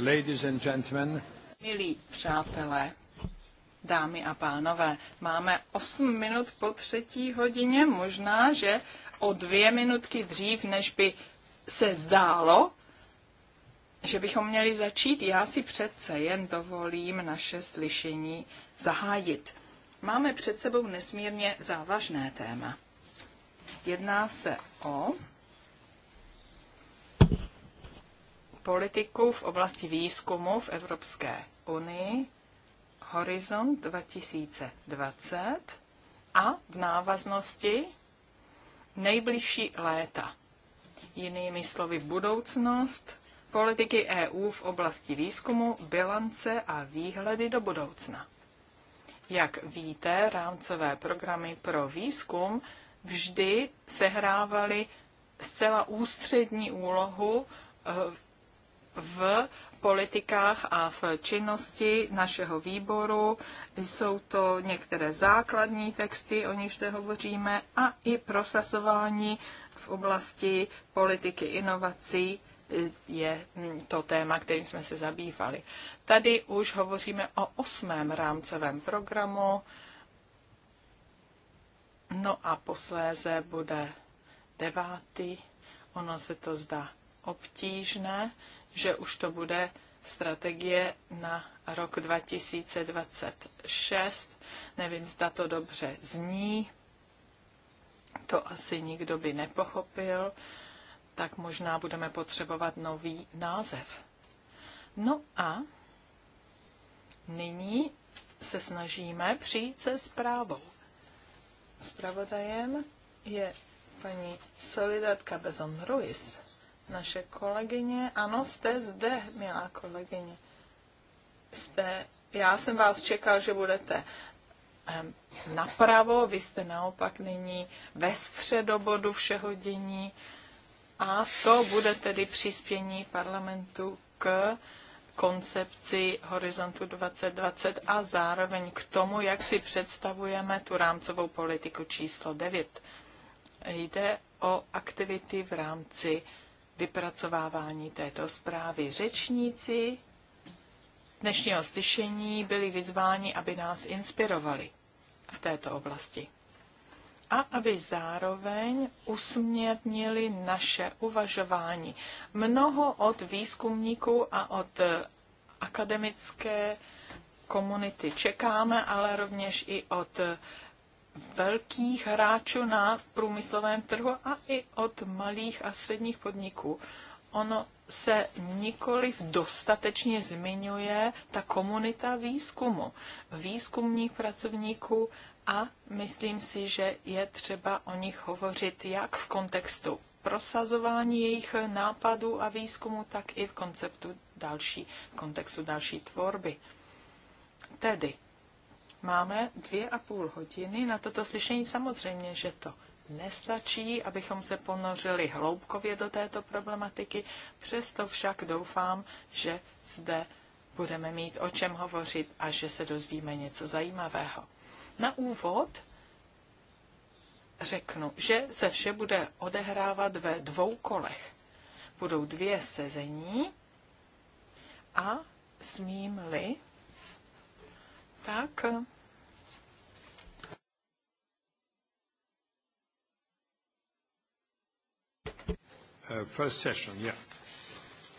ladies and gentlemen. Milí přátelé, dámy a pánové, máme 8 minut po třetí hodině, možná, že o dvě minutky dřív, než by se zdálo, že bychom měli začít, já si přece jen dovolím naše slyšení zahájit. Máme před sebou nesmírně závažné téma. Jedná se o politiku v oblasti výzkumu v Evropské unii Horizont 2020 a v návaznosti nejbližší léta. Jinými slovy budoucnost politiky EU v oblasti výzkumu, bilance a výhledy do budoucna. Jak víte, rámcové programy pro výzkum vždy sehrávaly zcela ústřední úlohu v eh, v politikách a v činnosti našeho výboru. Jsou to některé základní texty, o nichž zde hovoříme, a i prosazování v oblasti politiky inovací eh, je to téma, kterým jsme se zabývali. Tady už hovoříme o osmém rámcovém programu. No a posléze bude devátý. Ono se to zdá obtížné že už to bude strategie na rok 2026. Nevím, zda to dobře zní. To asi nikdo by nepochopil, tak možná budeme potřebovat nový název. No a nyní se snažíme přijít se zprávou. Spravodajem je paní Solidatka Bezon Ruiz naše kolegyně. Ano, jste zde, milá kolegyně. Jste, já jsem vás čekal, že budete ehm, napravo, vy jste naopak nyní ve středobodu všeho dění a to bude tedy přispění parlamentu k koncepci Horizontu 2020 a zároveň k tomu, jak si představujeme tu rámcovou politiku číslo 9. Jde o aktivity v rámci vypracovávání této zprávy. Řečníci dnešního slyšení byli vyzváni, aby nás inspirovali v této oblasti a aby zároveň usměrnili naše uvažování. Mnoho od výzkumníků a od eh, akademické komunity čekáme, ale rovněž i od eh, velkých hráčů na průmyslovém trhu a i od malých a středních podniků. Ono se nikoli dostatečně zmiňuje ta komunita výzkumu, výzkumních pracovníků a myslím si, že je třeba o nich hovořit jak v kontextu prosazování jejich nápadů a výzkumu, tak i v konceptu další, kontextu další tvorby. Tedy Máme dvě a půl hodiny na toto slyšení. Samozřejmě, že to nestačí, abychom se ponořili hloubkově do této problematiky. Přesto však doufám, že zde budeme mít o čem hovořit a že se dozvíme něco zajímavého. Na úvod řeknu, že se vše bude odehrávat ve dvou kolech. Budou dvě sezení a smím-li, tak Uh, first session, yeah.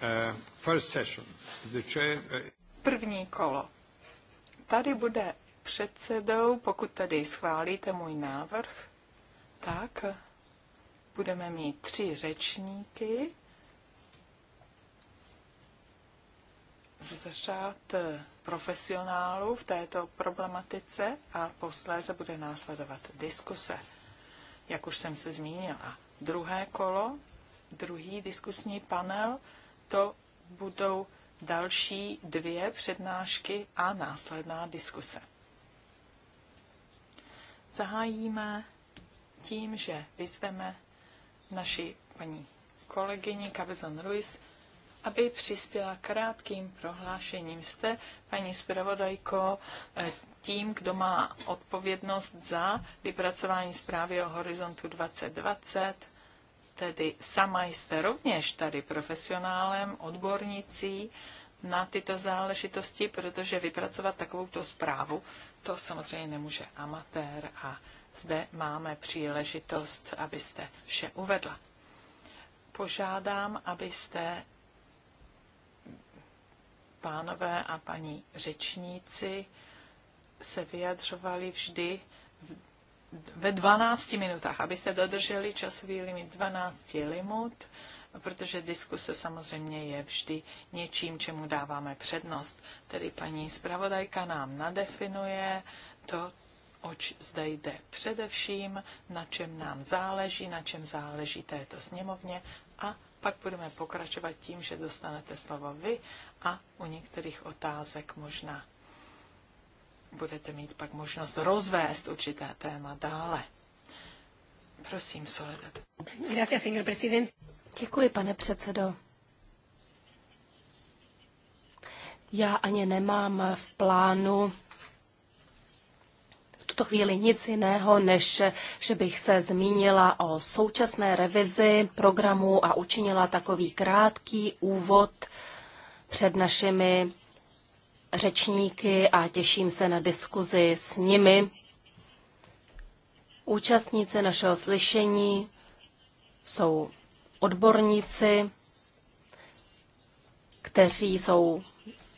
Uh, first session. The chair... Uh, První kolo. Tady bude předsedou, pokud tady schválíte můj návrh, tak budeme mít tři řečníky. Zřád eh, profesionálů v této problematice a posléze bude následovat diskuse, jak už jsem se zmínila. Druhé kolo druhý diskusní panel, to budou další dvě přednášky a následná diskuse. Zahájíme tím, že vyzveme naši paní kolegyni Cabezon Ruiz, aby přispěla krátkým prohlášením. Jste, paní zpravodajko, eh, tím, kdo má odpovědnost za vypracování zprávy o horizontu 2020 tedy sama jste rovněž tady profesionálem, odbornicí na tyto záležitosti, protože vypracovat takovouto zprávu, to samozřejmě nemůže amatér a zde máme příležitost, abyste vše uvedla. Požádám, abyste pánové a paní řečníci se vyjadřovali vždy ve 12 minutách, aby se dodrželi časový limit 12 limit, protože diskuse samozřejmě je vždy něčím, čemu dáváme přednost. Tedy paní zpravodajka nám nadefinuje to, oč zde jde především, na čem nám záleží, na čem záleží této sněmovně a pak budeme pokračovat tím, že dostanete slovo vy a u některých otázek možná budete mít pak možnost rozvést určité téma dále. Prosím, Soledad. Gracias, señor president. Děkuji, pane předsedo. Já ani nemám v plánu v tuto chvíli nic jiného, než že bych se zmínila o současné revizi programu a učinila takový krátký úvod před našimi řečníky a těším se na diskuzi s nimi. Účastníci našeho slyšení jsou odborníci, kteří jsou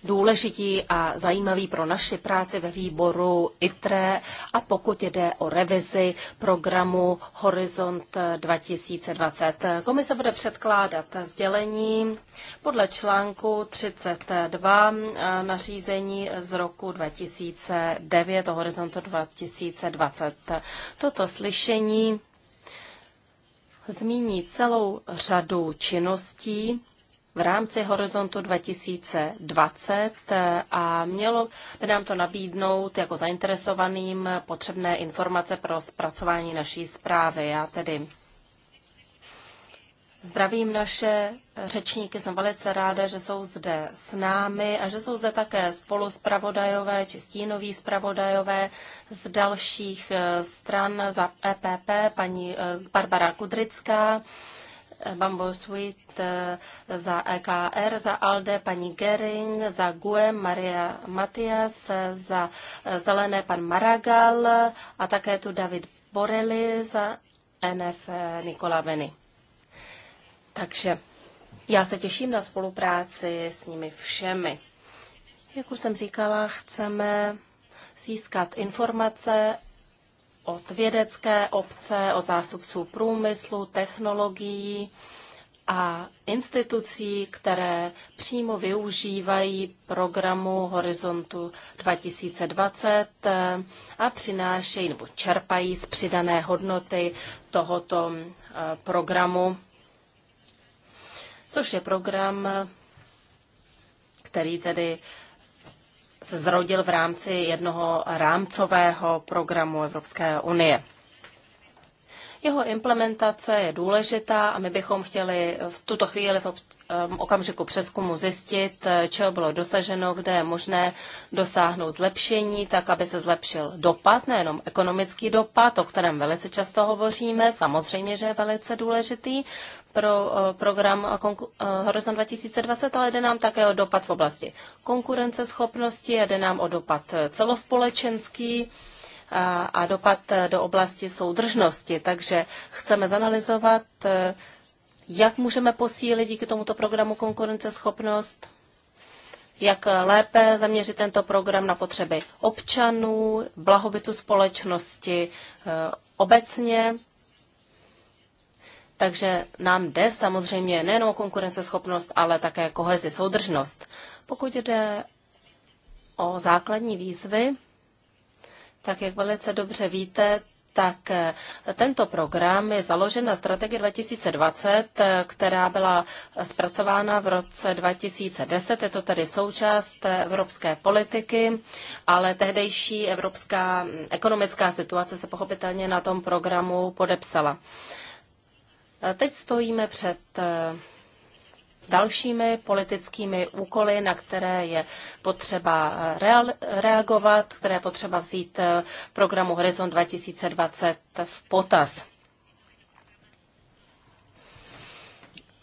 důležitý a zajímavý pro naši práci ve výboru ITRE a pokud jde o revizi programu Horizont 2020. Komise bude předkládat sdělení podle článku 32 eh, nařízení z roku 2009 o Horizontu 2020. Toto slyšení zmíní celou řadu činností, v rámci horizontu 2020 eh, a mělo by nám to nabídnout jako zainteresovaným potřebné informace pro zpracování naší zprávy. Já tedy Zdravím naše řečníky, jsem velice ráda, že jsou zde s námi a že jsou zde také spolu spoluspravodajové či stínoví spravodajové z dalších eh, stran za EPP, paní eh, Barbara Kudrická, Bamboo Sweet eh, za EKR, za ALDE paní Gering, za GUE Maria Matias, za eh, Zelené pan Maragal a také tu David Borelli za NF Nikola Veny. Takže já se těším na spolupráci s nimi všemi. Jak už jsem říkala, chceme získat informace od vědecké obce, od zástupců průmyslu, technologií a institucí, které přímo využívají programu Horizontu 2020 eh, a přinášejí nebo čerpají z přidané hodnoty tohoto eh, programu, což je program, který tedy se zrodil v rámci jednoho rámcového programu Evropské unie. Jeho implementace je důležitá a my bychom chtěli v tuto chvíli v okamžiku přeskumu zjistit, čeho bylo dosaženo, kde je možné dosáhnout zlepšení, tak aby se zlepšil dopad, nejenom ekonomický dopad, o kterém velice často hovoříme, samozřejmě, že je velice důležitý, pro eh, program eh, eh, Horizon 2020, ale jde nám také o dopad v oblasti konkurenceschopnosti, jde nám o dopad celospolečenský a, dopad do oblasti soudržnosti. Takže chceme zanalizovat, jak můžeme posílit díky tomuto programu konkurenceschopnost, jak lépe zaměřit tento program na potřeby občanů, blahobytu společnosti obecně takže nám jde samozřejmě nejen o konkurenceschopnost, ale také kohezi, soudržnost. Pokud jde o základní výzvy, tak jak velice dobře víte, tak eh, tento program je založen na strategii 2020, eh, která byla zpracována v roce 2010. Je to tedy součást eh, evropské politiky, ale tehdejší evropská mm, ekonomická situace se pochopitelně na tom programu podepsala. Eh, teď stojíme před eh, dalšími politickými úkoly, na které je potřeba eh, reagovat, které je potřeba vzít programu Horizon 2020 v potaz.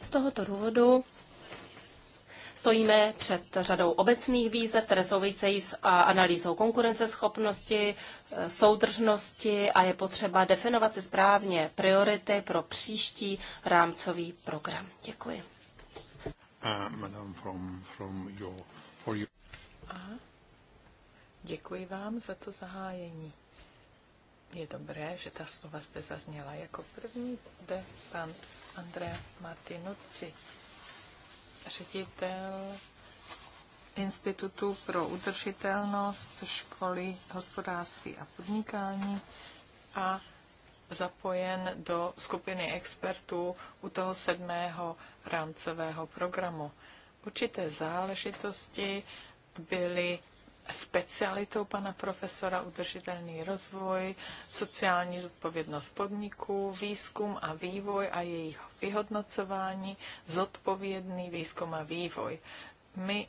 Z tohoto důvodu Stojíme před řadou obecných výzev, které souvisejí s analýzou konkurenceschopnosti, e, soudržnosti a je potřeba definovat si správně priority pro příští rámcový program. Děkuji. Uh, Aha. Děkuji vám za to zahájení. Je dobré, že ta slova zde zazněla. Jako první jde pan Andrea Martinucci ředitel Institutu pro udržitelnost školy hospodářství a podnikání a zapojen do skupiny expertů u toho sedmého rámcového programu. Určité záležitosti byly specialitou pana profesora udržitelný rozvoj, sociální zodpovědnost podniků, výzkum a vývoj a jejich vyhodnocování, zodpovědný výzkum a vývoj. My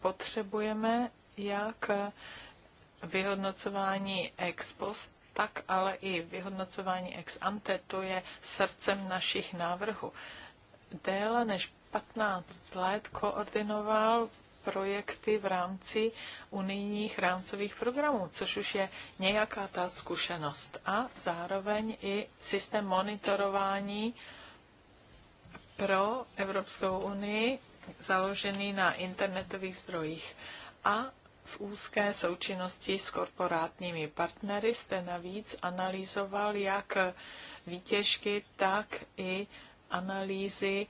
potřebujeme jak vyhodnocování ex post, tak ale i vyhodnocování ex ante, to je srdcem našich návrhů. Déle než 15 let koordinoval projekty v rámci unijních rámcových programů, což už je nějaká ta zkušenost. A zároveň i systém monitorování pro Evropskou unii založený na internetových zdrojích. A v úzké součinnosti s korporátními partnery jste navíc analyzoval jak výtěžky, tak i analýzy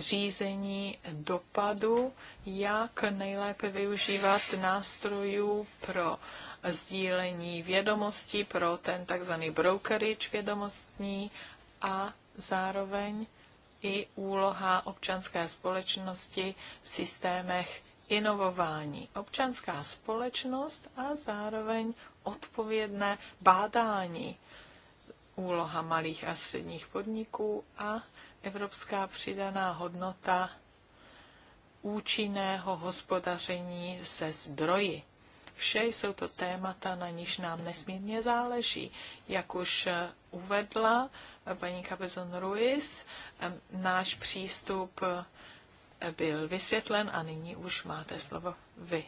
řízení dopadu, jak nejlépe využívat nástrojů pro sdílení vědomostí, pro ten takzvaný brokerage vědomostní a zároveň i úloha občanské společnosti v systémech inovování. Občanská společnost a zároveň odpovědné bádání úloha malých a středních podniků a evropská přidaná hodnota účinného hospodaření se zdroji. Vše jsou to témata, na níž nám nesmírně záleží. Jak už uvedla paní Cabezon Ruiz, náš přístup eh, byl vysvětlen a nyní už máte slovo vy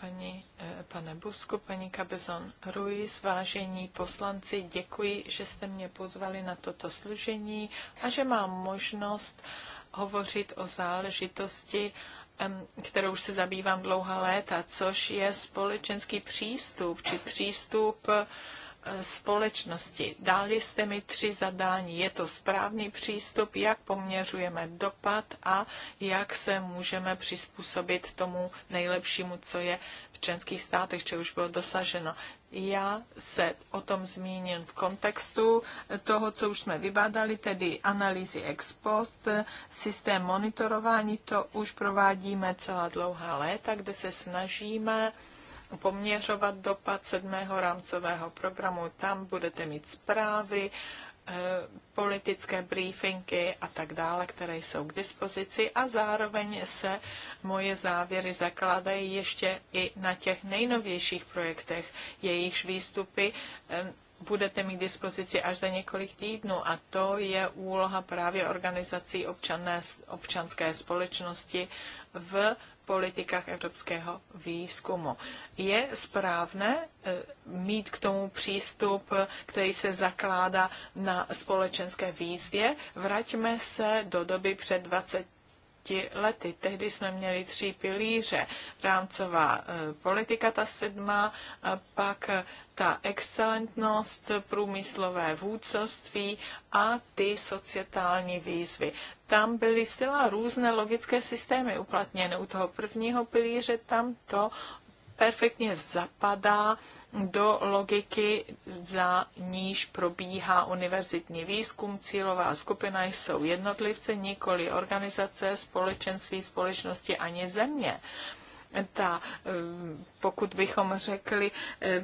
paní, eh, pane Busku, paní Kabezon Ruiz, vážení poslanci, děkuji, že jste mě pozvali na toto služení a že mám možnost hovořit o záležitosti, kterou už se zabývám dlouhá léta, což je společenský přístup či přístup společnosti. Dali jste mi tři zadání. Je to správný přístup, jak poměřujeme dopad a jak se můžeme přizpůsobit tomu nejlepšímu, co je v členských státech, co už bylo dosaženo. Já se o tom zmíním v kontextu toho, co už jsme vybádali, tedy analýzy ex post, systém monitorování, to už provádíme celá dlouhá léta, kde se snažíme poměřovat dopad sedmého rámcového programu. Tam budete mít zprávy, eh, politické briefingy a tak dále, které jsou k dispozici a zároveň se moje závěry zakládají ještě i na těch nejnovějších projektech. Jejichž výstupy eh, budete mít dispozici až za několik týdnů a to je úloha právě organizací občané, občanské společnosti v politikách evropského výzkumu. Je správné e, mít k tomu přístup, který se zakládá na společenské výzvě? Vraťme se do doby před 20 lety. Tehdy jsme měli tři pilíře. Rámcová e, politika, ta sedma, pak e, ta excelentnost, průmyslové vůdcovství a ty sociální výzvy tam byly zcela různé logické systémy uplatněny. U toho prvního pilíře tam to perfektně zapadá do logiky, za níž probíhá univerzitní výzkum. Cílová skupina jsou jednotlivce, nikoli organizace, společenství, společnosti ani země. Ta, eh, pokud bychom řekli, eh,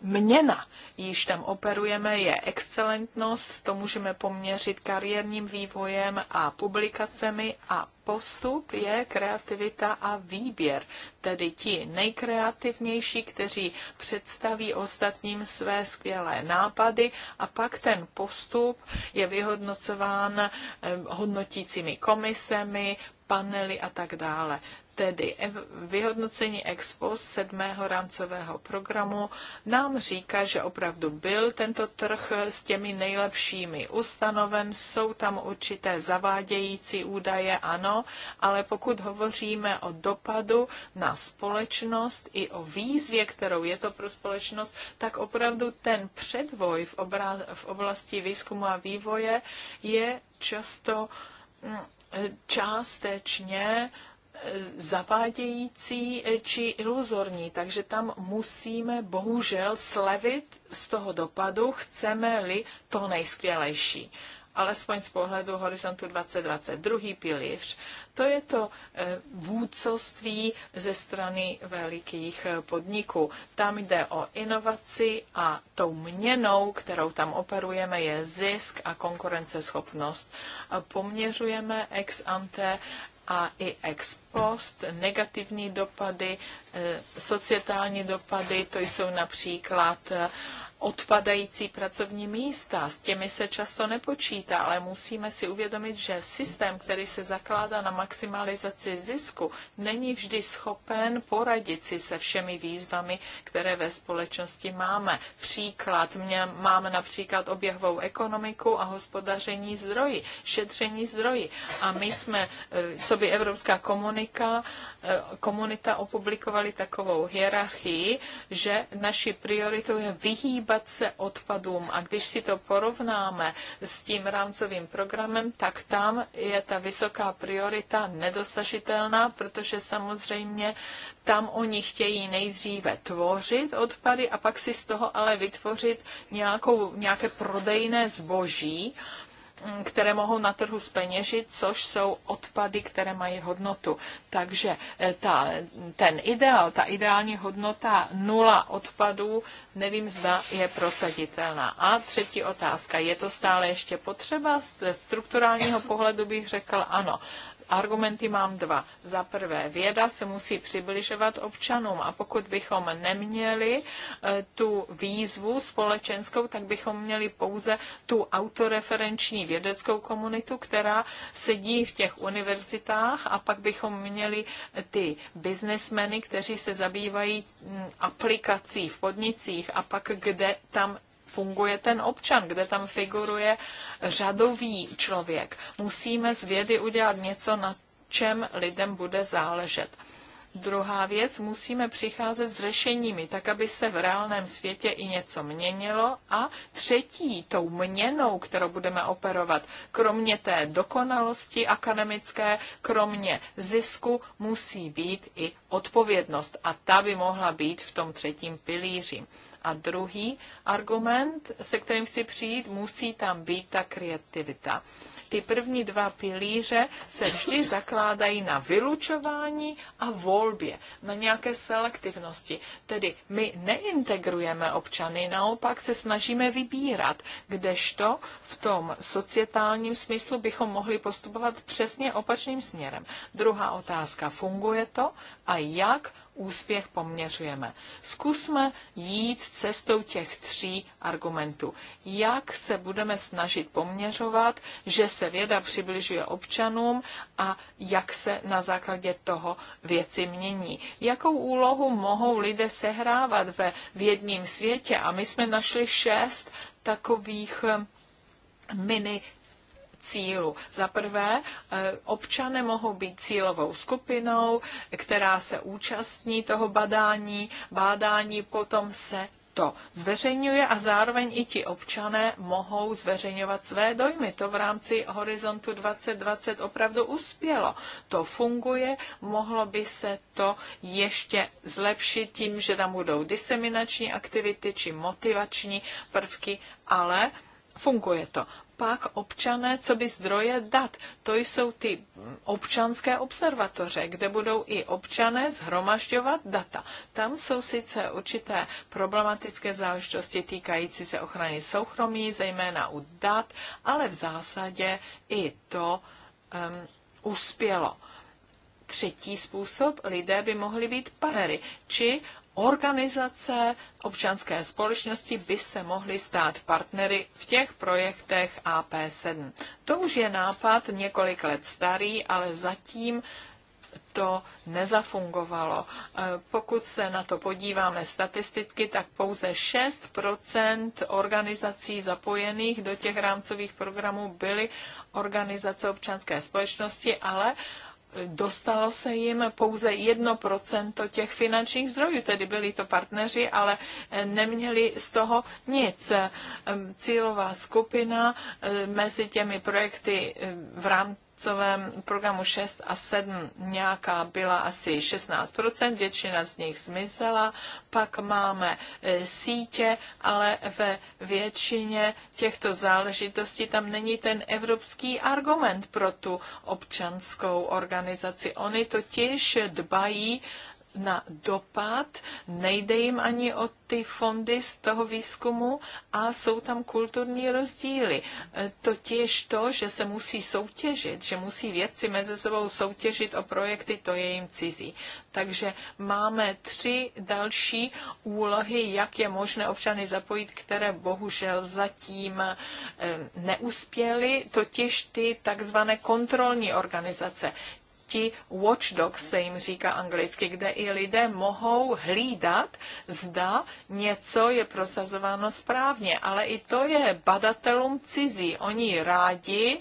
měna, již tam operujeme, je excelentnost, to můžeme poměřit kariérním vývojem a publikacemi a postup je kreativita a výběr, tedy ti nejkreativnější, kteří představí ostatním své skvělé nápady a pak ten postup je vyhodnocován eh, hodnotícími komisemi, panely a tak dále. Tedy vyhodnocení EXPO sedmého rámcového programu nám říká, že opravdu byl tento trh s těmi nejlepšími ustanoven, jsou tam určité zavádějící údaje, ano, ale pokud hovoříme o dopadu na společnost i o výzvě, kterou je to pro společnost, tak opravdu ten předvoj v, obra- v oblasti výzkumu a vývoje je často mm, částečně zavádějící či iluzorní, takže tam musíme bohužel slevit z toho dopadu, chceme-li to nejskvělejší alespoň z pohledu Horizontu 2020, druhý pilíř, to je to eh, vůdcovství ze strany velikých eh, podniků. Tam jde o inovaci a tou měnou, kterou tam operujeme, je zisk a konkurenceschopnost. Poměřujeme ex ante a i ex post, negativní dopady, eh, sociální dopady, to jsou například eh, odpadající pracovní místa. S těmi se často nepočítá, ale musíme si uvědomit, že systém, který se zakládá na maximalizaci zisku, není vždy schopen poradit si se všemi výzvami, které ve společnosti máme. Příklad, mě, máme například oběhovou ekonomiku a hospodaření zdroji, šetření zdroji. A my jsme, e, co by Evropská komunika, e, komunita opublikovali takovou hierarchii, že naší prioritou je vyhýbat vyhýbat se odpadům. A když si to porovnáme s tím rámcovým programem, tak tam je ta vysoká priorita nedosažitelná, protože samozřejmě tam oni chtějí nejdříve tvořit odpady a pak si z toho ale vytvořit nějakou, nějaké prodejné zboží, které mohou na trhu zpeněžit, což jsou odpady, které mají hodnotu. Takže eh, ta, ten ideál, ta ideální hodnota nula odpadů, nevím, zda je prosaditelná. A třetí otázka, je to stále ještě potřeba? Z strukturálního pohledu bych řekl ano. Argumenty mám dva. Za prvé, věda se musí přibližovat občanům a pokud bychom neměli eh, tu výzvu společenskou, tak bychom měli pouze tu autoreferenční vědeckou komunitu, která sedí v těch univerzitách a pak bychom měli ty biznesmeny, kteří se zabývají mm, aplikací v podnicích a pak kde tam funguje ten občan, kde tam figuruje řadový člověk. Musíme z vědy udělat něco, na čem lidem bude záležet. Druhá věc, musíme přicházet s řešeními, tak aby se v reálném světě i něco měnilo. A třetí, tou měnou, kterou budeme operovat, kromě té dokonalosti akademické, kromě zisku, musí být i odpovědnost. A ta by mohla být v tom třetím pilíři. A druhý argument, se kterým chci přijít, musí tam být ta kreativita. Ty první dva pilíře se vždy zakládají na vylučování a volbě, na nějaké selektivnosti. Tedy my neintegrujeme občany, naopak se snažíme vybírat, kdežto v tom societálním smyslu bychom mohli postupovat přesně opačným směrem. Druhá otázka, funguje to a jak úspěch poměřujeme. Zkusme jít cestou těch tří argumentů. Jak se budeme snažit poměřovat, že se věda přibližuje občanům a jak se na základě toho věci mění. Jakou úlohu mohou lidé sehrávat ve vědním světě? A my jsme našli šest takových eh, mini cílu. Za prvé, eh, občané mohou být cílovou skupinou, která se účastní toho badání, bádání potom se to zveřejňuje a zároveň i ti občané mohou zveřejňovat své dojmy. To v rámci Horizontu 2020 opravdu uspělo. To funguje, mohlo by se to ještě zlepšit tím, že tam budou diseminační aktivity či motivační prvky, ale funguje to pak občané, co by zdroje dat. To jsou ty občanské observatoře, kde budou i občané zhromažďovat data. Tam jsou sice určité problematické záležitosti týkající se ochrany soukromí, zejména u dat, ale v zásadě i to um, uspělo. Třetí způsob, lidé by mohli být partnery, či organizace občanské společnosti by se mohly stát partnery v těch projektech AP7. To už je nápad několik let starý, ale zatím to nezafungovalo. E, pokud se na to podíváme statisticky, tak pouze 6 organizací zapojených do těch rámcových programů byly organizace občanské společnosti, ale dostalo se jim pouze 1% těch finančních zdrojů, tedy byli to partneři, ale eh, neměli z toho nic. Ehm, cílová skupina eh, mezi těmi projekty eh, v rámci celém programu 6 a 7 nějaká byla asi 16%, většina z nich zmizela, pak máme e, sítě, ale ve většině těchto záležitostí tam není ten evropský argument pro tu občanskou organizaci. Oni totiž dbají na dopad, nejde jim ani o ty fondy z toho výzkumu a jsou tam kulturní rozdíly. E, totiž to, že se musí soutěžit, že musí vědci mezi sebou soutěžit o projekty, to je jim cizí. Takže máme tři další úlohy, jak je možné občany zapojit, které bohužel zatím e, neuspěly, totiž ty takzvané kontrolní organizace ti watchdogs se jim říká anglicky, kde i lidé mohou hlídat, zda něco je prosazováno správně. Ale i to je badatelům cizí. Oni rádi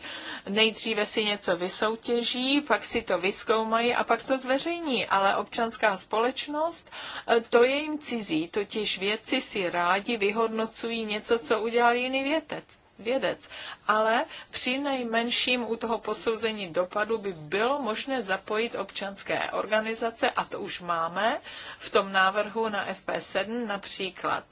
nejdříve si něco vysoutěží, pak si to vyskoumají a pak to zveřejní. Ale občanská společnost, eh, to je jim cizí. Totiž vědci si rádi vyhodnocují něco, co udělal jiný vědec vědec. Ale při nejmenším u toho posouzení dopadu by bylo možné zapojit občanské organizace, a to už máme v tom návrhu na FP7, například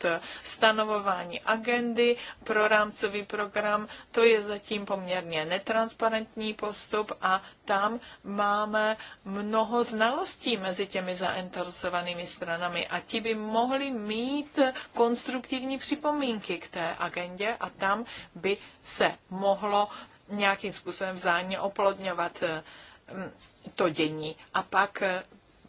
stanovování agendy pro rámcový program, to je zatím poměrně netransparentní postup a tam máme mnoho znalostí mezi těmi zainteresovanými stranami a ti by mohli mít konstruktivní připomínky k té agendě a tam by se mohlo nějakým způsobem vzájemně oplodňovat eh, to dění. A pak eh,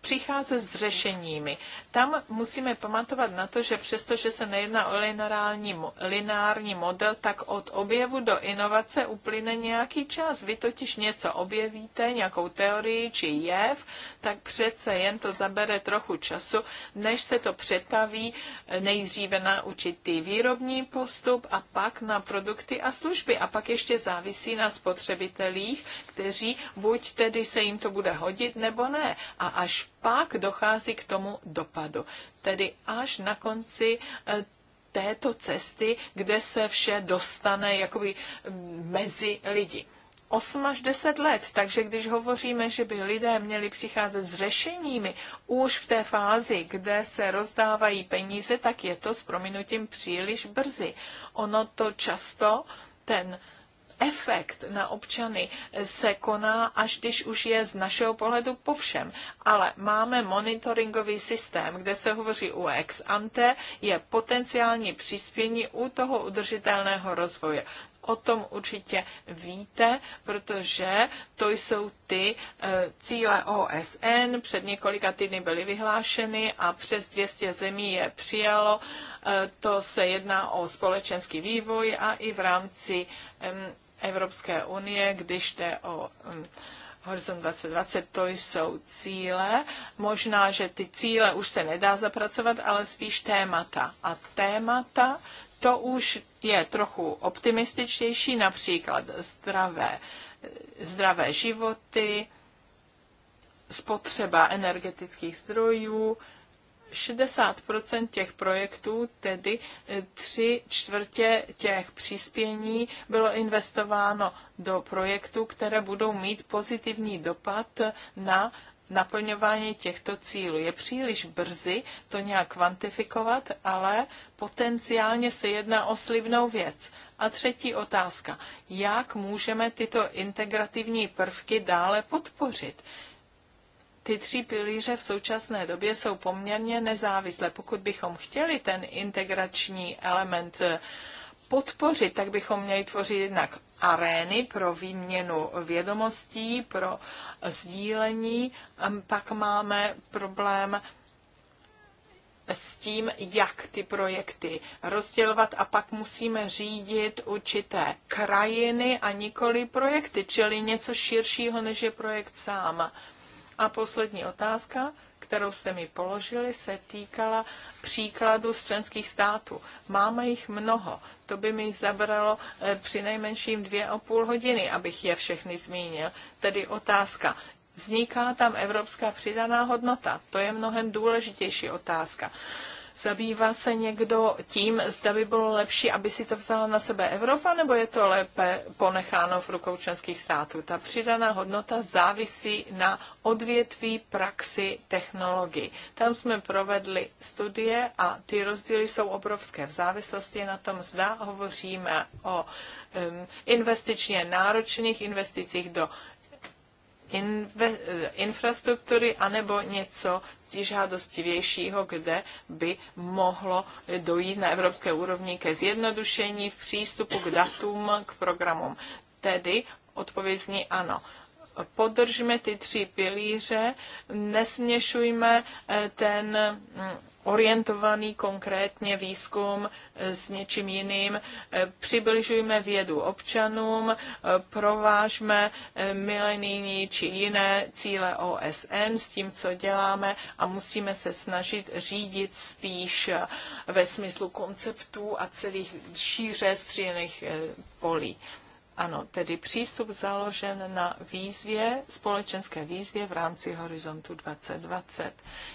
přicházet s řešeními. Tam musíme pamatovat na to, že přestože se nejedná o lineární, lineární model, tak od objevu do inovace uplyne nějaký čas. Vy totiž něco objevíte, nějakou teorii či jev, tak přece jen to zabere trochu času, než se to přetaví eh, nejdříve na určitý výrobní postup a pak na produkty a služby. A pak ještě závisí na spotřebitelích, kteří buď tedy se jim to bude hodit, nebo ne. A až pak dochází k tomu dopadu. Tedy až na konci eh, této cesty, kde se vše dostane jakoby mm, mezi lidi. 8 až 10 let, takže když hovoříme, že by lidé měli přicházet s řešeními už v té fázi, kde se rozdávají peníze, tak je to s prominutím příliš brzy. Ono to často ten efekt na občany se koná, až když už je z našeho pohledu po všem. Ale máme monitoringový systém, kde se hovoří u ex ante, je potenciální přispění u toho udržitelného rozvoje. O tom určitě víte, protože to jsou ty eh, cíle OSN. Před několika týdny byly vyhlášeny a přes 200 zemí je přijalo. Eh, to se jedná o společenský vývoj a i v rámci Evropské unie, když jde o um, Horizon 2020, to jsou cíle. Možná, že ty cíle už se nedá zapracovat, ale spíš témata. A témata, to už je trochu optimističtější, například zdravé, zdravé životy, spotřeba energetických zdrojů, 60 těch projektů, tedy eh, tři čtvrtě těch příspění, bylo investováno do projektů, které budou mít pozitivní dopad na naplňování těchto cílů. Je příliš brzy to nějak kvantifikovat, ale potenciálně se jedná o slibnou věc. A třetí otázka. Jak můžeme tyto integrativní prvky dále podpořit? ty tři pilíře v současné době jsou poměrně nezávislé. Pokud bychom chtěli ten integrační element eh, podpořit, tak bychom měli tvořit jednak arény pro výměnu vědomostí, pro sdílení. Pak máme problém s tím, jak ty projekty rozdělovat a pak musíme řídit určité krajiny a nikoli projekty, čili něco širšího, než je projekt sám. A poslední otázka, kterou jste mi položili, se týkala příkladu z členských států. Máme jich mnoho. To by mi zabralo eh, při nejmenším dvě a půl hodiny, abych je všechny zmínil. Tedy otázka, vzniká tam evropská přidaná hodnota? To je mnohem důležitější otázka. Zabývá se někdo tím, zda by bylo lepší, aby si to vzala na sebe Evropa, nebo je to lépe ponecháno v rukou členských států? Ta přidaná hodnota závisí na odvětví praxi technologií. Tam jsme provedli studie a ty rozdíly jsou obrovské v závislosti na tom, zda hovoříme o um, investičně náročných investicích do inve, eh, infrastruktury anebo něco žádostivějšího, kde by mohlo dojít na evropské úrovni ke zjednodušení v přístupu k datům, k programům. Tedy odpověď zní ano podržme ty tři pilíře, nesměšujme eh, ten mm, orientovaný konkrétně výzkum e, s něčím jiným. E, přibližujme vědu občanům, e, provážme milenijní či jiné cíle OSN s tím, co děláme a musíme se snažit řídit spíš ve smyslu konceptů a celých šíře střílených polí. Ano, tedy přístup založen na výzvě, společenské výzvě v rámci Horizontu 2020.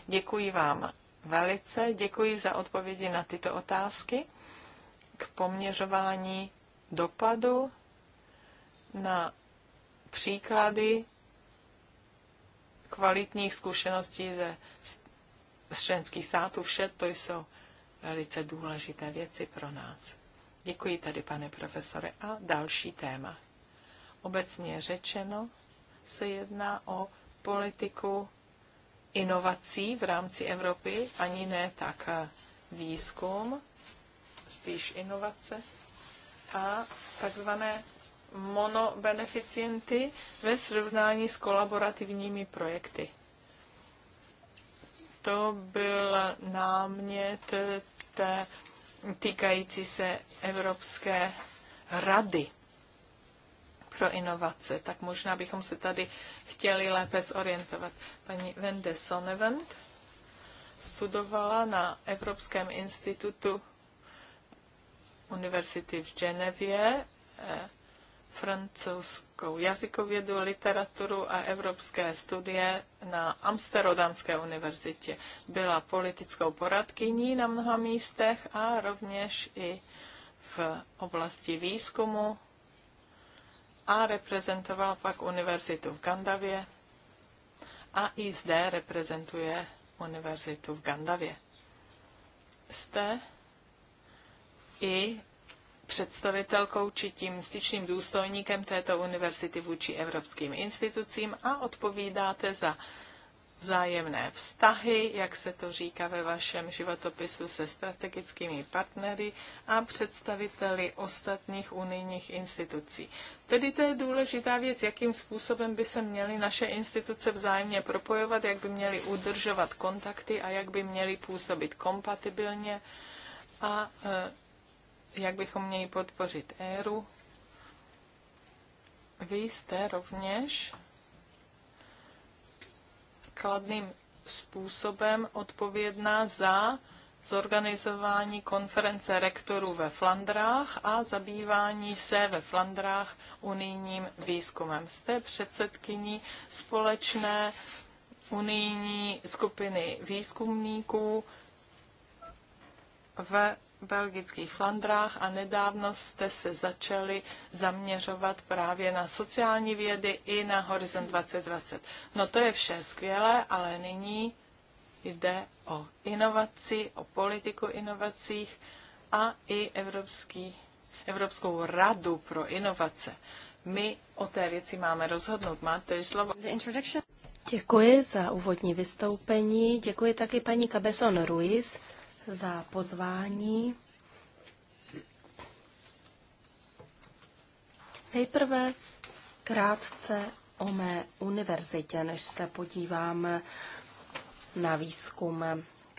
Děkuji vám Velice děkuji za odpovědi na tyto otázky k poměřování dopadu na příklady kvalitních zkušeností ze členských států. Vše to jsou velice důležité věci pro nás. Děkuji tady, pane profesore. A další téma. Obecně řečeno se jedná o politiku inovací v rámci Evropy, ani ne tak eh, výzkum, spíš inovace a takzvané monobeneficienty ve srovnání s kolaborativními projekty. To byl námět eh, té týkající se Evropské rady pro inovace, tak možná bychom se tady chtěli lépe zorientovat. Paní Wende Sonnevent studovala na Evropském institutu univerzity v Genevě eh, francouzskou jazykovědu, literaturu a evropské studie na Amsterdamské univerzitě. Byla politickou poradkyní na mnoha místech a rovněž i v oblasti výzkumu a reprezentoval pak univerzitu v Gandavě a i zde reprezentuje univerzitu v Gandavě. Jste i představitelkou či tím styčným důstojníkem této univerzity vůči evropským institucím a odpovídáte za vzájemné vztahy, jak se to říká ve vašem životopisu, se strategickými partnery a představiteli ostatních unijních institucí. Tedy to je důležitá věc, jakým způsobem by se měly naše instituce vzájemně propojovat, jak by měly udržovat kontakty a jak by měly působit kompatibilně a e, jak bychom měli podpořit éru. Vy jste rovněž kladným způsobem odpovědná za zorganizování konference rektorů ve Flandrách a zabývání se ve Flandrách unijním výzkumem. Jste předsedkyní společné unijní skupiny výzkumníků v belgických Flandrách a nedávno jste se začali zaměřovat právě na sociální vědy i na Horizon 2020. No to je vše skvělé, ale nyní jde o inovaci, o politiku inovacích a i Evropský, Evropskou radu pro inovace. My o té věci máme rozhodnout. Máte slovo. Děkuji za úvodní vystoupení. Děkuji taky paní Cabezon Ruiz za pozvání. Nejprve krátce o mé univerzitě, než se podívám na výzkum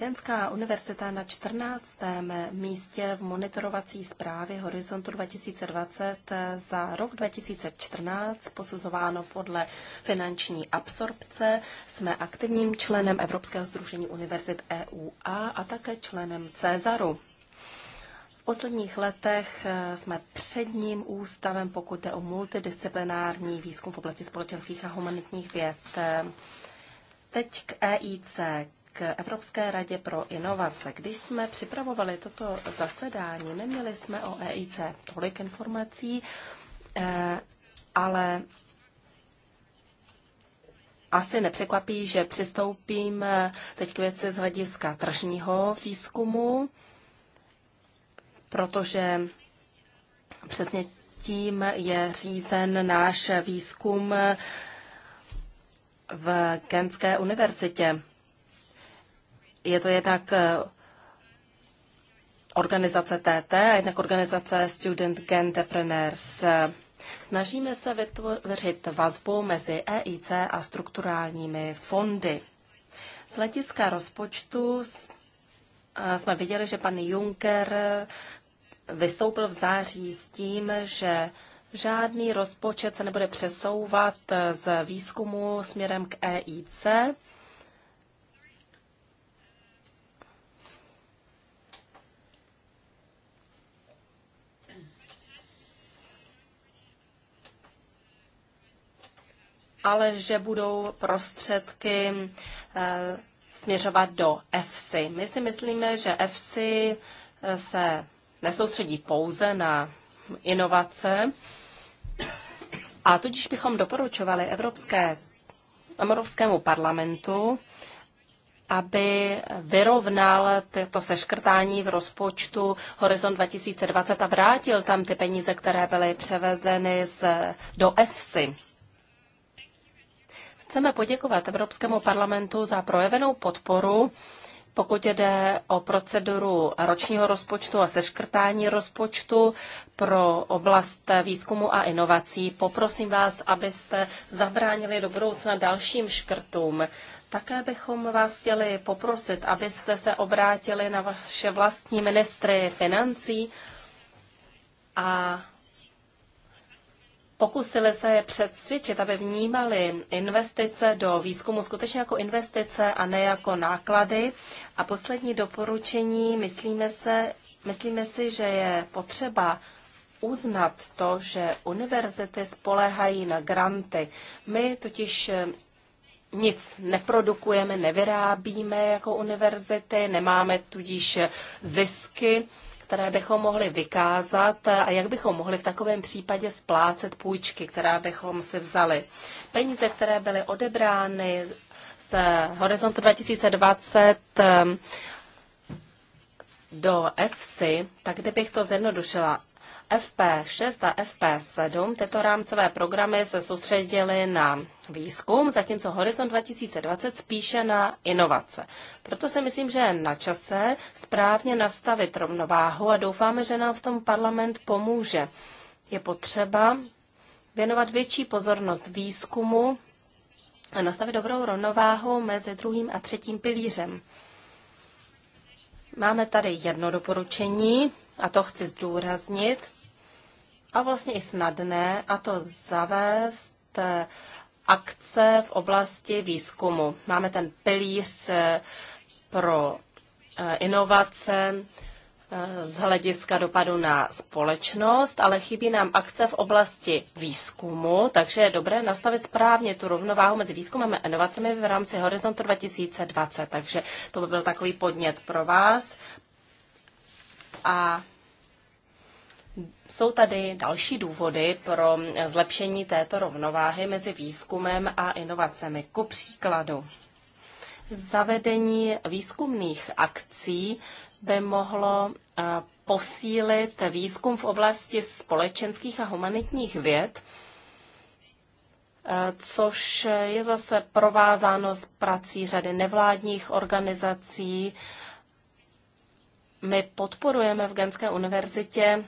Kenská univerzita na 14. místě v monitorovací zprávě Horizontu 2020 za rok 2014, posuzováno podle finanční absorpce, jsme aktivním členem Evropského združení univerzit EUA a také členem Cezaru. V posledních letech eh, jsme předním ústavem, pokud je o multidisciplinární výzkum v oblasti společenských a humanitních věd. Teď k EIC, Evropské radě pro inovace. Když jsme připravovali toto zasedání, neměli jsme o EIC tolik informací, eh, ale asi nepřekvapí, že přistoupím eh, teď k věci z hlediska tržního výzkumu, protože přesně tím je řízen náš výzkum v Kenské univerzitě. Je to jednak eh, organizace TT a jednak organizace Student Entrepreneurs. Snažíme se vytvořit vazbu mezi EIC a strukturálními fondy. Z hlediska rozpočtu jsme viděli, že pan Juncker vystoupil v září s tím, že žádný rozpočet se nebude přesouvat z výzkumu směrem k EIC ale že budou prostředky eh, směřovat do EFSI. My si myslíme, že EFSI eh, se nesoustředí pouze na inovace, a tudíž bychom doporučovali Evropské, Evropskému parlamentu, aby vyrovnal to seškrtání v rozpočtu Horizon 2020 a vrátil tam ty peníze, které byly převezeny z, do EFSI. Chceme poděkovat Evropskému parlamentu za projevenou podporu, pokud jde o proceduru ročního rozpočtu a seškrtání rozpočtu pro oblast výzkumu a inovací. Poprosím vás, abyste zabránili do budoucna dalším škrtům. Také bychom vás chtěli poprosit, abyste se obrátili na vaše vlastní ministry financí a pokusili se je předsvědčit, aby vnímali investice do výzkumu skutečně jako investice a ne jako náklady. A poslední doporučení, myslíme, se, myslíme si, že je potřeba uznat to, že univerzity spolehají na granty. My totiž eh, nic neprodukujeme, nevyrábíme jako univerzity, nemáme tudíž zisky které bychom mohli vykázat a jak bychom mohli v takovém případě splácet půjčky, která bychom si vzali. Peníze, které byly odebrány z Horizontu 2020 ehm, do EFSI, tak kdybych to zjednodušila, FP6 a FP7 tyto rámcové programy se soustředily na výzkum, zatímco Horizon 2020 spíše na inovace. Proto si myslím, že je na čase správně nastavit rovnováhu a doufáme, že nám v tom parlament pomůže. Je potřeba věnovat větší pozornost výzkumu a nastavit dobrou rovnováhu mezi druhým a třetím pilířem. Máme tady jedno doporučení, a to chci zdůraznit a vlastně i snadné, a to zavést eh, akce v oblasti výzkumu. Máme ten pilíř eh, pro eh, inovace z hlediska dopadu na společnost, ale chybí nám akce v oblasti výzkumu, takže je dobré nastavit správně tu rovnováhu mezi výzkumem a inovacemi v rámci Horizontu 2020. Takže to by byl takový podnět pro vás. A jsou tady další důvody pro zlepšení této rovnováhy mezi výzkumem a inovacemi. Ku příkladu, zavedení výzkumných akcí by mohlo eh, posílit výzkum v oblasti společenských a humanitních věd, eh, což je zase provázáno s prací řady nevládních organizací. My podporujeme v Genské univerzitě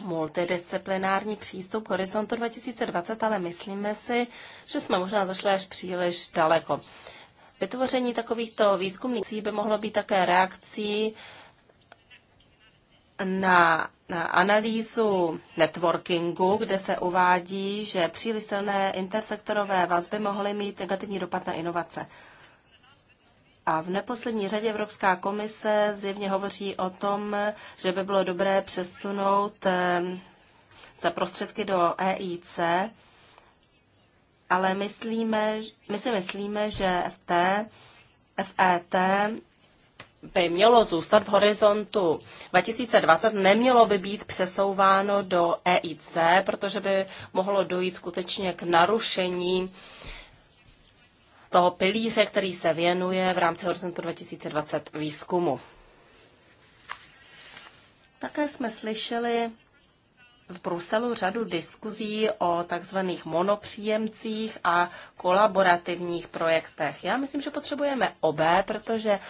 multidisciplinární přístup k horizontu 2020, ale myslíme si, že jsme možná zašli až příliš daleko. Vytvoření takovýchto výzkumných by mohlo být také reakcí na, na analýzu networkingu, kde se uvádí, že příliš silné intersektorové vazby mohly mít negativní dopad na inovace. A v neposlední řadě Evropská komise zjevně hovoří o tom, že by bylo dobré přesunout za prostředky do EIC, ale myslíme, my si myslíme, že FT, FET by mělo zůstat v horizontu 2020, nemělo by být přesouváno do EIC, protože by mohlo dojít skutečně k narušení toho pilíře, který se věnuje v rámci Horizontu 2020 výzkumu. Také jsme slyšeli v Bruselu řadu diskuzí o takzvaných monopříjemcích a kolaborativních projektech. Já myslím, že potřebujeme obé, protože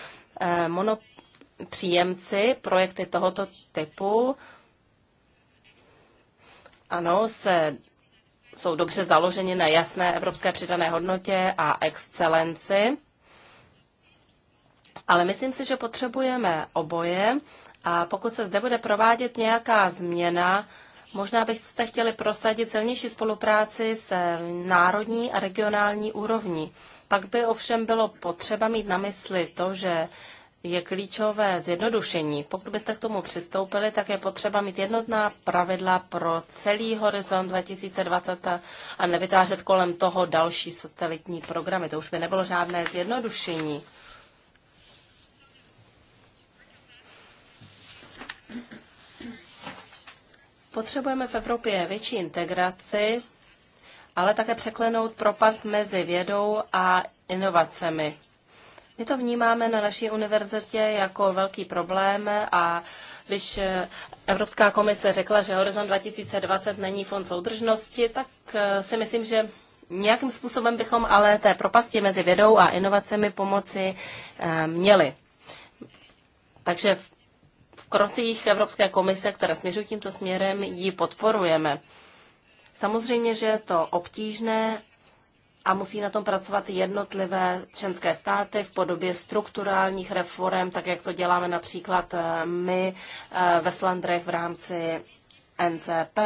eh, monopříjemci projekty tohoto typu ano, se jsou dobře založeni na jasné evropské přidané hodnotě a excelenci. Ale myslím si, že potřebujeme oboje a pokud se zde bude provádět nějaká změna, možná byste chtěli prosadit silnější spolupráci s národní a regionální úrovní. Pak by ovšem bylo potřeba mít na mysli to, že je klíčové zjednodušení. Pokud byste k tomu přistoupili, tak je potřeba mít jednotná pravidla pro celý horizont 2020 a nevytvářet kolem toho další satelitní programy. To už by nebylo žádné zjednodušení. Potřebujeme v Evropě větší integraci, ale také překlenout propast mezi vědou a inovacemi. My to vnímáme na naší univerzitě jako velký problém a když eh, Evropská komise řekla, že Horizon 2020 není fond soudržnosti, tak eh, si myslím, že nějakým způsobem bychom ale té propasti mezi vědou a inovacemi pomoci eh, měli. Takže v krocích Evropské komise, které směřují tímto směrem, ji podporujeme. Samozřejmě, že je to obtížné, a musí na tom pracovat jednotlivé členské státy v podobě strukturálních reform, tak jak to děláme například eh, my eh, ve Flandrech v rámci NCP.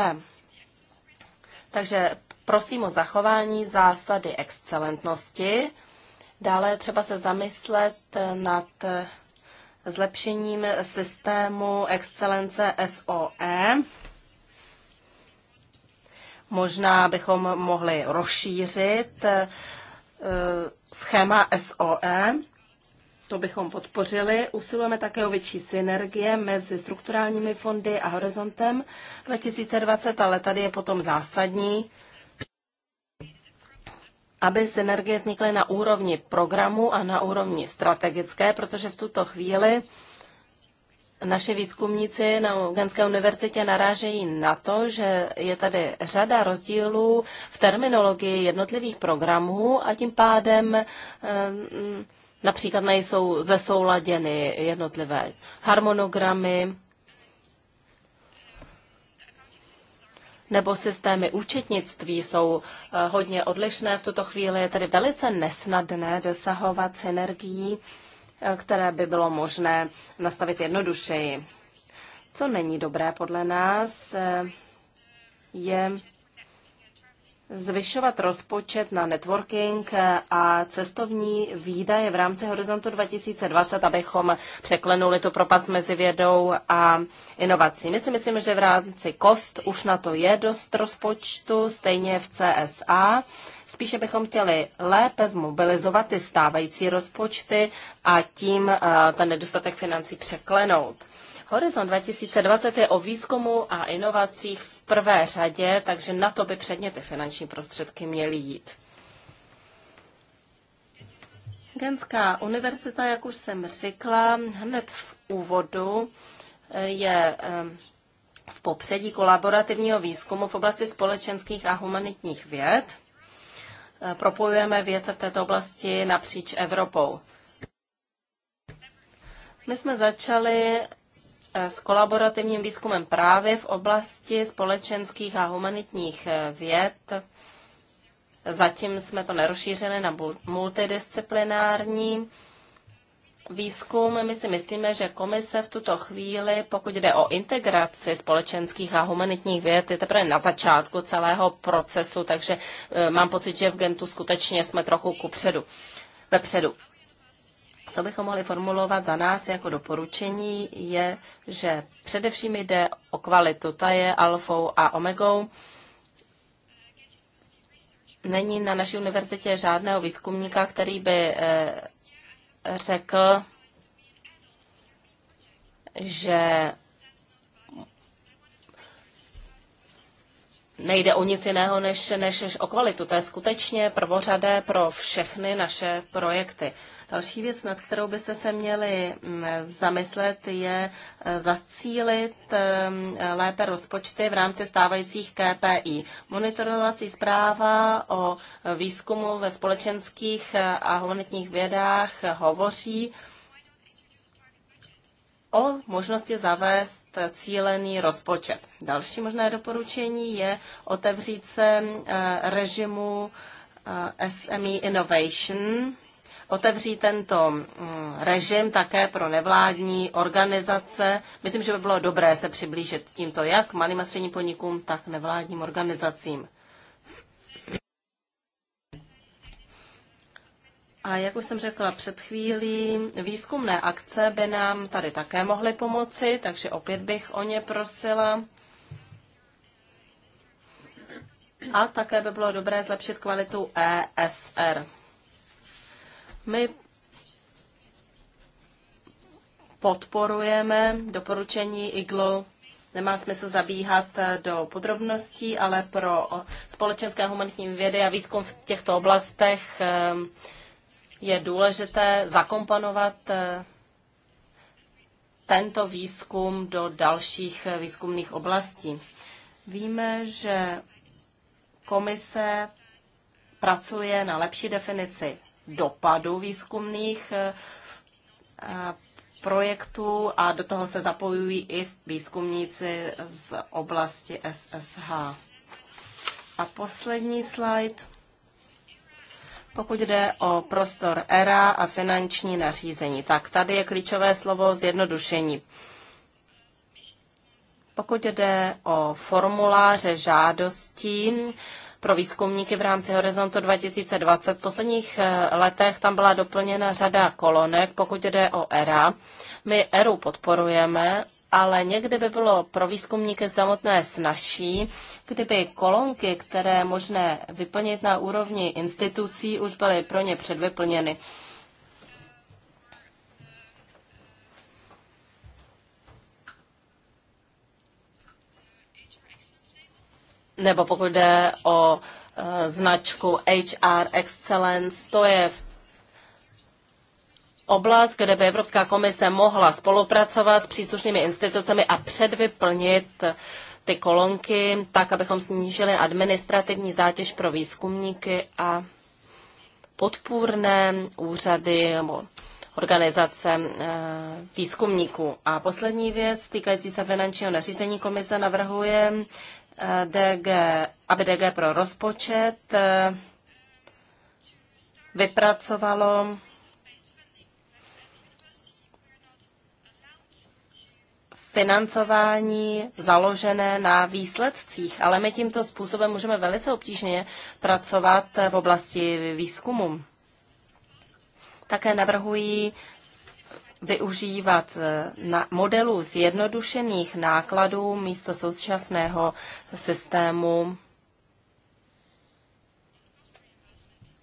Takže prosím o zachování zásady excelentnosti. Dále třeba se zamyslet nad eh, zlepšením systému excelence SOE Možná bychom mohli rozšířit eh, schéma SOE, to bychom podpořili. Usilujeme také o větší synergie mezi strukturálními fondy a horizontem 2020, ale tady je potom zásadní, aby synergie vznikly na úrovni programu a na úrovni strategické, protože v tuto chvíli naše výzkumníci na Ugandské univerzitě narážejí na to, že je tady řada rozdílů v terminologii jednotlivých programů a tím pádem eh, například nejsou zesouladěny jednotlivé harmonogramy nebo systémy účetnictví jsou eh, hodně odlišné. V tuto chvíli je tedy velice nesnadné dosahovat synergií které by bylo možné nastavit jednodušeji. Co není dobré podle nás, eh, je zvyšovat rozpočet na networking a cestovní výdaje v rámci Horizontu 2020, abychom překlenuli tu propast mezi vědou a inovací. My si myslím, že v rámci KOST už na to je dost rozpočtu, stejně v CSA. Spíše bychom chtěli lépe zmobilizovat ty stávající rozpočty a tím eh, ten nedostatek financí překlenout. Horizont 2020 je o výzkumu a inovacích v prvé řadě, takže na to by předně ty finanční prostředky měly jít. Genská univerzita, jak už jsem řekla, hned v úvodu eh, je eh, v popředí kolaborativního výzkumu v oblasti společenských a humanitních věd. Eh, propojujeme věce v této oblasti napříč Evropou. My jsme začali s kolaborativním výzkumem právě v oblasti společenských a humanitních eh, věd. Zatím jsme to nerozšířili na multidisciplinární výzkum. My si myslíme, že komise v tuto chvíli, pokud jde o integraci společenských a humanitních věd, je teprve na začátku celého procesu, takže eh, mám pocit, že v Gentu skutečně jsme trochu kupředu, vepředu. Co bychom mohli formulovat za nás jako doporučení je, že především jde o kvalitu. Ta je alfou a omegou. Není na naší univerzitě žádného výzkumníka, který by eh, řekl, že nejde o nic jiného než, než o kvalitu. To je skutečně prvořadé pro všechny naše projekty. Další věc, nad kterou byste se měli mm, zamyslet, je e, zacílit e, lépe rozpočty v rámci stávajících KPI. Monitorovací zpráva o výzkumu ve společenských e, a humanitních vědách hovoří o možnosti zavést cílený rozpočet. Další možné doporučení je otevřít se režimu SME Innovation, otevří tento mm, režim také pro nevládní organizace. Myslím, že by bylo dobré se přiblížit tímto jak malým a středním podnikům, tak nevládním organizacím. A jak už jsem řekla před chvílí, výzkumné akce by nám tady také mohly pomoci, takže opět bych o ně prosila. A také by bylo dobré zlepšit kvalitu ESR. My podporujeme doporučení IGLO. Nemá smysl zabíhat do podrobností, ale pro společenské humanitní vědy a výzkum v těchto oblastech ehm, je důležité zakomponovat eh, tento výzkum do dalších výzkumných oblastí. Víme, že komise pracuje na lepší definici dopadů výzkumných eh, projektů a do toho se zapojují i výzkumníci z oblasti SSH. A poslední slide. Pokud jde o prostor ERA a finanční nařízení, tak tady je klíčové slovo zjednodušení. Pokud jde o formuláře žádostí, pro výzkumníky v rámci Horizontu 2020. V posledních eh, letech tam byla doplněna řada kolonek, pokud jde o ERA. My ERU podporujeme, ale někdy by bylo pro výzkumníky samotné snažší, kdyby kolonky, které možné vyplnit na úrovni institucí, už byly pro ně předvyplněny. nebo pokud jde o eh, značku HR Excellence, to je oblast, kde by Evropská komise mohla spolupracovat s příslušnými institucemi a předvyplnit ty kolonky, tak abychom snížili administrativní zátěž pro výzkumníky a podpůrné úřady nebo organizace eh, výzkumníků. A poslední věc týkající se finančního nařízení komise navrhuje Eh, DG, aby DG pro rozpočet eh, vypracovalo financování založené na výsledcích, ale my tímto způsobem můžeme velice obtížně pracovat v oblasti výzkumu. Také navrhují využívat eh, na modelu zjednodušených nákladů místo současného systému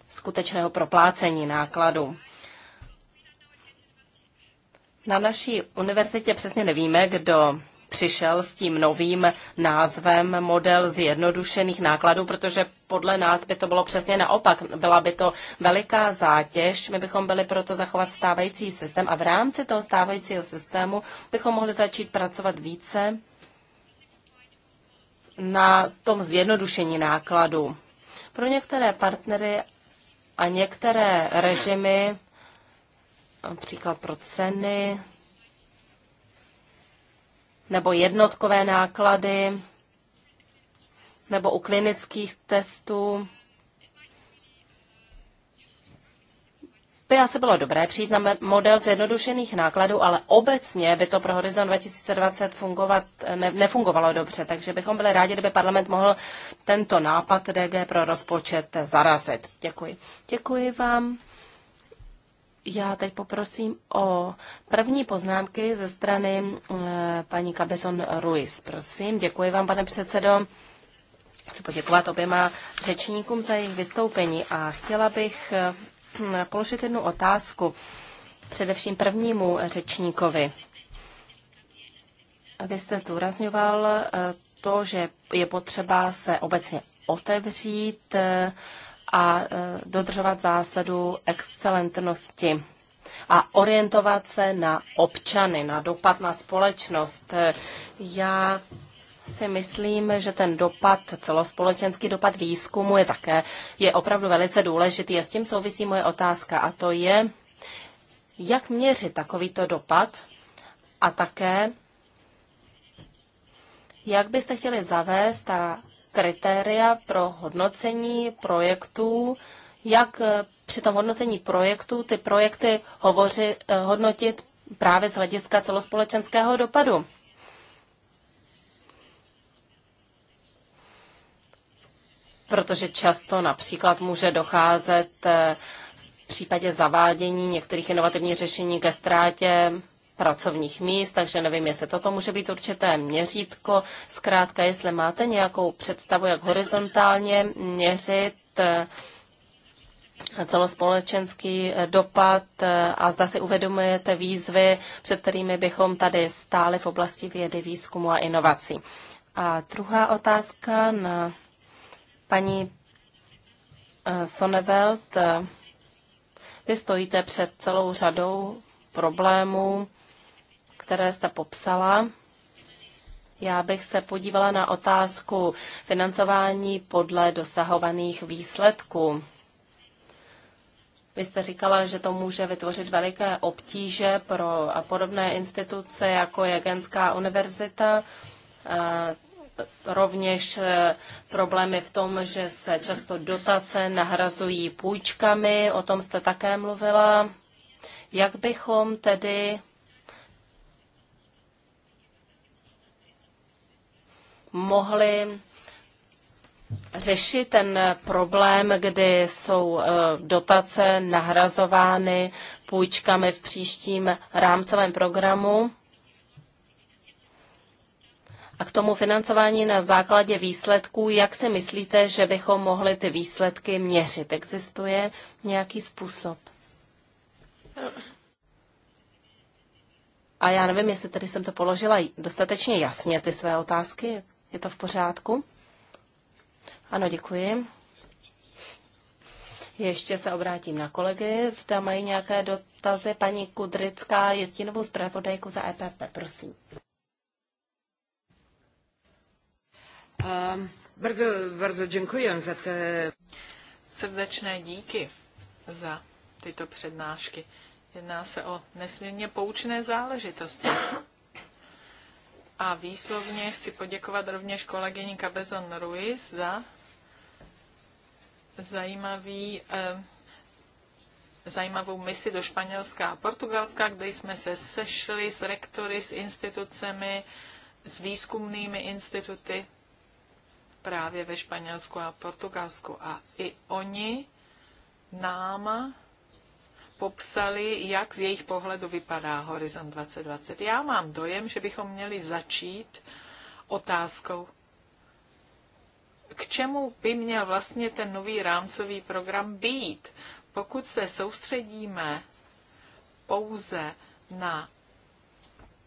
skutečného proplácení nákladů. Na naší univerzitě přesně nevíme, kdo přišel s tím novým názvem model zjednodušených nákladů, protože podle nás by to bylo přesně naopak. Byla by to veliká zátěž, my bychom byli proto zachovat stávající systém a v rámci toho stávajícího systému bychom mohli začít pracovat více na tom zjednodušení nákladů. Pro některé partnery a některé režimy, například pro ceny, nebo jednotkové náklady, nebo u klinických testů. By asi bylo dobré přijít na model zjednodušených nákladů, ale obecně by to pro Horizon 2020 fungovat, ne, nefungovalo dobře, takže bychom byli rádi, kdyby parlament mohl tento nápad DG pro rozpočet zarazit. Děkuji. Děkuji vám. Já teď poprosím o první poznámky ze strany eh, paní Cabezon Ruiz. Prosím, děkuji vám, pane předsedo. Chci poděkovat oběma řečníkům za jejich vystoupení a chtěla bych eh, položit jednu otázku především prvnímu řečníkovi. Vy jste zdůrazňoval eh, to, že je potřeba se obecně otevřít a e, dodržovat zásadu excelentnosti a orientovat se na občany, na dopad na společnost. E, já si myslím, že ten dopad, celospolečenský dopad výzkumu je také, je opravdu velice důležitý. A s tím souvisí moje otázka a to je, jak měřit takovýto dopad a také, jak byste chtěli zavést a kritéria pro hodnocení projektů, jak při tom hodnocení projektů ty projekty hovoři, eh, hodnotit právě z hlediska celospolečenského dopadu. Protože často například může docházet eh, v případě zavádění některých inovativních řešení ke ztrátě pracovních míst, takže nevím, jestli toto může být určité měřítko. Zkrátka, jestli máte nějakou představu, jak horizontálně měřit eh, celospolečenský eh, dopad eh, a zda si uvědomujete výzvy, před kterými bychom tady stáli v oblasti vědy, výzkumu a inovací. A druhá otázka na paní Sonneveld. Vy stojíte před celou řadou problémů, které jste popsala. Já bych se podívala na otázku financování podle dosahovaných výsledků. Vy jste říkala, že to může vytvořit veliké obtíže pro podobné instituce, jako je Genská univerzita. Rovněž e, problémy v tom, že se často dotace nahrazují půjčkami, o tom jste také mluvila. Jak bychom tedy mohli řešit ten problém, kdy jsou eh, dotace nahrazovány půjčkami v příštím rámcovém programu a k tomu financování na základě výsledků, jak si myslíte, že bychom mohli ty výsledky měřit? Existuje nějaký způsob? A já nevím, jestli tady jsem to položila dostatečně jasně, ty své otázky. Je to v pořádku? Ano, děkuji. Ještě se obrátím na kolegy. Zda mají nějaké dotazy. Paní Kudrická je zpravodajku za EPP, prosím. Ehm, bardzo, bardzo děkuji za te... Srdečné díky za tyto přednášky. Jedná se o nesmírně poučné záležitosti. A výslovně chci poděkovat rovněž kolegyni Cabezon Ruiz za zajímavý, eh, zajímavou misi do Španělska a Portugalska, kde jsme se sešli s rektory, s institucemi, s výzkumnými instituty právě ve Španělsku a Portugalsku. A i oni nám popsali, jak z jejich pohledu vypadá Horizon 2020. Já mám dojem, že bychom měli začít otázkou, k čemu by měl vlastně ten nový rámcový program být. Pokud se soustředíme pouze na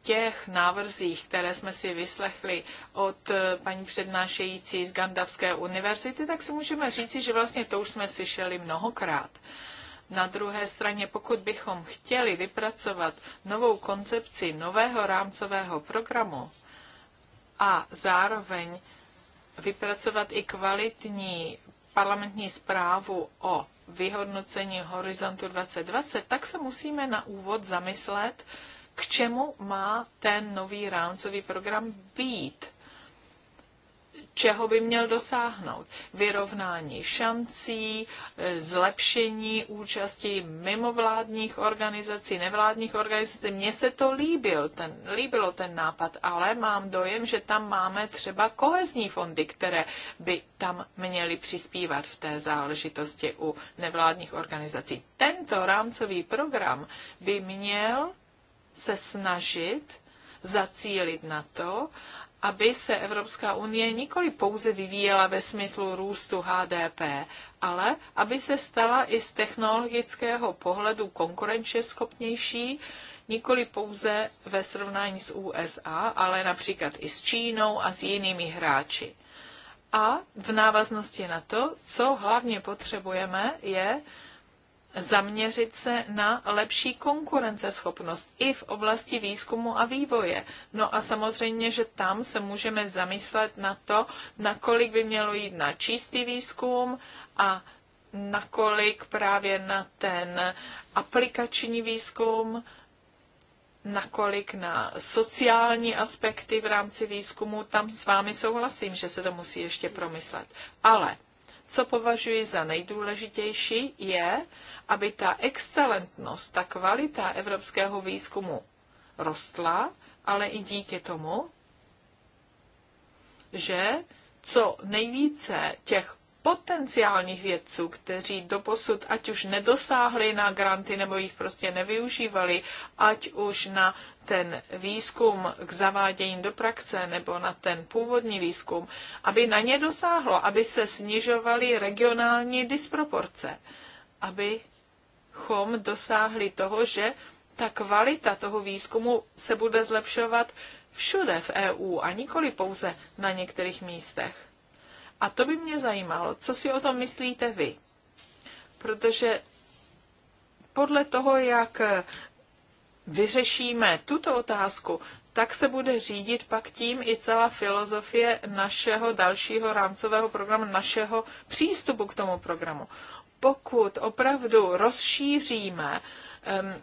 těch návrzích, které jsme si vyslechli od eh, paní přednášející z Gandavské univerzity, tak si můžeme říci, že vlastně to už jsme slyšeli mnohokrát. Na druhé straně, pokud bychom chtěli vypracovat novou koncepci nového rámcového programu a zároveň vypracovat i kvalitní parlamentní zprávu o vyhodnocení Horizontu 2020, tak se musíme na úvod zamyslet, k čemu má ten nový rámcový program být čeho by měl dosáhnout. Vyrovnání šancí, e, zlepšení účasti mimovládních organizací, nevládních organizací. Mně se to líbil, ten, líbilo ten nápad, ale mám dojem, že tam máme třeba kohezní fondy, které by tam měly přispívat v té záležitosti u nevládních organizací. Tento rámcový program by měl se snažit zacílit na to, aby se Evropská unie nikoli pouze vyvíjela ve smyslu růstu HDP, ale aby se stala i z technologického pohledu konkurenčně schopnější, nikoli pouze ve srovnání s USA, ale například i s Čínou a s jinými hráči. A v návaznosti na to, co hlavně potřebujeme, je zaměřit se na lepší konkurenceschopnost i v oblasti výzkumu a vývoje. No a samozřejmě, že tam se můžeme zamyslet na to, nakolik by mělo jít na čistý výzkum a nakolik právě na ten aplikační výzkum, nakolik na sociální aspekty v rámci výzkumu, tam s vámi souhlasím, že se to musí ještě promyslet. Ale co považuji za nejdůležitější, je, aby ta excelentnost, ta kvalita evropského výzkumu rostla, ale i díky tomu, že co nejvíce těch potenciálních vědců, kteří doposud ať už nedosáhli na granty nebo jich prostě nevyužívali, ať už na ten výzkum k zavádění do praxe nebo na ten původní výzkum, aby na ně dosáhlo, aby se snižovaly regionální disproporce, abychom dosáhli toho, že ta kvalita toho výzkumu se bude zlepšovat všude v EU a nikoli pouze na některých místech. A to by mě zajímalo, co si o tom myslíte vy. Protože podle toho, jak vyřešíme tuto otázku, tak se bude řídit pak tím i celá filozofie našeho dalšího rámcového programu, našeho přístupu k tomu programu. Pokud opravdu rozšíříme um,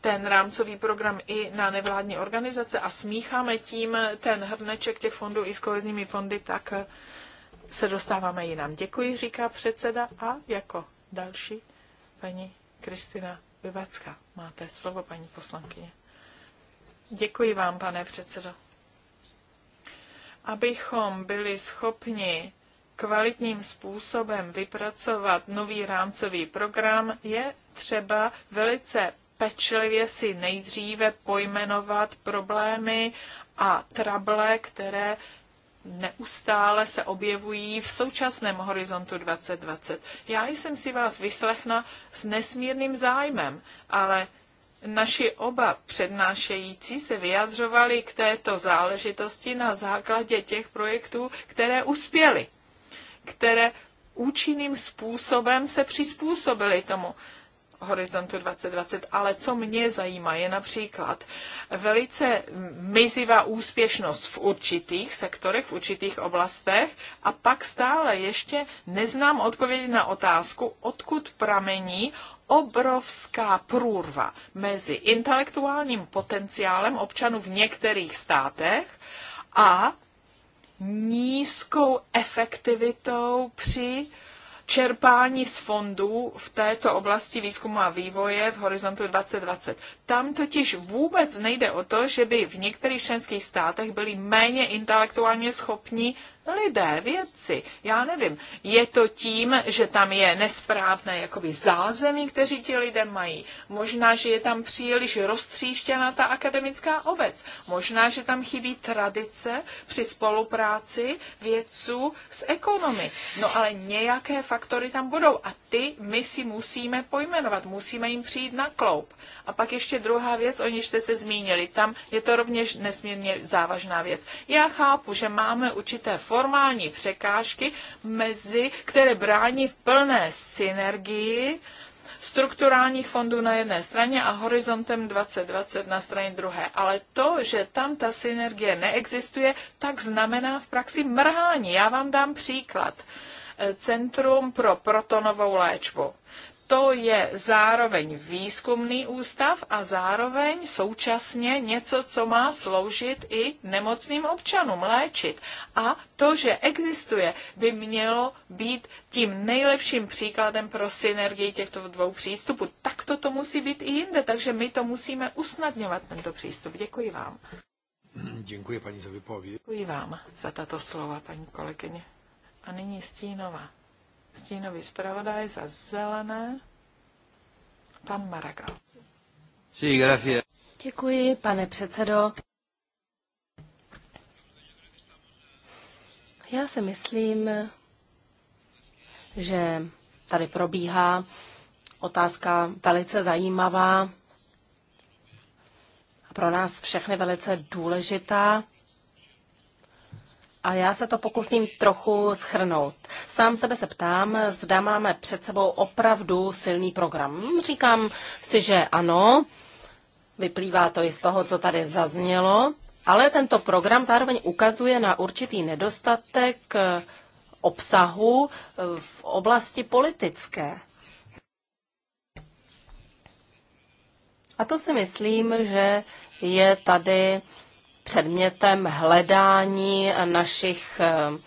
ten rámcový program i na nevládní organizace a smícháme tím ten hrneček těch fondů i s kohezními fondy, tak eh, se dostáváme jinam. Děkuji, říká předseda a jako další paní Kristina Libacka. Máte slovo, paní poslankyně. Děkuji vám, pane předsedo. Abychom byli schopni kvalitním způsobem vypracovat nový rámcový program, je třeba velice pečlivě si nejdříve pojmenovat problémy a trable, které neustále se objevují v současném horizontu 2020. Já jsem si vás vyslechna s nesmírným zájmem, ale naši oba přednášející se vyjadřovali k této záležitosti na základě těch projektů, které uspěly, které účinným způsobem se přizpůsobily tomu horizontu 2020, ale co mě zajímá je například velice mizivá úspěšnost v určitých sektorech, v určitých oblastech a pak stále ještě neznám odpověď na otázku, odkud pramení obrovská průrva mezi intelektuálním potenciálem občanů v některých státech a nízkou efektivitou při uh, čerpání z fondů v této oblasti výzkumu a vývoje v horizontu 2020. Tam totiž vůbec nejde o to, že by v některých členských státech byli méně intelektuálně schopní lidé, vědci, já nevím, je to tím, že tam je nesprávné jakoby zázemí, kteří ti lidé mají. Možná, že je tam příliš roztříštěna ta akademická obec. Možná, že tam chybí tradice při spolupráci vědců s ekonomy. No ale nějaké faktory tam budou a ty my si musíme pojmenovat, musíme jim přijít na kloup. A pak ještě druhá věc, o níž jste se zmínili. Tam je to rovněž nesmírně závažná věc. Já chápu, že máme určité formální překážky, mezi, které brání v plné synergii strukturálních fondů na jedné straně a horizontem 2020 na straně druhé. Ale to, že tam ta synergie neexistuje, tak znamená v praxi mrhání. Já vám dám příklad. Centrum pro protonovou léčbu to je zároveň výzkumný ústav a zároveň současně něco, co má sloužit i nemocným občanům, léčit. A to, že existuje, by mělo být tím nejlepším příkladem pro synergii těchto dvou přístupů. Tak to, to musí být i jinde, takže my to musíme usnadňovat, tento přístup. Děkuji vám. Děkuji paní za vypověď. Děkuji vám za tato slova, paní kolegyně. A nyní Stínová. Stínový zpravodaj za zelené, pan Maragal. Sí, gracias. Děkuji, pane předsedo. Já si myslím, že tady probíhá otázka velice zajímavá a pro nás všechny velice důležitá a já se to pokusím trochu schrnout. Sám sebe se ptám, zda máme před sebou opravdu silný program. Říkám si, že ano, vyplývá to i z toho, co tady zaznělo, ale tento program zároveň ukazuje na určitý nedostatek eh, obsahu eh, v oblasti politické. A to si myslím, že je tady předmětem hledání našich, eh,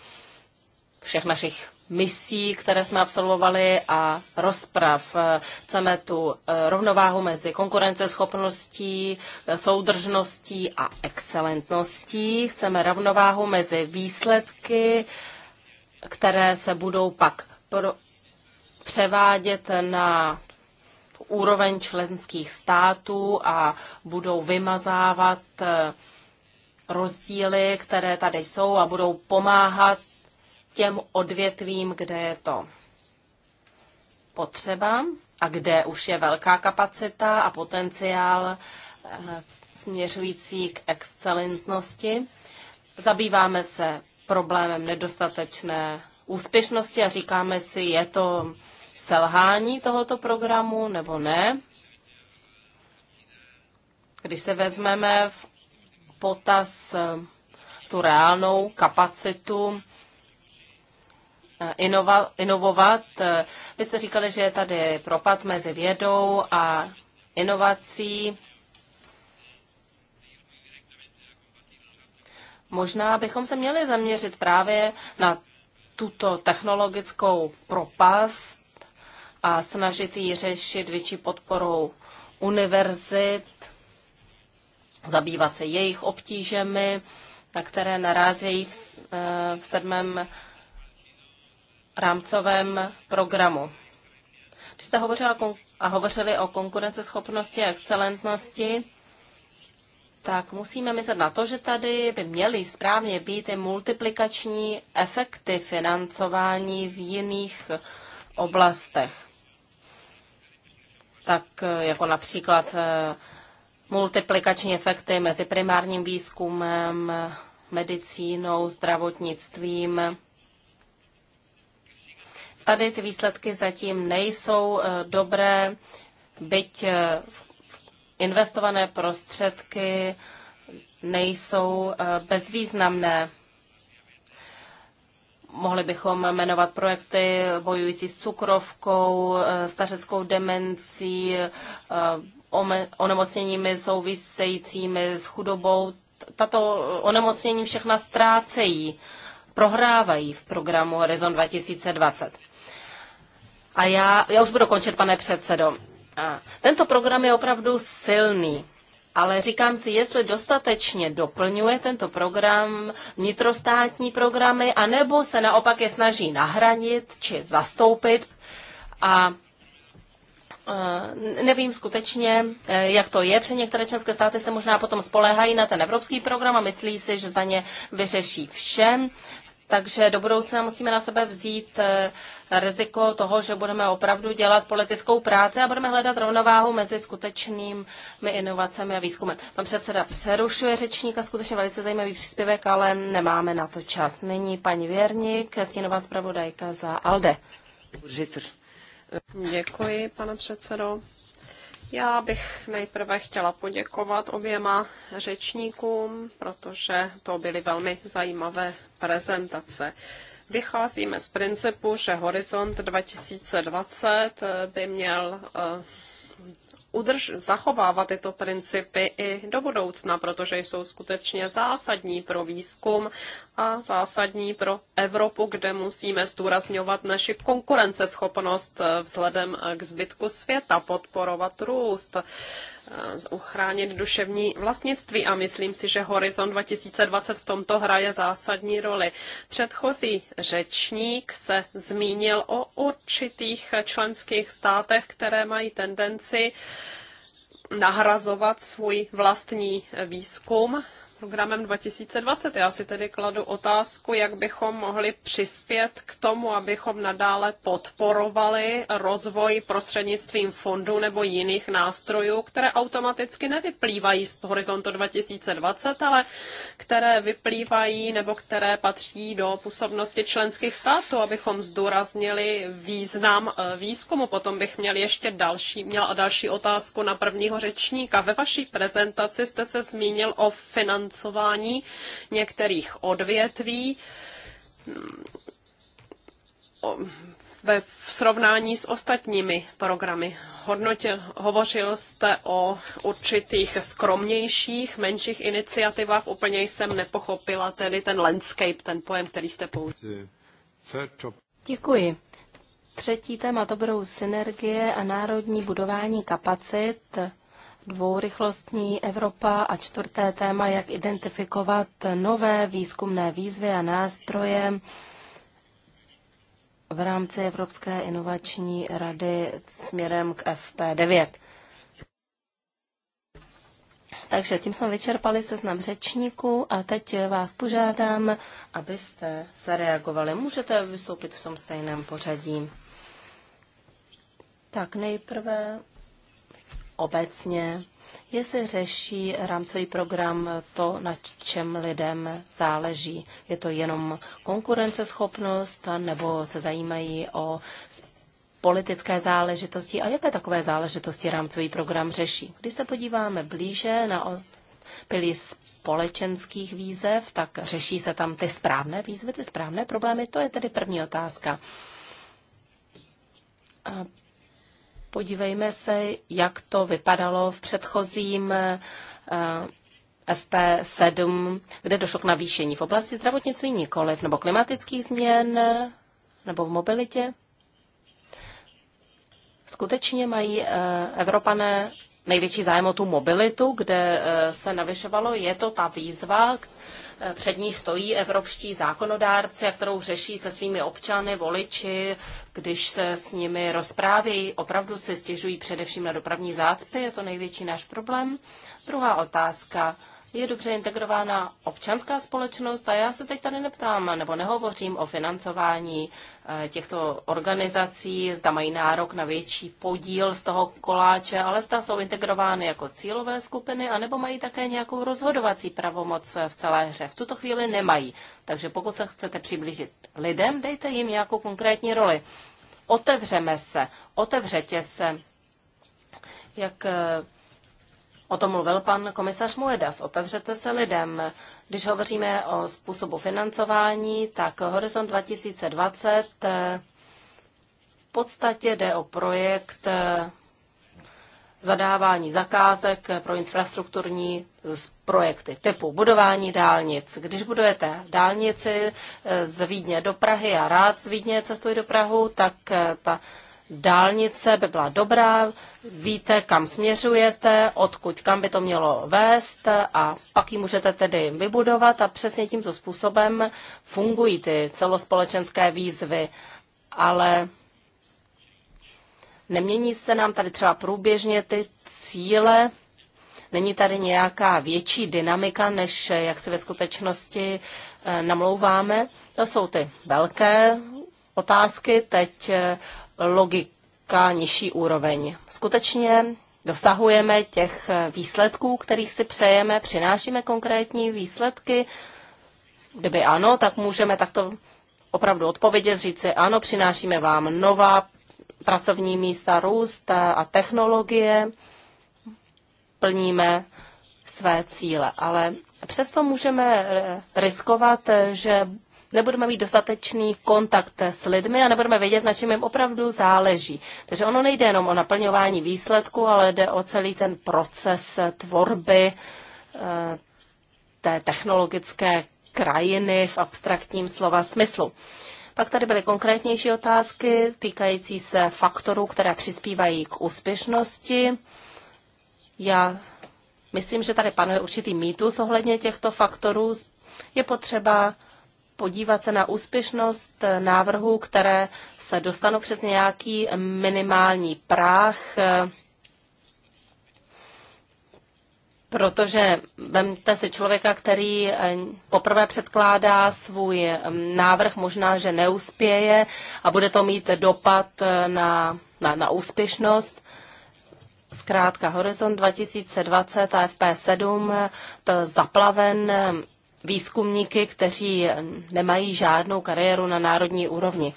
všech našich misí, které jsme absolvovali a rozprav. Eh, chceme tu eh, rovnováhu mezi konkurenceschopností, soudržností a excelentností. Chceme rovnováhu mezi výsledky, které se budou pak pro, převádět na úroveň členských států a budou vymazávat rozdíly, které tady jsou a budou pomáhat těm odvětvím, kde je to potřeba a kde už je velká kapacita a potenciál eh, směřující k excelentnosti. Zabýváme se problémem nedostatečné úspěšnosti a říkáme si, je to selhání tohoto programu nebo ne. Když se vezmeme v potaz eh, tu reálnou kapacitu eh, inova, inovovat. Eh, vy jste říkali, že je tady propad mezi vědou a inovací. Možná bychom se měli zaměřit právě na tuto technologickou propast a snažit ji řešit větší podporou univerzit zabývat se jejich obtížemi, na které narážejí v, eh, v sedmém rámcovém programu. Když jste hovořila a hovořili o konkurenceschopnosti a excelentnosti, tak musíme myslet na to, že tady by měly správně být i multiplikační efekty financování v jiných oblastech. Tak eh, jako například eh, multiplikační efekty mezi primárním výzkumem, medicínou, zdravotnictvím. Tady ty výsledky zatím nejsou eh, dobré, byť eh, investované prostředky nejsou eh, bezvýznamné. Mohli bychom jmenovat projekty bojující s cukrovkou, eh, stařeckou demencí, eh, onemocněními souvisejícími s chudobou. Tato onemocnění všechna ztrácejí, prohrávají v programu Horizon 2020. A já, já už budu končit, pane předsedo. Tento program je opravdu silný ale říkám si, jestli dostatečně doplňuje tento program vnitrostátní programy, anebo se naopak je snaží nahranit či zastoupit. A nevím skutečně, e, jak to je. Při některé členské státy se možná potom spoléhají na ten evropský program a myslí si, že za ně vyřeší všem. Takže do budoucna musíme na sebe vzít eh, riziko toho, že budeme opravdu dělat politickou práci a budeme hledat rovnováhu mezi skutečnými inovacemi a výzkumem. Pan předseda přerušuje řečníka, skutečně velice zajímavý příspěvek, ale nemáme na to čas. Nyní paní Věrník, stínová zpravodajka za ALDE. Děkuji, pane předsedo. Já bych nejprve chtěla poděkovat oběma řečníkům, protože to byly velmi zajímavé prezentace. Vycházíme z principu, že Horizont 2020 by měl eh, udrž, zachovávat tyto principy i do budoucna, protože jsou skutečně zásadní pro výzkum a zásadní pro Evropu, kde musíme zdůrazňovat naši konkurenceschopnost eh, vzhledem eh, k zbytku světa, podporovat růst Eh, ochránit duševní vlastnictví a myslím si, že Horizon 2020 v tomto hraje zásadní roli. Předchozí řečník se zmínil o určitých členských státech, které mají tendenci nahrazovat svůj vlastní výzkum programem 2020. Já si tedy kladu otázku, jak bychom mohli přispět k tomu, abychom nadále podporovali rozvoj prostřednictvím fondů nebo jiných nástrojů, které automaticky nevyplývají z horizontu 2020, ale které vyplývají nebo které patří do působnosti členských států, abychom zdůraznili význam eh, výzkumu. Potom bych měl ještě další, měla další otázku na prvního řečníka. Ve vaší prezentaci jste se zmínil o financí financování některých odvětví ve srovnání s ostatními programy. Hodnotil, hovořil jste o určitých skromnějších, menších iniciativách. Úplně jsem nepochopila tedy ten landscape, ten pojem, který jste použili. Děkuji. Třetí téma to budou synergie a národní budování kapacit dvourychlostní Evropa a čtvrté téma, jak identifikovat nové výzkumné výzvy a nástroje v rámci Evropské inovační rady směrem k FP9. Takže tím jsme vyčerpali seznam řečníků a teď vás požádám, abyste zareagovali. Můžete vystoupit v tom stejném pořadí. Tak nejprve obecně, jestli řeší rámcový program to, na čem lidem záleží. Je to jenom konkurenceschopnost, nebo se zajímají o politické záležitosti a jaké takové záležitosti rámcový program řeší. Když se podíváme blíže na pilíř společenských výzev, tak řeší se tam ty správné výzvy, ty správné problémy. To je tedy první otázka. A Podívejme se, jak to vypadalo v předchozím eh, FP7, kde došlo k navýšení v oblasti zdravotnictví nikoliv, nebo klimatických změn, nebo v mobilitě. Skutečně mají eh, Evropané největší zájem o tu mobilitu, kde eh, se navyšovalo, je to ta výzva, před ní stojí evropští zákonodárci a kterou řeší se svými občany, voliči, když se s nimi rozpráví. Opravdu se stěžují především na dopravní zácpy, je to největší náš problém. Druhá otázka je dobře integrována občanská společnost a já se teď tady neptám nebo nehovořím o financování eh, těchto organizací, zda mají nárok na větší podíl z toho koláče, ale zda jsou integrovány jako cílové skupiny, a nebo mají také nějakou rozhodovací pravomoc v celé hře. V tuto chvíli nemají. Takže pokud se chcete přiblížit lidem, dejte jim nějakou konkrétní roli. Otevřeme se, otevřete se, jak eh, O tom mluvil pan komisař Moedas. Otevřete se lidem. Když hovoříme o způsobu financování, tak Horizont 2020 eh, v podstatě jde o projekt eh, zadávání zakázek pro infrastrukturní eh, projekty typu budování dálnic. Když budujete dálnici z Vídně do Prahy a rád z Vídně cestuji do Prahu, tak ta dálnice by byla dobrá, víte, kam směřujete, odkud, kam by to mělo vést a pak ji můžete tedy vybudovat a přesně tímto způsobem fungují ty celospolečenské výzvy. Ale nemění se nám tady třeba průběžně ty cíle, není tady nějaká větší dynamika, než jak se ve skutečnosti eh, namlouváme. To jsou ty velké otázky. Teď eh, logika nižší úroveň. Skutečně dosahujeme těch výsledků, kterých si přejeme, přinášíme konkrétní výsledky. Kdyby ano, tak můžeme takto opravdu odpovědět, říct si ano, přinášíme vám nová pracovní místa, růst a technologie, plníme své cíle. Ale přesto můžeme eh, riskovat, eh, že nebudeme mít dostatečný kontakt s lidmi a nebudeme vědět, na čem jim opravdu záleží. Takže ono nejde jenom o naplňování výsledku, ale jde o celý ten proces tvorby eh, té technologické krajiny v abstraktním slova smyslu. Pak tady byly konkrétnější otázky týkající se faktorů, které přispívají k úspěšnosti. Já myslím, že tady panuje určitý mýtus ohledně těchto faktorů. Je potřeba podívat se na úspěšnost návrhů, které se dostanou přes nějaký minimální práh, eh, protože vemte si člověka, který eh, poprvé předkládá svůj eh, návrh, možná, že neuspěje a bude to mít dopad na, na, na úspěšnost. Zkrátka Horizon 2020 a FP7 byl zaplaven výzkumníky, kteří nemají žádnou kariéru na národní úrovni.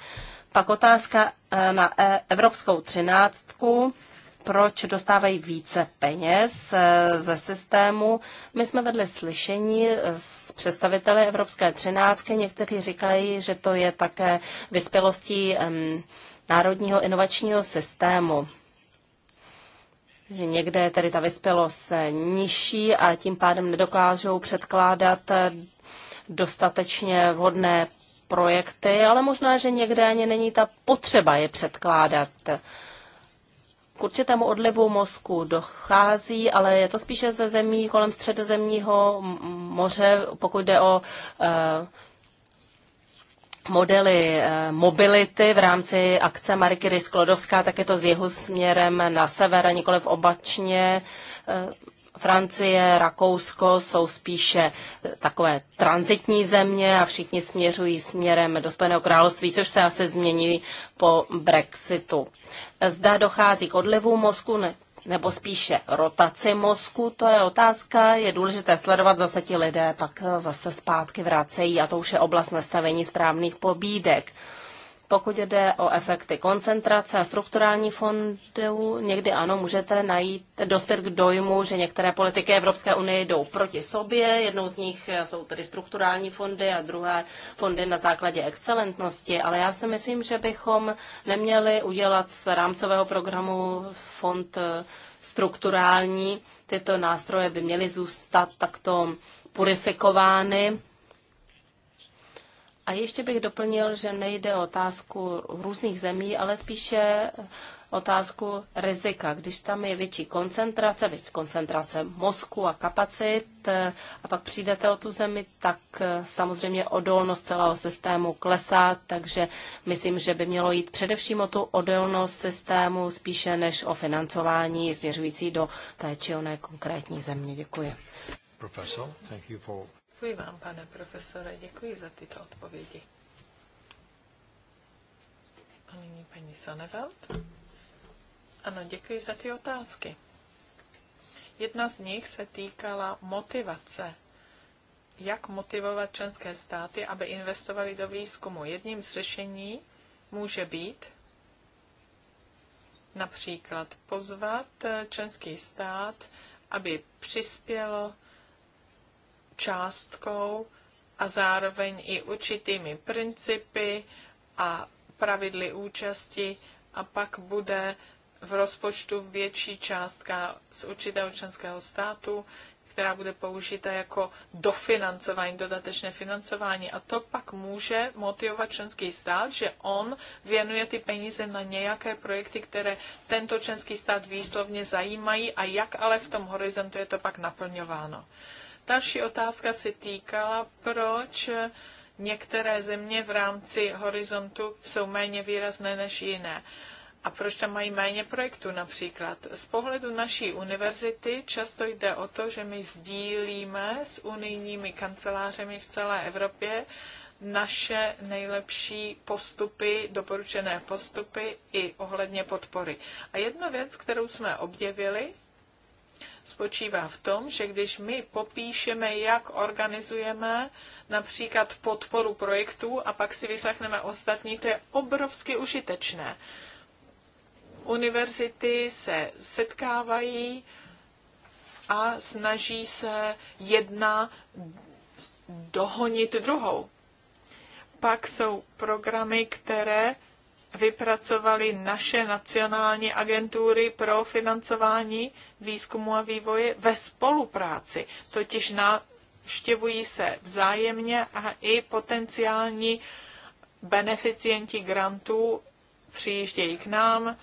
Pak otázka eh, na e, Evropskou třináctku proč dostávají více peněz eh, ze systému. My jsme vedli slyšení eh, s představiteli Evropské třináctky. Někteří říkají, že to je také vyspělostí národního inovačního systému že někde je tedy ta vyspělost nižší a tím pádem nedokážou předkládat eh, dostatečně vhodné projekty, ale možná, že někde ani není ta potřeba je předkládat. K určitému odlivu mozku dochází, ale je to spíše ze zemí kolem středozemního moře, pokud jde o eh, modely eh, mobility v rámci akce Marie Curie Sklodovská, tak je to z jeho směrem na sever a nikoli v obačně. Eh, Francie, Rakousko jsou spíše eh, takové transitní země a všichni směřují směrem do Spojeného království, což se asi změní po Brexitu. Zda dochází k odlivu mozku, ne, nebo spíše rotaci mozku, to je otázka, je důležité sledovat, zase ti lidé pak eh, zase zpátky vracejí a to už je oblast nastavení správných pobídek. Pokud jde o efekty koncentrace a strukturální fondů, někdy ano, můžete najít, dospět k dojmu, že některé politiky Evropské unie jdou proti sobě. Jednou z nich jsou tedy strukturální fondy a druhé fondy na základě excelentnosti. Ale já si myslím, že bychom neměli udělat z rámcového programu fond strukturální. Tyto nástroje by měly zůstat takto purifikovány a ještě bych doplnil, že nejde o otázku různých zemí, ale spíše otázku rizika. Když tam je větší koncentrace, větší koncentrace mozku a kapacit eh, a pak přijdete o tu zemi, tak eh, samozřejmě odolnost celého systému klesá, takže myslím, že by mělo jít především o tu odolnost systému spíše než o financování směřující do té či oné konkrétní země. Děkuji. thank you for... Děkuji vám, pane profesore, děkuji za tyto odpovědi. A nyní paní Sonneveld. Ano, děkuji za ty otázky. Jedna z nich se týkala motivace. Jak motivovat členské státy, aby investovali do výzkumu? Jedním z řešení může být například pozvat členský stát, aby přispělo částkou a zároveň i určitými principy a pravidly účasti a pak bude v rozpočtu větší částka z určitého členského státu, která bude použita jako dofinancování, dodatečné financování. A to pak může motivovat členský stát, že on věnuje ty peníze na nějaké projekty, které tento členský stát výslovně zajímají a jak ale v tom horizontu je to pak naplňováno. Další otázka se týkala, proč některé země v rámci horizontu jsou méně výrazné než jiné. A proč tam mají méně projektů například? Z pohledu naší univerzity často jde o to, že my sdílíme s unijními kancelářemi v celé Evropě naše nejlepší postupy, doporučené postupy i ohledně podpory. A jedna věc, kterou jsme objevili, spočívá v tom, že když my popíšeme, jak organizujeme například podporu projektů a pak si vyslechneme ostatní, to je obrovsky užitečné. Univerzity se setkávají a snaží se jedna dohonit druhou. Pak jsou programy, které vypracovaly naše nacionální agentury pro financování výzkumu a vývoje ve spolupráci, totiž navštěvují se vzájemně a i potenciální beneficienti grantů přijíždějí k nám,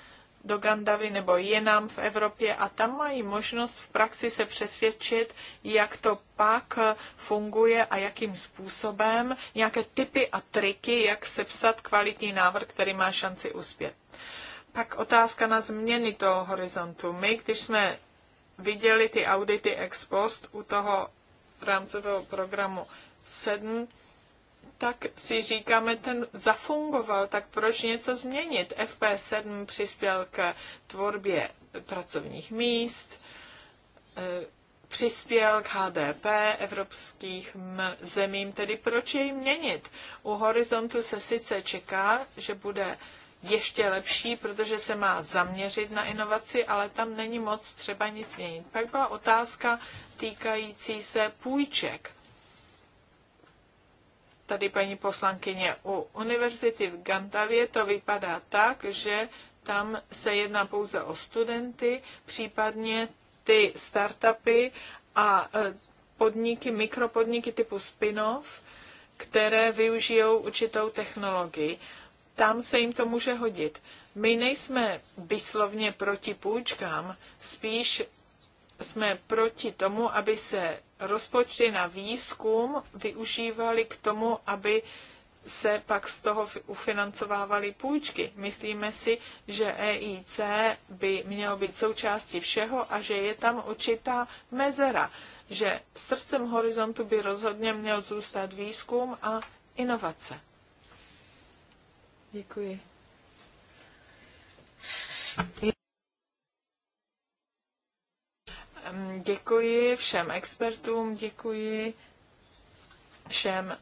do Gandavy nebo jinam v Evropě a tam mají možnost v praxi se přesvědčit, jak to pak funguje a jakým způsobem, nějaké typy a triky, jak sepsat kvalitní návrh, který má šanci uspět. Pak otázka na změny toho horizontu. My, když jsme viděli ty audity ex post u toho rámcového programu 7, tak si říkáme, ten zafungoval, tak proč něco změnit? FP7 přispěl k tvorbě pracovních míst, eh, přispěl k HDP evropských zemím, tedy proč jej měnit? U horizontu se sice čeká, že bude ještě lepší, protože se má zaměřit na inovaci, ale tam není moc třeba nic měnit. Pak byla otázka týkající se půjček tady paní poslankyně, u univerzity v Gantavě to vypadá tak, že tam se jedná pouze o studenty, případně ty startupy a e, podniky, mikropodniky typu spin-off, které využijou určitou technologii. Tam se jim to může hodit. My nejsme vyslovně proti půjčkám, spíš jsme proti tomu, aby se rozpočty na výzkum využívali k tomu, aby se pak z toho ufinancovávaly půjčky. Myslíme si, že EIC by mělo být součástí všeho a že je tam určitá mezera, že srdcem horizontu by rozhodně měl zůstat výzkum a inovace. Děkuji. Děkuji všem expertům, děkuji všem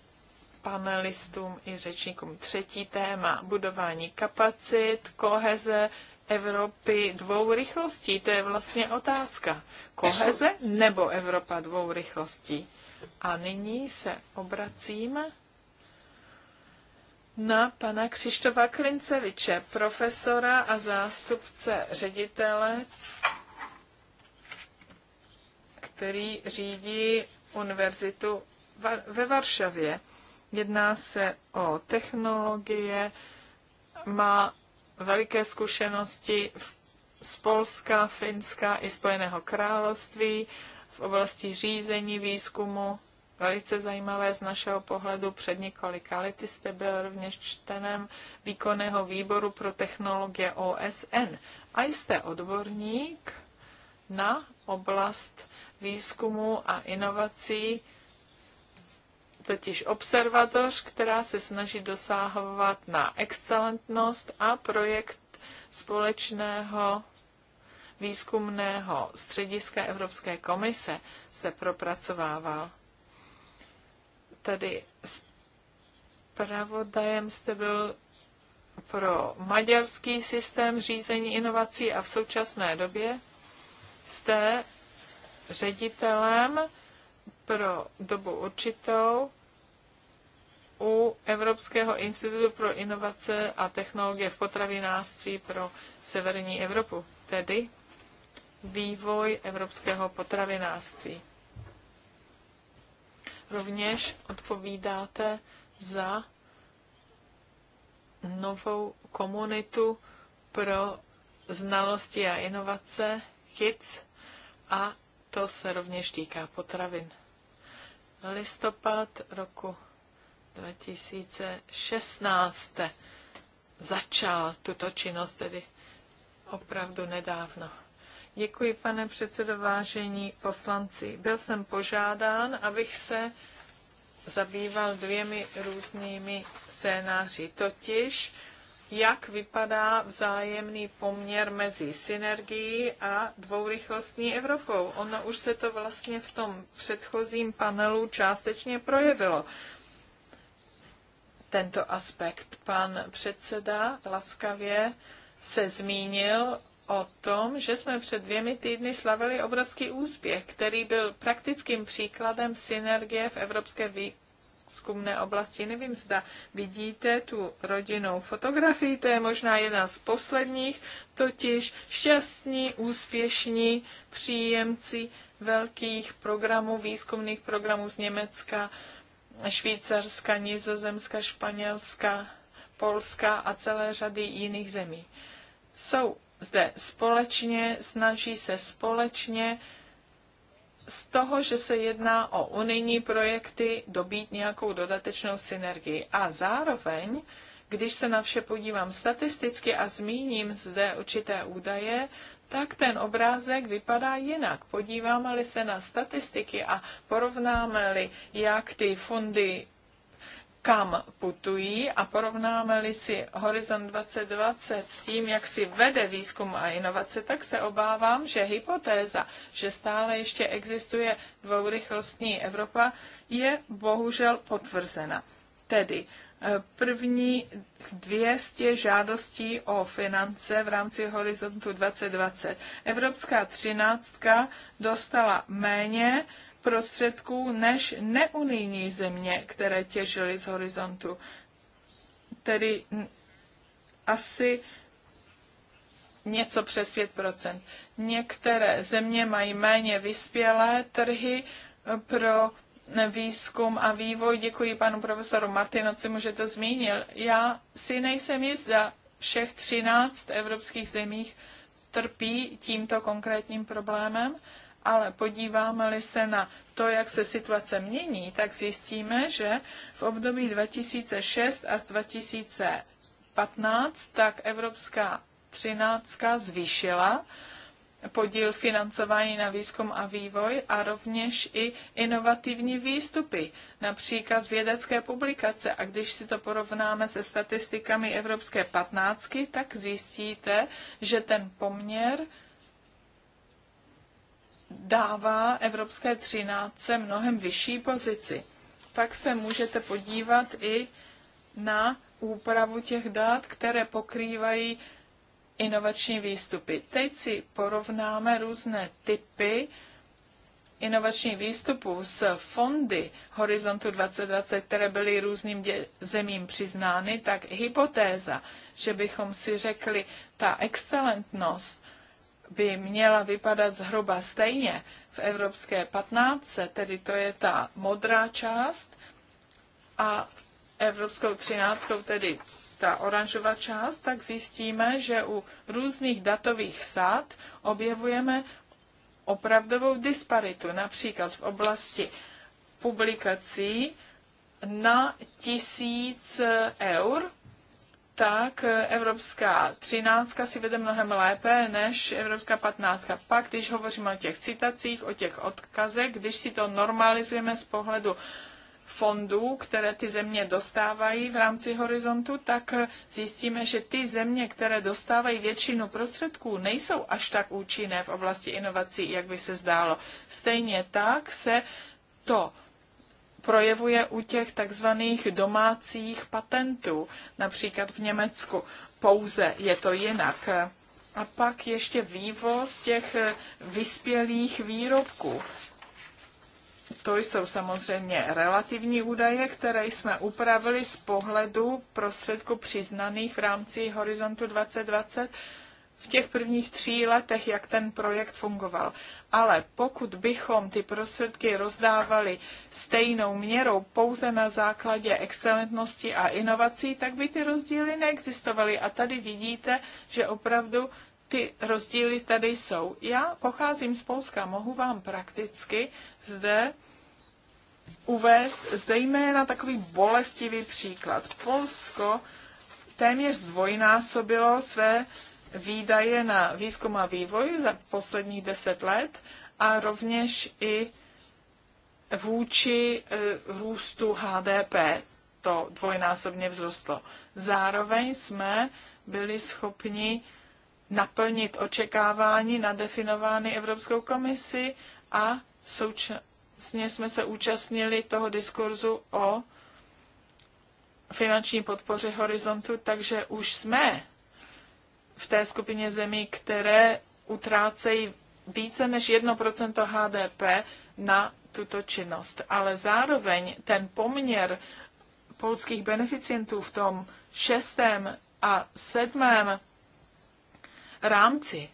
panelistům i řečníkům. Třetí téma, budování kapacit, koheze Evropy dvou rychlostí. To je vlastně otázka. Koheze nebo Evropa dvou rychlostí? A nyní se obracím na pana Křištova Klinceviče, profesora a zástupce ředitele který řídí univerzitu ve Varšavě. Jedná se o technologie, má veliké zkušenosti z Polska, Finska i Spojeného království v oblasti řízení výzkumu. Velice zajímavé z našeho pohledu před několika lety jste byl rovněž čtenem výkonného výboru pro technologie OSN a jste odborník na oblast výzkumu a inovací, totiž observatoř, která se snaží dosáhovat na excelentnost a projekt společného výzkumného střediska Evropské komise se propracovával. Tady zpravodajem jste byl pro maďarský systém řízení inovací a v současné době jste ředitelem pro dobu určitou u Evropského institutu pro inovace a technologie v potravinářství pro severní Evropu, tedy vývoj evropského potravinářství. Rovněž odpovídáte za novou komunitu pro znalosti a inovace KIDS a to se rovněž týká potravin. Listopad roku 2016 začal tuto činnost, tedy opravdu nedávno. Děkuji, pane předsedo, vážení poslanci. Byl jsem požádán, abych se zabýval dvěmi různými scénáři, totiž jak vypadá vzájemný poměr mezi synergií a dvourychlostní Evropou. Ono už se to vlastně v tom předchozím panelu částečně projevilo. Tento aspekt pan předseda laskavě se zmínil o tom, že jsme před dvěmi týdny slavili obrovský úspěch, který byl praktickým příkladem synergie v evropské výzkumné oblasti. Nevím, zda vidíte tu rodinnou fotografii, to je možná jedna z posledních, totiž šťastní, úspěšní příjemci velkých programů, výzkumných programů z Německa, Švýcarska, Nizozemska, Španělska, Polska a celé řady jiných zemí. Jsou zde společně, snaží se společně z toho, že se jedná o unijní projekty, dobít nějakou dodatečnou synergii. A zároveň, když se na vše podívám statisticky a zmíním zde určité údaje, tak ten obrázek vypadá jinak. Podíváme-li se na statistiky a porovnáme-li, jak ty fondy kam putují a porovnáme-li si Horizon 2020 s tím, jak si vede výzkum a inovace, tak se obávám, že hypotéza, že stále ještě existuje dvourychlostní Evropa, je bohužel potvrzena. Tedy eh, první 200 žádostí o finance v rámci Horizontu 2020. Evropská třináctka dostala méně, prostředků než neunijní země, které těžily z horizontu. Tedy asi něco přes 5%. Některé země mají méně vyspělé trhy eh, pro eh, výzkum a vývoj. Děkuji panu profesoru Martinocimu, může to zmínil. Já si nejsem jistá, všech 13 evropských zemích trpí tímto konkrétním problémem ale podíváme-li se na to, jak se situace mění, tak zjistíme, že v období 2006 až 2015 tak Evropská 13 zvýšila podíl financování na výzkum a vývoj a rovněž i inovativní výstupy, například vědecké publikace. A když si to porovnáme se statistikami Evropské patnáctky, tak zjistíte, že ten poměr dává Evropské třináctce mnohem vyšší pozici. Pak se můžete podívat i na úpravu těch dát, které pokrývají inovační výstupy. Teď si porovnáme různé typy inovačních výstupů s fondy Horizontu 2020, které byly různým zemím přiznány, tak hypotéza, že bychom si řekli, ta excelentnost by měla vypadat zhruba stejně v Evropské 15, tedy to je ta modrá část, a Evropskou 13, tedy ta oranžová část, tak zjistíme, že u různých datových sád objevujeme opravdovou disparitu, například v oblasti publikací na tisíc eur tak Evropská třináctka si vede mnohem lépe než Evropská patnáctka. Pak, když hovoříme o těch citacích, o těch odkazech, když si to normalizujeme z pohledu fondů, které ty země dostávají v rámci horizontu, tak zjistíme, že ty země, které dostávají většinu prostředků, nejsou až tak účinné v oblasti inovací, jak by se zdálo. Stejně tak se to projevuje u těch takzvaných domácích patentů, například v Německu. Pouze je to jinak. A pak ještě vývoz těch vyspělých výrobků. To jsou samozřejmě relativní údaje, které jsme upravili z pohledu prostředku přiznaných v rámci Horizontu 2020 v těch prvních tří letech, jak ten projekt fungoval. Ale pokud bychom ty prostředky rozdávali stejnou měrou pouze na základě excelentnosti a inovací, tak by ty rozdíly neexistovaly. A tady vidíte, že opravdu ty rozdíly tady jsou. Já pocházím z Polska, mohu vám prakticky zde uvést zejména takový bolestivý příklad. Polsko téměř zdvojnásobilo své výdaje na výzkum a vývoj za posledních deset let a rovněž i vůči e, růstu HDP. To dvojnásobně vzrostlo. Zároveň jsme byli schopni naplnit očekávání nadefinovány Evropskou komisi a současně jsme se účastnili toho diskurzu o finanční podpoře horizontu, takže už jsme v té skupině zemí, které utrácejí více než 1% HDP na tuto činnost. Ale zároveň ten poměr polských beneficientů v tom šestém a sedmém rámci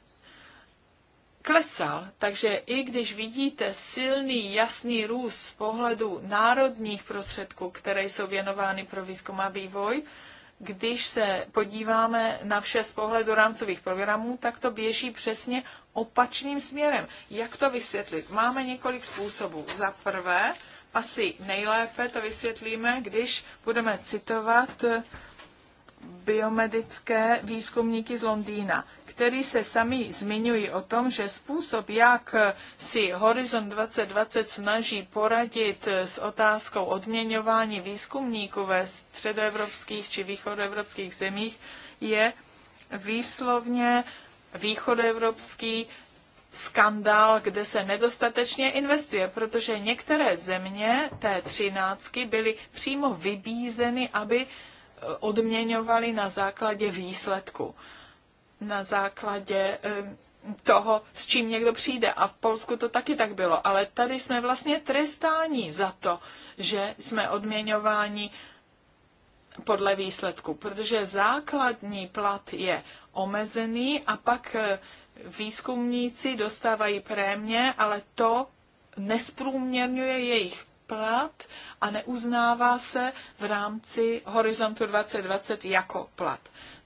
klesal. Takže i když vidíte silný, jasný růst z pohledu národních prostředků, které jsou věnovány pro výzkum a vývoj, když se podíváme na vše z pohledu rámcových programů, tak to běží přesně opačným směrem. Jak to vysvětlit? Máme několik způsobů. Za prvé, asi nejlépe to vysvětlíme, když budeme citovat biomedické výzkumníky z Londýna který se sami zmiňují o tom, že způsob, jak si Horizon 2020 snaží poradit s otázkou odměňování výzkumníků ve středoevropských či východoevropských zemích, je výslovně východoevropský skandál, kde se nedostatečně investuje, protože některé země té třináctky byly přímo vybízeny, aby odměňovali na základě výsledku na základě eh, toho, s čím někdo přijde. A v Polsku to taky tak bylo. Ale tady jsme vlastně trestáni za to, že jsme odměňováni podle výsledku, protože základní plat je omezený a pak eh, výzkumníci dostávají prémě, ale to nesprůměrňuje jejich plat a neuznává se v rámci Horizontu 2020 jako plat.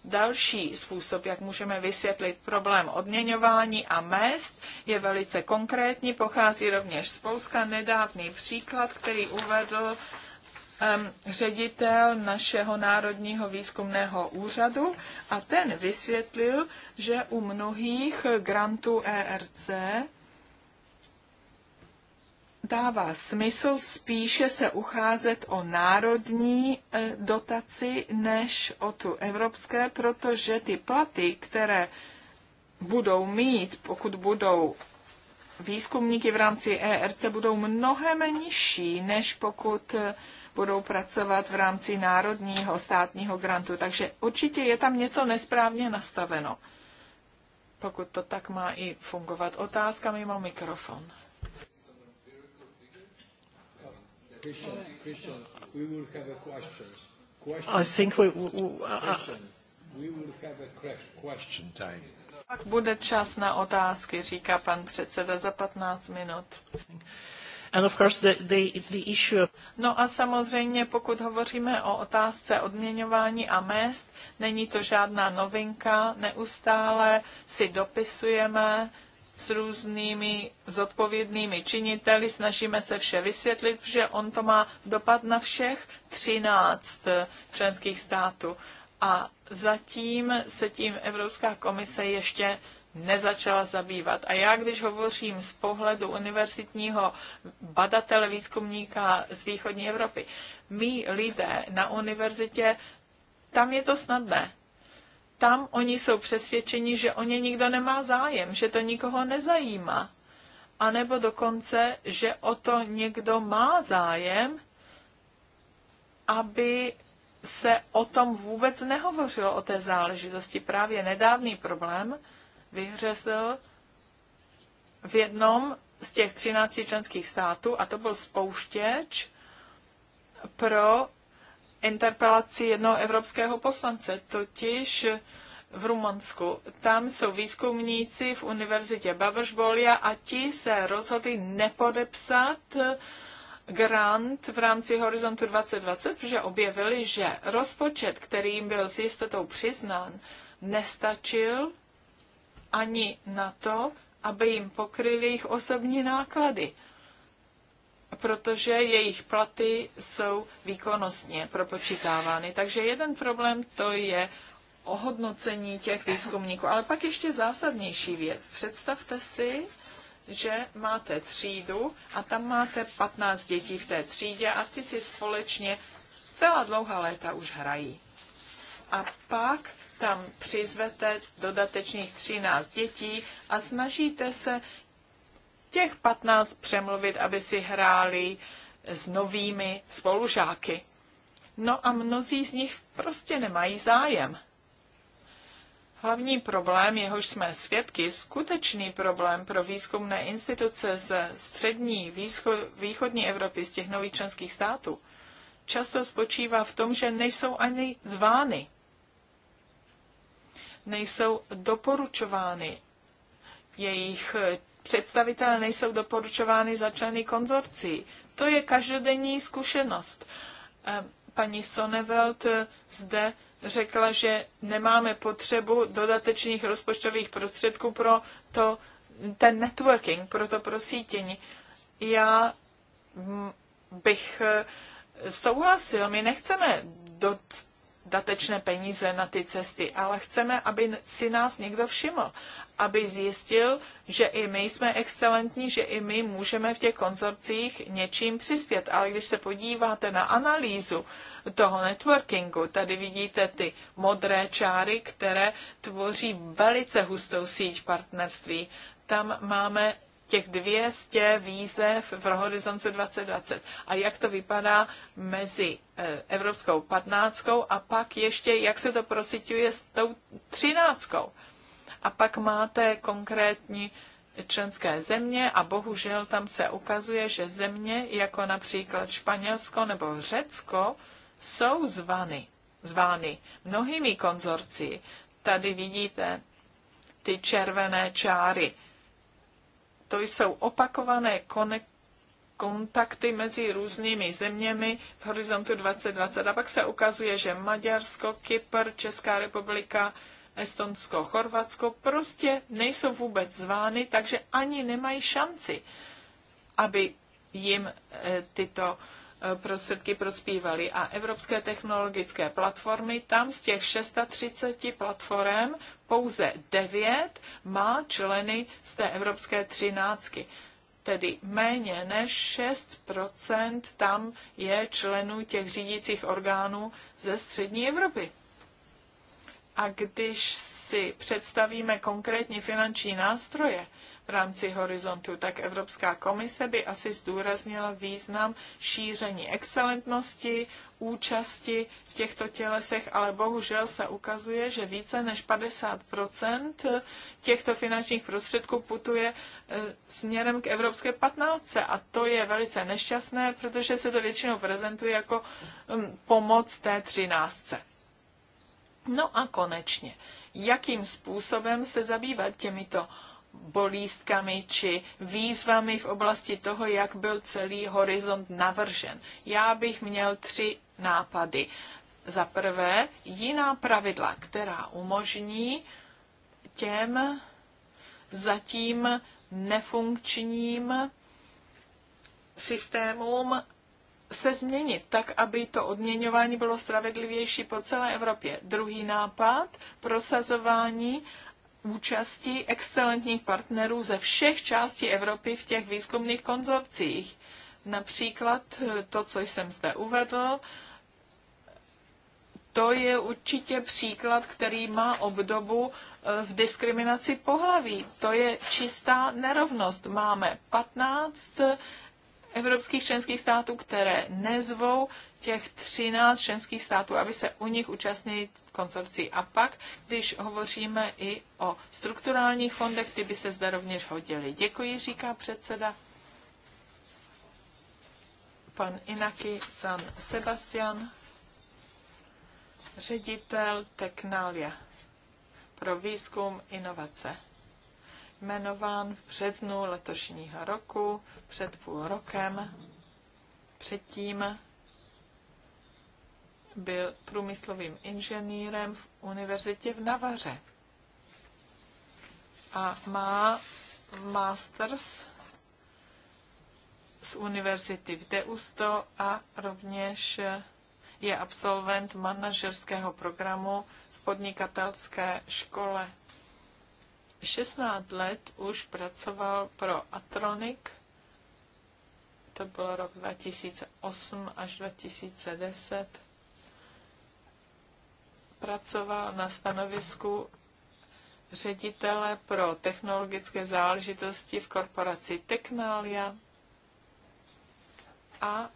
Další způsob, jak můžeme vysvětlit problém odměňování a mest, je velice konkrétní, pochází rovněž z Polska. Nedávný příklad, který uvedl um, ředitel našeho Národního výzkumného úřadu a ten vysvětlil, že u mnohých grantů ERC dává smysl spíše se ucházet o národní e, dotaci než o tu evropské, protože ty platy, které budou mít, pokud budou výzkumníky v rámci ERC, budou mnohem nižší, než pokud e, budou pracovat v rámci národního státního grantu. Takže určitě je tam něco nesprávně nastaveno. Pokud to tak má i fungovat. Otázka mimo mikrofon. Christian, Christian, we will have a questions. Question. I think we, we, uh, Christian, uh. we will have a question time. Pak bude čas na otázky, říká pan předseda za 15 minut. And of course the, the, the issue... No a samozřejmě, pokud hovoříme o otázce odměňování a mest, není to žádná novinka, neustále si dopisujeme s různými zodpovědnými činiteli, snažíme se vše vysvětlit, že on to má dopad na všech 13 eh, členských států. A zatím se tím Evropská komise ještě nezačala zabývat. A já, když hovořím z pohledu univerzitního badatele výzkumníka z východní Evropy, my lidé na univerzitě, tam je to snadné tam oni jsou přesvědčeni, že o ně nikdo nemá zájem, že to nikoho nezajímá. A nebo dokonce, že o to někdo má zájem, aby se o tom vůbec nehovořilo, o té záležitosti. Právě nedávný problém vyhřezl v jednom z těch 13 členských států, a to byl spouštěč pro interpelaci jednoho evropského poslance, totiž v Rumunsku. Tam jsou výzkumníci v univerzitě Babersbolia a ti se rozhodli nepodepsat grant v rámci Horizontu 2020, protože objevili, že rozpočet, který jim byl s jistotou přiznán, nestačil ani na to, aby jim pokryli jejich osobní náklady protože jejich platy jsou výkonnostně propočítávány. Takže jeden problém to je ohodnocení těch výzkumníků. Ale pak ještě zásadnější věc. Představte si, že máte třídu a tam máte 15 dětí v té třídě a ty si společně celá dlouhá léta už hrají. A pak tam přizvete dodatečných 13 dětí a snažíte se těch 15 přemluvit, aby si hráli s novými spolužáky. No a mnozí z nich prostě nemají zájem. Hlavní problém, jehož jsme svědky, skutečný problém pro výzkumné instituce z střední výscho- východní Evropy, z těch nových členských států, často spočívá v tom, že nejsou ani zvány, nejsou doporučovány jejich představitelé nejsou doporučovány za členy konzorcí. To je každodenní zkušenost. Eh, paní Sonneveld eh, zde řekla, že nemáme potřebu dodatečných rozpočtových prostředků pro to, ten networking, pro to prosítění. Já mm, bych eh, souhlasil, my nechceme do, datečné peníze na ty cesty, ale chceme, aby si nás někdo všiml, aby zjistil, že i my jsme excelentní, že i my můžeme v těch konzorcích něčím přispět. Ale když se podíváte na analýzu toho networkingu, tady vidíte ty modré čáry, které tvoří velice hustou síť partnerství. Tam máme těch 200 výzev v horizontu 2020. A jak to vypadá mezi eh, Evropskou 15 a pak ještě, jak se to prosituje s tou 13. A pak máte konkrétní členské země a bohužel tam se ukazuje, že země jako například Španělsko nebo Řecko jsou zvany, zvány mnohými konzorci. Tady vidíte ty červené čáry to jsou opakované kontakty mezi různými zeměmi v horizontu 2020. A pak se ukazuje, že Maďarsko, Kypr, Česká republika, Estonsko, Chorvatsko prostě nejsou vůbec zvány, takže ani nemají šanci, aby jim eh, tyto Eh, prostředky prospívaly. A Evropské technologické platformy, tam z těch 630 platform pouze 9 má členy z té Evropské třináctky. Tedy méně než 6 tam je členů těch řídících orgánů ze střední Evropy. A když si představíme konkrétní finanční nástroje, v rámci horizontu, tak Evropská komise by asi zdůraznila význam šíření excelentnosti, účasti v těchto tělesech, ale bohužel se ukazuje, že více než 50 těchto finančních prostředků putuje e, směrem k Evropské 15. A to je velice nešťastné, protože se to většinou prezentuje jako mm, pomoc té 13. No a konečně, jakým způsobem se zabývat těmito bolístkami či výzvami v oblasti toho, jak byl celý horizont navržen. Já bych měl tři nápady. Za prvé, jiná pravidla, která umožní těm zatím nefunkčním systémům se změnit tak, aby to odměňování bylo spravedlivější po celé Evropě. Druhý nápad, prosazování uh, účasti excelentních partnerů ze všech částí Evropy v těch výzkumných konzorcích. Například eh, to, co jsem zde uvedl, to je určitě příklad, který má obdobu eh, v diskriminaci pohlaví. To je čistá nerovnost. Máme 15 evropských členských států, které nezvou těch 13 členských států, aby se u nich účastnili konsorcí. A pak, když hovoříme i o strukturálních fondech, ty by se zde rovněž hodily. Děkuji, říká předseda. Pan Inaki San Sebastian, ředitel Technalia pro výzkum inovace jmenován v březnu letošního roku, před půl rokem. Předtím byl průmyslovým inženýrem v univerzitě v Navaře a má masters z univerzity v Deusto a rovněž je absolvent manažerského programu v podnikatelské škole 16 let už pracoval pro Atronic, to byl rok 2008 až 2010. Pracoval na stanovisku ředitele pro technologické záležitosti v korporaci Technalia a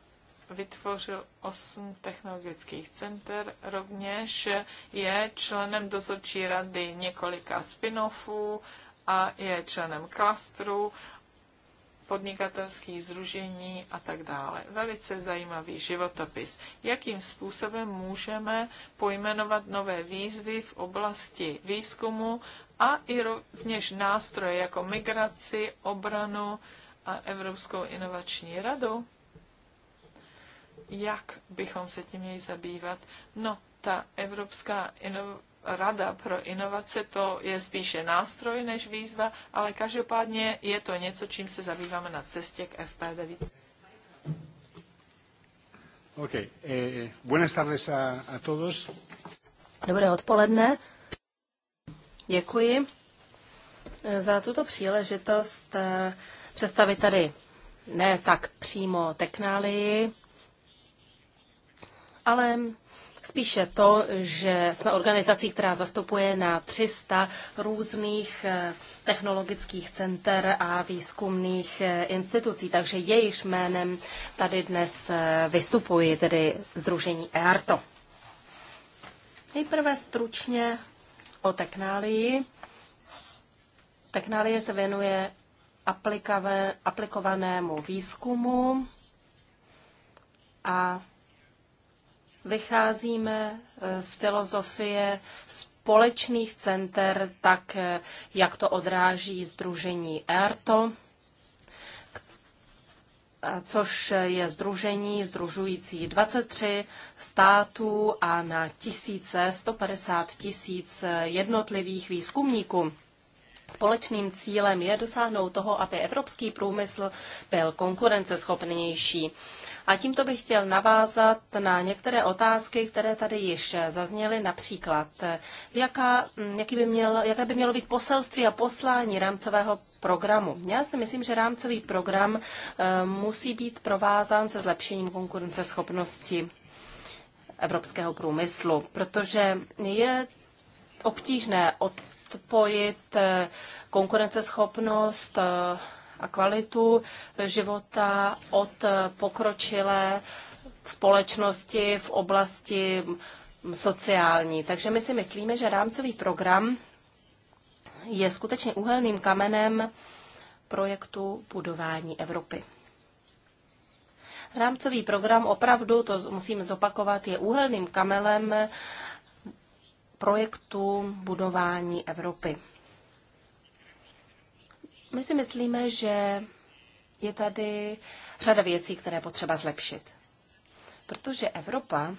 vytvořil osm technologických center, rovněž je členem dozorčí rady několika spin-offů a je členem klastru podnikatelských združení a tak dále. Velice zajímavý životopis. Jakým způsobem můžeme pojmenovat nové výzvy v oblasti výzkumu a i rovněž nástroje jako migraci, obranu a Evropskou inovační radu? jak bychom se tím měli zabývat. No, ta Evropská rada pro inovace, to je spíše nástroj než výzva, ale každopádně je to něco, čím se zabýváme na cestě k FP9. Okay. Eh, buenas tardes a, a todos. Dobré odpoledne. Děkuji eh, za tuto příležitost eh, představit tady ne tak přímo technálii, ale spíše to, že jsme organizací, která zastupuje na 300 různých eh, technologických center a výzkumných eh, institucí, takže jejich jménem tady dnes eh, vystupuji, tedy Združení EARTO. Nejprve stručně o technálii. Technálie se věnuje aplikovanému výzkumu a vycházíme eh, z filozofie společných center, tak eh, jak to odráží Združení ERTO, což je združení združující 23 států a na tisíce, 150 tisíc eh, jednotlivých výzkumníků. Společným cílem je dosáhnout toho, aby evropský průmysl byl konkurenceschopnější. A tímto bych chtěl navázat na některé otázky, které tady již zazněly, například, jaká, jaký by měl, jaké by mělo být poselství a poslání rámcového programu. Já si myslím, že rámcový program eh, musí být provázán se zlepšením konkurenceschopnosti evropského průmyslu, protože je obtížné odpojit eh, konkurenceschopnost eh, a kvalitu života od pokročilé společnosti v oblasti sociální. Takže my si myslíme, že rámcový program je skutečně uhelným kamenem projektu budování Evropy. Rámcový program opravdu, to musím zopakovat, je úhelným kamelem projektu budování Evropy. My si myslíme, že je tady řada věcí, které potřeba zlepšit. Protože Evropa,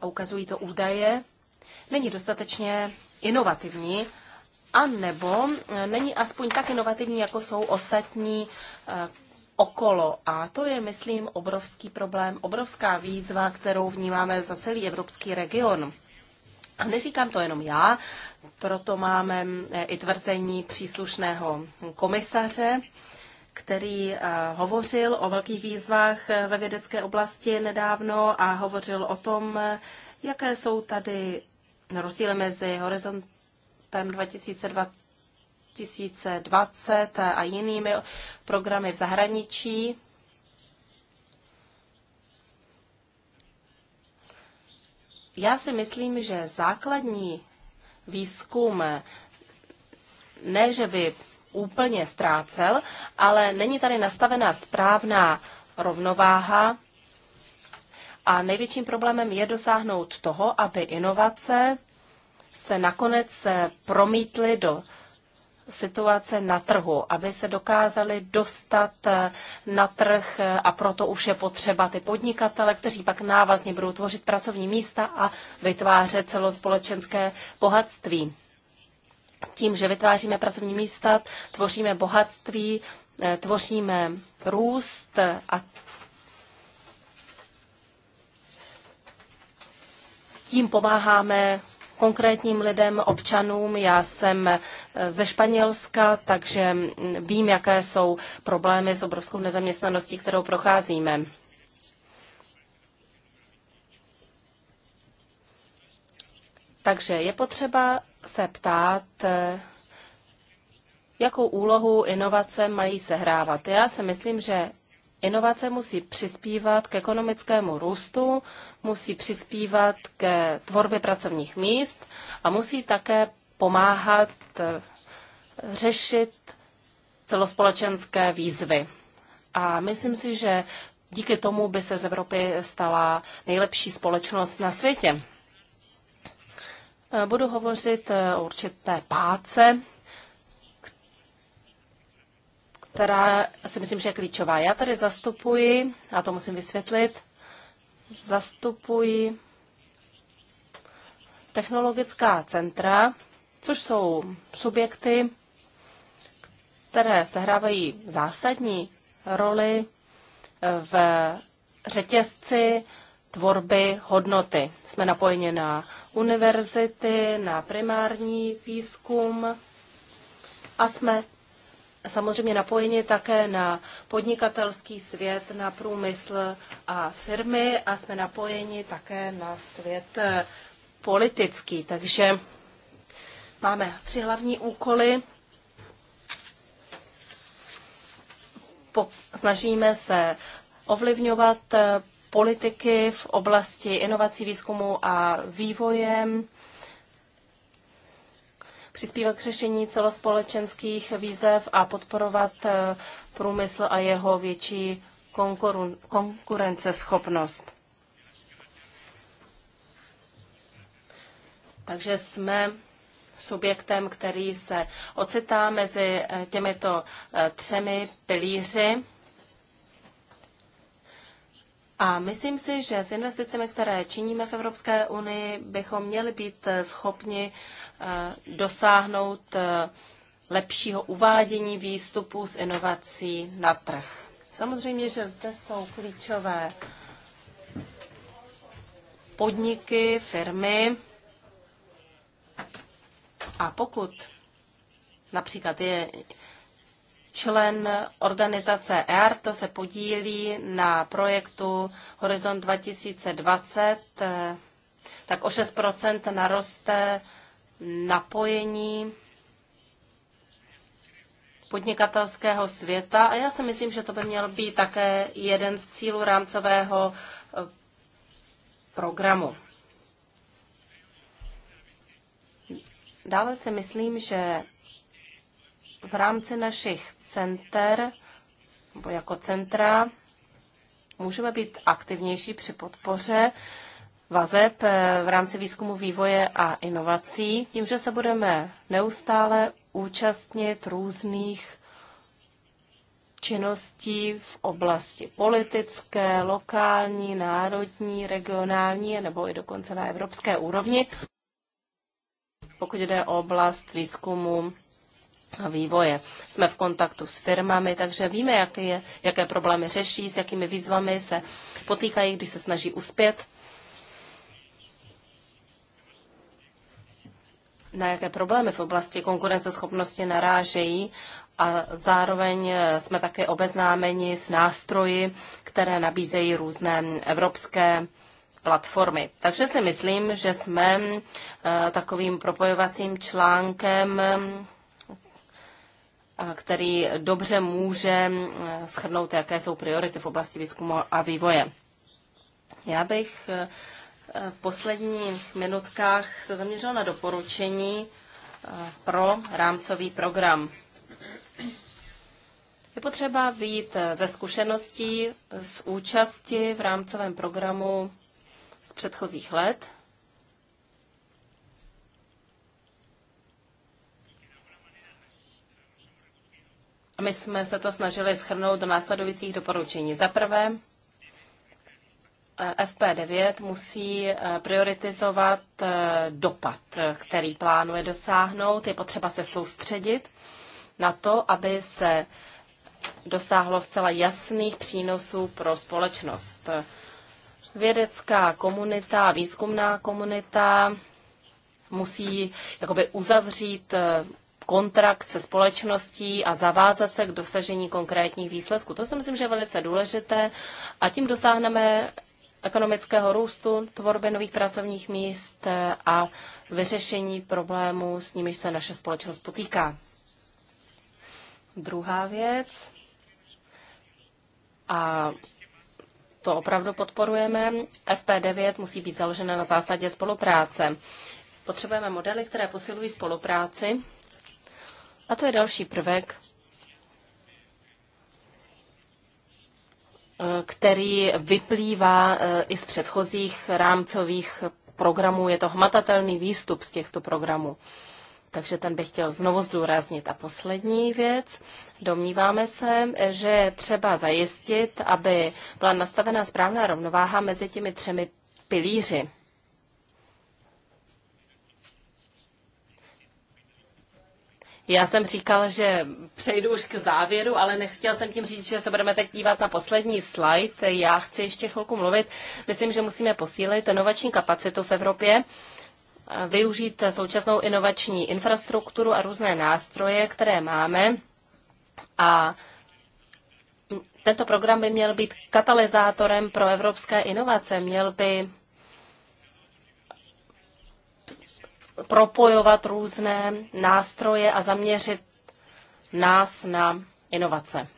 a ukazují to údaje, není dostatečně inovativní, anebo není aspoň tak inovativní, jako jsou ostatní eh, okolo. A to je, myslím, obrovský problém, obrovská výzva, kterou vnímáme za celý evropský region. A neříkám to jenom já, proto máme eh, i tvrzení příslušného komisaře, který eh, hovořil o velkých výzvách eh, ve vědecké oblasti nedávno a hovořil o tom, jaké jsou tady rozdíly mezi horizontem 2020 a jinými programy v zahraničí. Já si myslím, že základní výzkum ne, že by úplně ztrácel, ale není tady nastavená správná rovnováha a největším problémem je dosáhnout toho, aby inovace se nakonec promítly do situace na trhu, aby se dokázali dostat eh, na trh eh, a proto už je potřeba ty podnikatele, kteří pak návazně budou tvořit pracovní místa a vytvářet celospolečenské bohatství. Tím, že vytváříme pracovní místa, tvoříme bohatství, eh, tvoříme růst a tím pomáháme konkrétním lidem, občanům. Já jsem eh, ze Španělska, takže mm, vím, jaké jsou problémy s obrovskou nezaměstnaností, kterou procházíme. Takže je potřeba se ptát, eh, jakou úlohu inovace mají sehrávat. Já si myslím, že Inovace musí přispívat k ekonomickému růstu, musí přispívat ke tvorbě pracovních míst a musí také pomáhat eh, řešit celospolečenské výzvy. A myslím si, že díky tomu by se z Evropy stala nejlepší společnost na světě. Eh, budu hovořit eh, o určité páce která si myslím, že je klíčová. Já tady zastupuji, a to musím vysvětlit, zastupuji technologická centra, což jsou subjekty, které sehrávají zásadní roli v řetězci tvorby hodnoty. Jsme napojeni na univerzity, na primární výzkum a jsme samozřejmě napojeni také na podnikatelský svět, na průmysl a firmy a jsme napojeni také na svět eh, politický. Takže máme tři hlavní úkoly. Snažíme se ovlivňovat eh, politiky v oblasti inovací, výzkumu a vývojem přispívat k řešení celospolečenských výzev a podporovat eh, průmysl a jeho větší konkurenceschopnost. Takže jsme subjektem, který se ocitá mezi eh, těmito eh, třemi pilíři a myslím si, že s investicemi, které činíme v Evropské unii, bychom měli být eh, schopni eh, dosáhnout eh, lepšího uvádění výstupů z inovací na trh. Samozřejmě, že zde jsou klíčové podniky, firmy. A pokud například je člen organizace EARTO se podílí na projektu Horizont 2020, tak o 6 naroste napojení podnikatelského světa a já si myslím, že to by měl být také jeden z cílů rámcového eh, programu. Dále si myslím, že v rámci našich center, nebo jako centra, můžeme být aktivnější při podpoře vazeb eh, v rámci výzkumu vývoje a inovací, tím, že se budeme neustále účastnit různých činností v oblasti politické, lokální, národní, regionální nebo i dokonce na evropské úrovni, pokud jde o oblast výzkumu vývoje. Jsme v kontaktu s firmami, takže víme, jaké, je, jaké problémy řeší, s jakými výzvami se potýkají, když se snaží uspět. na jaké problémy v oblasti konkurenceschopnosti narážejí a zároveň jsme také obeznámeni s nástroji, které nabízejí různé evropské platformy. Takže si myslím, že jsme eh, takovým propojovacím článkem který dobře může eh, schrnout, jaké jsou priority v oblasti výzkumu a vývoje. Já bych eh, v posledních minutkách se zaměřila na doporučení eh, pro rámcový program. Je potřeba být ze zkušeností z účasti v rámcovém programu z předchozích let my jsme se to snažili schrnout do následujících doporučení. Za prvé, eh, FP9 musí eh, prioritizovat eh, dopad, který plánuje dosáhnout. Je potřeba se soustředit na to, aby se dosáhlo zcela jasných přínosů pro společnost. Vědecká komunita, výzkumná komunita musí jakoby uzavřít kontrakt se společností a zavázat se k dosažení konkrétních výsledků. To si myslím, že je velice důležité a tím dosáhneme ekonomického růstu, tvorby nových pracovních míst a vyřešení problémů, s nimiž se naše společnost potýká. Druhá věc, a to opravdu podporujeme, FP9 musí být založena na zásadě spolupráce. Potřebujeme modely, které posilují spolupráci a to je další prvek, eh, který vyplývá eh, i z předchozích rámcových programů. Je to hmatatelný výstup z těchto programů. Takže ten bych chtěl znovu zdůraznit. A poslední věc, domníváme se, že je třeba zajistit, aby byla nastavena správná rovnováha mezi těmi třemi pilíři Já jsem říkal, že přejdu už k závěru, ale nechtěl jsem tím říct, že se budeme teď dívat na poslední slide. Já chci ještě chvilku mluvit. Myslím, že musíme posílit inovační kapacitu v Evropě využít současnou inovační infrastrukturu a různé nástroje, které máme. A tento program by měl být katalyzátorem pro evropské inovace, měl by propojovat různé nástroje a zaměřit nás na inovace.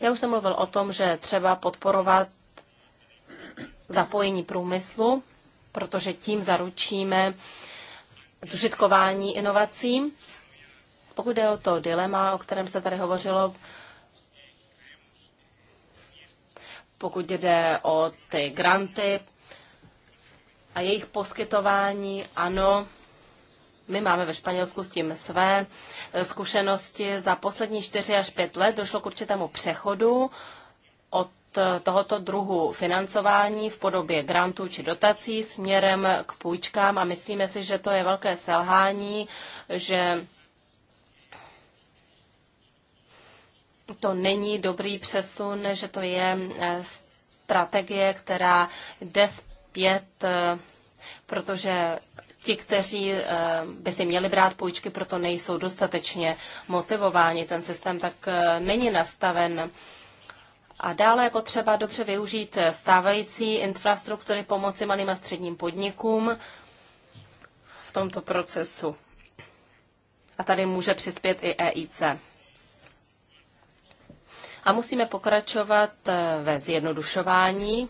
Já už jsem mluvil o tom, že třeba podporovat zapojení průmyslu, protože tím zaručíme zužitkování inovací. Pokud jde o to dilema, o kterém se tady hovořilo, pokud jde o ty granty, a jejich poskytování, ano, my máme ve Španělsku s tím své eh, zkušenosti. Za poslední 4 až 5 let došlo k určitému přechodu od eh, tohoto druhu financování v podobě grantů či dotací směrem k půjčkám a myslíme si, že to je velké selhání, že to není dobrý přesun, že to je eh, strategie, která jde 5, eh, protože ti, kteří eh, by si měli brát půjčky, proto nejsou dostatečně motivováni. Ten systém tak eh, není nastaven. A dále je potřeba dobře využít stávající infrastruktury pomoci malým a středním podnikům v tomto procesu. A tady může přispět i EIC. A musíme pokračovat ve zjednodušování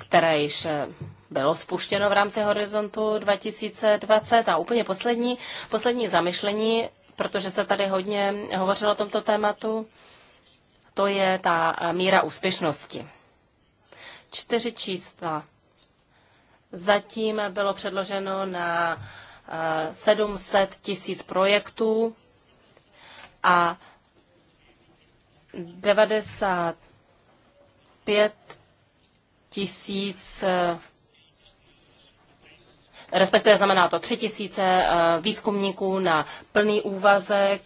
které již eh, bylo spuštěno v rámci Horizontu 2020. A úplně poslední, poslední zamyšlení, protože se tady hodně hovořilo o tomto tématu, to je ta eh, míra úspěšnosti. Čtyři čísla. Zatím bylo předloženo na 700 eh, tisíc projektů a 95 tisíc eh, respektive znamená to 3 tisíce eh, výzkumníků na plný úvazek,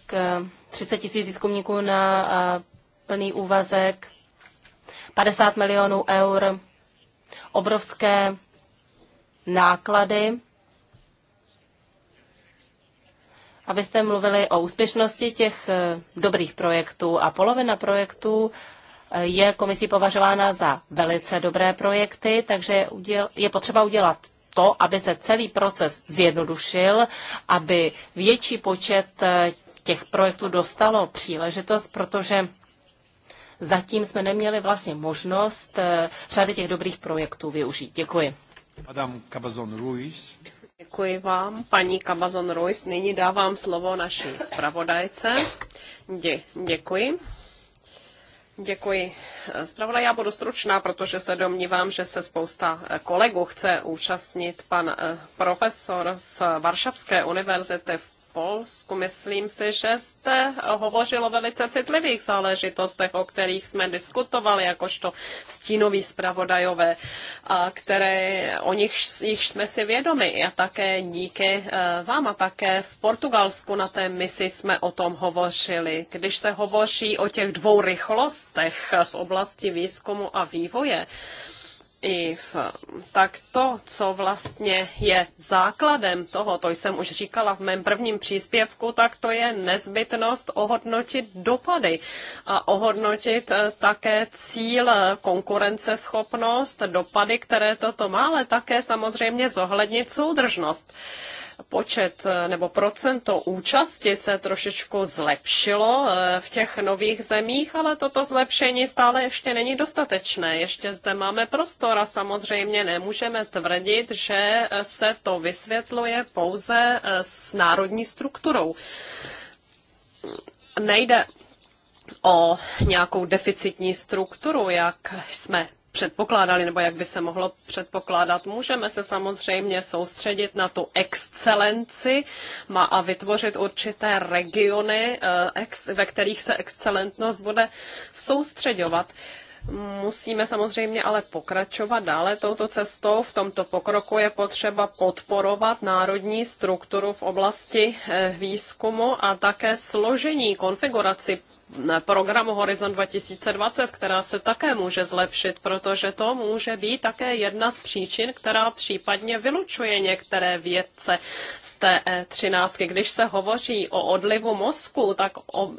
30 eh, tisíc výzkumníků na plný úvazek, 50 milionů eur, obrovské náklady. A vy jste mluvili o úspěšnosti těch dobrých projektů a polovina projektů je komisí považována za velice dobré projekty, takže je potřeba udělat to, aby se celý proces zjednodušil, aby větší počet eh, těch projektů dostalo příležitost, protože zatím jsme neměli vlastně možnost eh, řady těch dobrých projektů využít. Děkuji. Adam Cabazon Ruiz. Děkuji vám, paní Cabazon Ruiz. Nyní dávám slovo naší zpravodajce. Dě, děkuji. Děkuji. Zpravodaj, já budu stručná, protože se domnívám, že se spousta kolegů chce účastnit. Pan eh, profesor z Varšavské univerzity v Polsku. Myslím si, že jste hovořil o velice citlivých záležitostech, o kterých jsme diskutovali, jakožto stínoví zpravodajové, a které, o nich jich jsme si vědomi. A také díky eh, vám a také v Portugalsku na té misi jsme o tom hovořili. Když se hovoří o těch dvou rychlostech v oblasti výzkumu a vývoje, i v, tak to, co vlastně je základem toho, to jsem už říkala v mém prvním příspěvku, tak to je nezbytnost ohodnotit dopady a ohodnotit eh, také cíl eh, konkurenceschopnost, dopady, které toto má, ale také samozřejmě zohlednit soudržnost. Uh, počet eh, nebo procento účasti se trošičku zlepšilo eh, v těch nových zemích, ale toto zlepšení stále ještě není dostatečné. Ještě zde máme prostor a samozřejmě nemůžeme tvrdit, že eh, se to vysvětluje pouze s národní strukturou. Nejde o nějakou deficitní strukturu, jak jsme předpokládali, nebo jak by se mohlo předpokládat. Můžeme se samozřejmě soustředit na tu excelenci a vytvořit určité regiony, eh, ve kterých se excelentnost bude soustředovat. Musíme samozřejmě ale pokračovat dále touto cestou. V tomto pokroku je potřeba podporovat národní strukturu v oblasti eh, výzkumu a také složení, konfiguraci programu Horizon 2020, která se také může zlepšit, protože to může být také jedna z příčin, která případně vylučuje některé vědce z té 13. E Když se hovoří o odlivu mozku, tak o,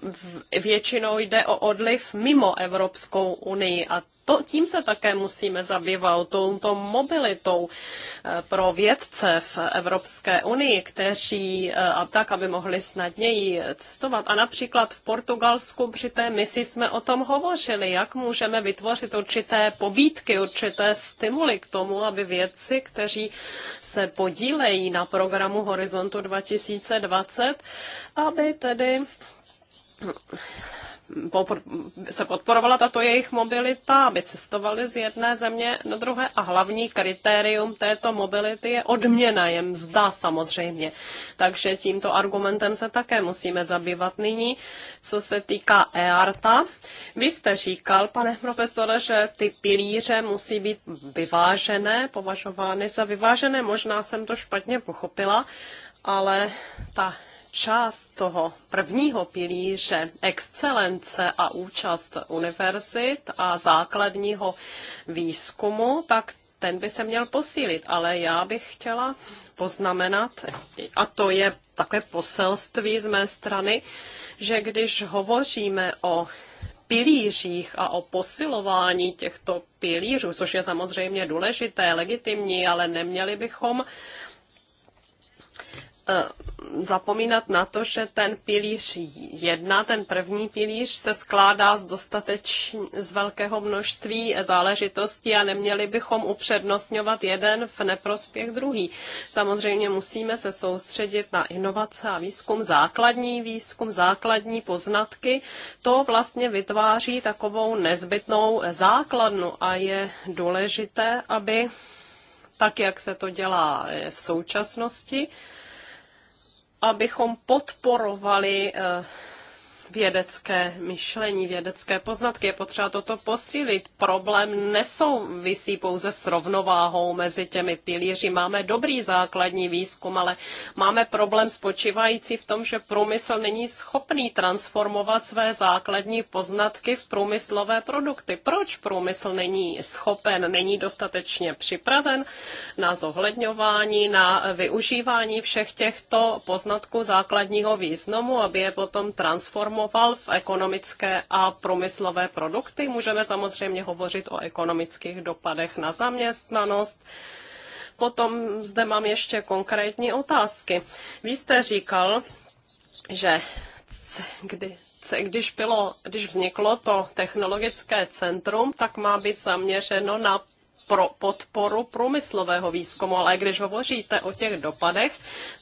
většinou jde o odliv mimo Evropskou unii a to, tím se také musíme zabývat, touto mobilitou eh, pro vědce v Evropské unii, kteří eh, a tak, aby mohli snadněji cestovat. A například v Portugalsku při té misi jsme o tom hovořili, jak můžeme vytvořit určité pobídky, určité stimuly k tomu, aby vědci, kteří se podílejí na programu Horizontu 2020, aby tedy se podporovala tato jejich mobilita, aby cestovali z jedné země do druhé a hlavní kritérium této mobility je odměna, je mzda samozřejmě. Takže tímto argumentem se také musíme zabývat nyní. Co se týká EARTA, vy jste říkal, pane profesore, že ty pilíře musí být vyvážené, považovány za vyvážené, možná jsem to špatně pochopila, ale ta část toho prvního pilíře excelence a účast univerzit a základního výzkumu, tak ten by se měl posílit, ale já bych chtěla poznamenat, a to je také poselství z mé strany, že když hovoříme o pilířích a o posilování těchto pilířů, což je samozřejmě důležité, legitimní, ale neměli bychom Eh, zapomínat na to, že ten pilíř jedna, ten první pilíř, se skládá z dostateč, z velkého množství záležitostí a neměli bychom upřednostňovat jeden v neprospěch druhý. Samozřejmě musíme se soustředit na inovace a výzkum, základní výzkum, základní poznatky. To vlastně vytváří takovou nezbytnou základnu a je důležité, aby tak, jak se to dělá eh, v současnosti, abychom podporovali eh, vědecké myšlení, vědecké poznatky. Je potřeba toto posílit. Problém nesouvisí pouze s rovnováhou mezi těmi pilíři. Máme dobrý základní výzkum, ale máme problém spočívající v tom, že průmysl není schopný transformovat své základní poznatky v průmyslové produkty. Proč průmysl není schopen, není dostatečně připraven na zohledňování, na využívání všech těchto poznatků základního významu, aby je potom transformoval formoval v ekonomické a průmyslové produkty. Můžeme samozřejmě hovořit o ekonomických dopadech na zaměstnanost. Potom zde mám ještě konkrétní otázky. Vy jste říkal, že kdy, když, bylo, když vzniklo to technologické centrum, tak má být zaměřeno na pro podporu průmyslového výzkumu, ale když hovoříte o těch dopadech,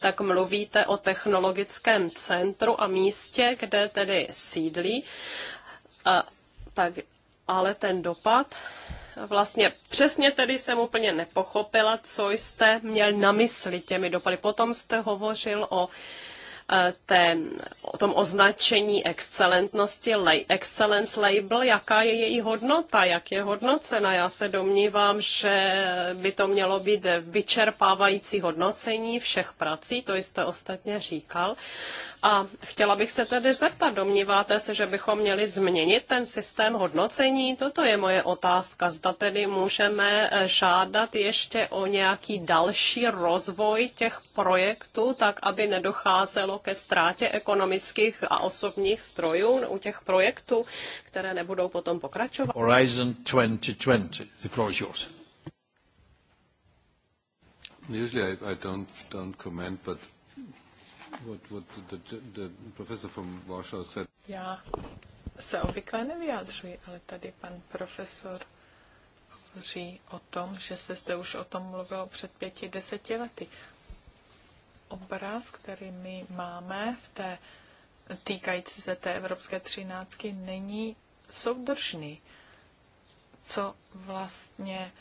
tak mluvíte o technologickém centru a místě, kde tedy sídlí. A, tak, ale ten dopad vlastně přesně tedy jsem úplně nepochopila, co jste měl na mysli těmi dopady. Potom jste hovořil o uh, Eh, té, o tom označení excelentnosti, excellence label, jaká je její hodnota, jak je hodnocena. Já se domnívám, že by to mělo být vyčerpávající hodnocení všech prací, to jste ostatně říkal. A chtěla bych se tedy zeptat, domníváte se, že bychom měli změnit ten systém hodnocení? Toto je moje otázka. Zda tedy můžeme eh, žádat ještě o nějaký další rozvoj těch projektů, tak aby nedocházelo došlo ke ztrátě ekonomických a osobních strojů u těch projektů, které nebudou potom pokračovat? Horizon 2020, the floor is yours. Usually I, I don't, don't comment, but what, what the, the professor from Warsaw said. Já se obvykle nevyjádřuji, ale tady pan profesor hovoří o tom, že se zde už o tom mluvilo před pěti, deseti lety obraz, který my máme v té týkající se té evropské třináctky, není soudržný. Co vlastně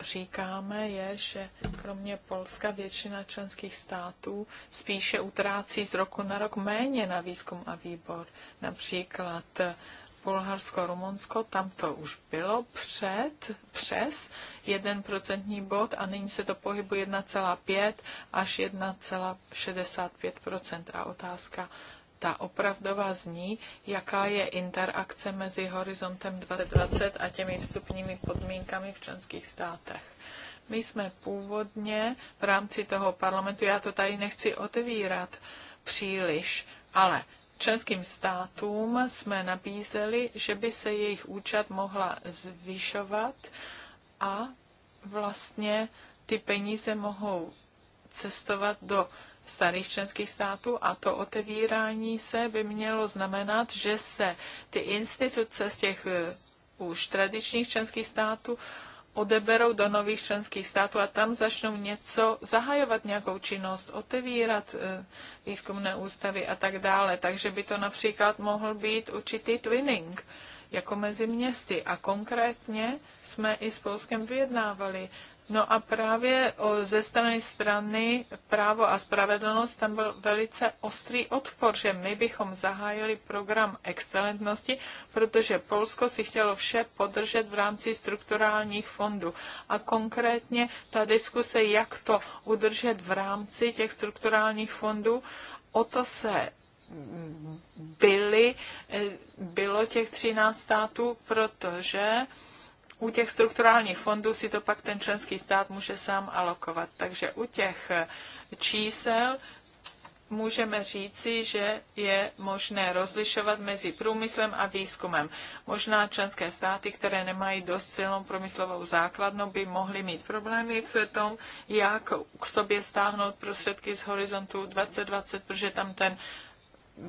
říkáme, je, že kromě Polska většina členských států spíše utrácí z roku na rok méně na výzkum a výbor. Například Bulharsko, Rumunsko, tam to už bylo před, přes 1% bod a nyní se to pohybuje 1,5 až 1,65%. A otázka ta opravdová zní, jaká je interakce mezi horizontem 2020 a těmi vstupními podmínkami v členských státech. My jsme původně v rámci toho parlamentu, já to tady nechci otevírat příliš, ale Členským státům jsme nabízeli, že by se jejich účast mohla zvyšovat a vlastně ty peníze mohou cestovat do starých členských států a to otevírání se by mělo znamenat, že se ty instituce z těch eh, už tradičních členských států odeberou do nových členských států a tam začnou něco zahajovat, nějakou činnost, otevírat eh, výzkumné ústavy a tak dále. Takže by to například mohl být určitý twinning jako mezi městy. A konkrétně jsme i s Polskem vyjednávali No a právě ze strany strany právo a spravedlnost tam byl velice ostrý odpor, že my bychom zahájili program excelentnosti, protože Polsko si chtělo vše podržet v rámci strukturálních fondů. A konkrétně ta diskuse, jak to udržet v rámci těch strukturálních fondů, o to se mm, byly, e, bylo těch 13 států, protože u těch strukturálních fondů si to pak ten členský stát může sám alokovat. Takže u těch eh, čísel můžeme říci, že je možné rozlišovat mezi průmyslem a výzkumem. Možná členské státy, které nemají dost silnou průmyslovou základnu, by mohly mít problémy v tom, jak k sobě stáhnout prostředky z horizontu 2020, protože tam ten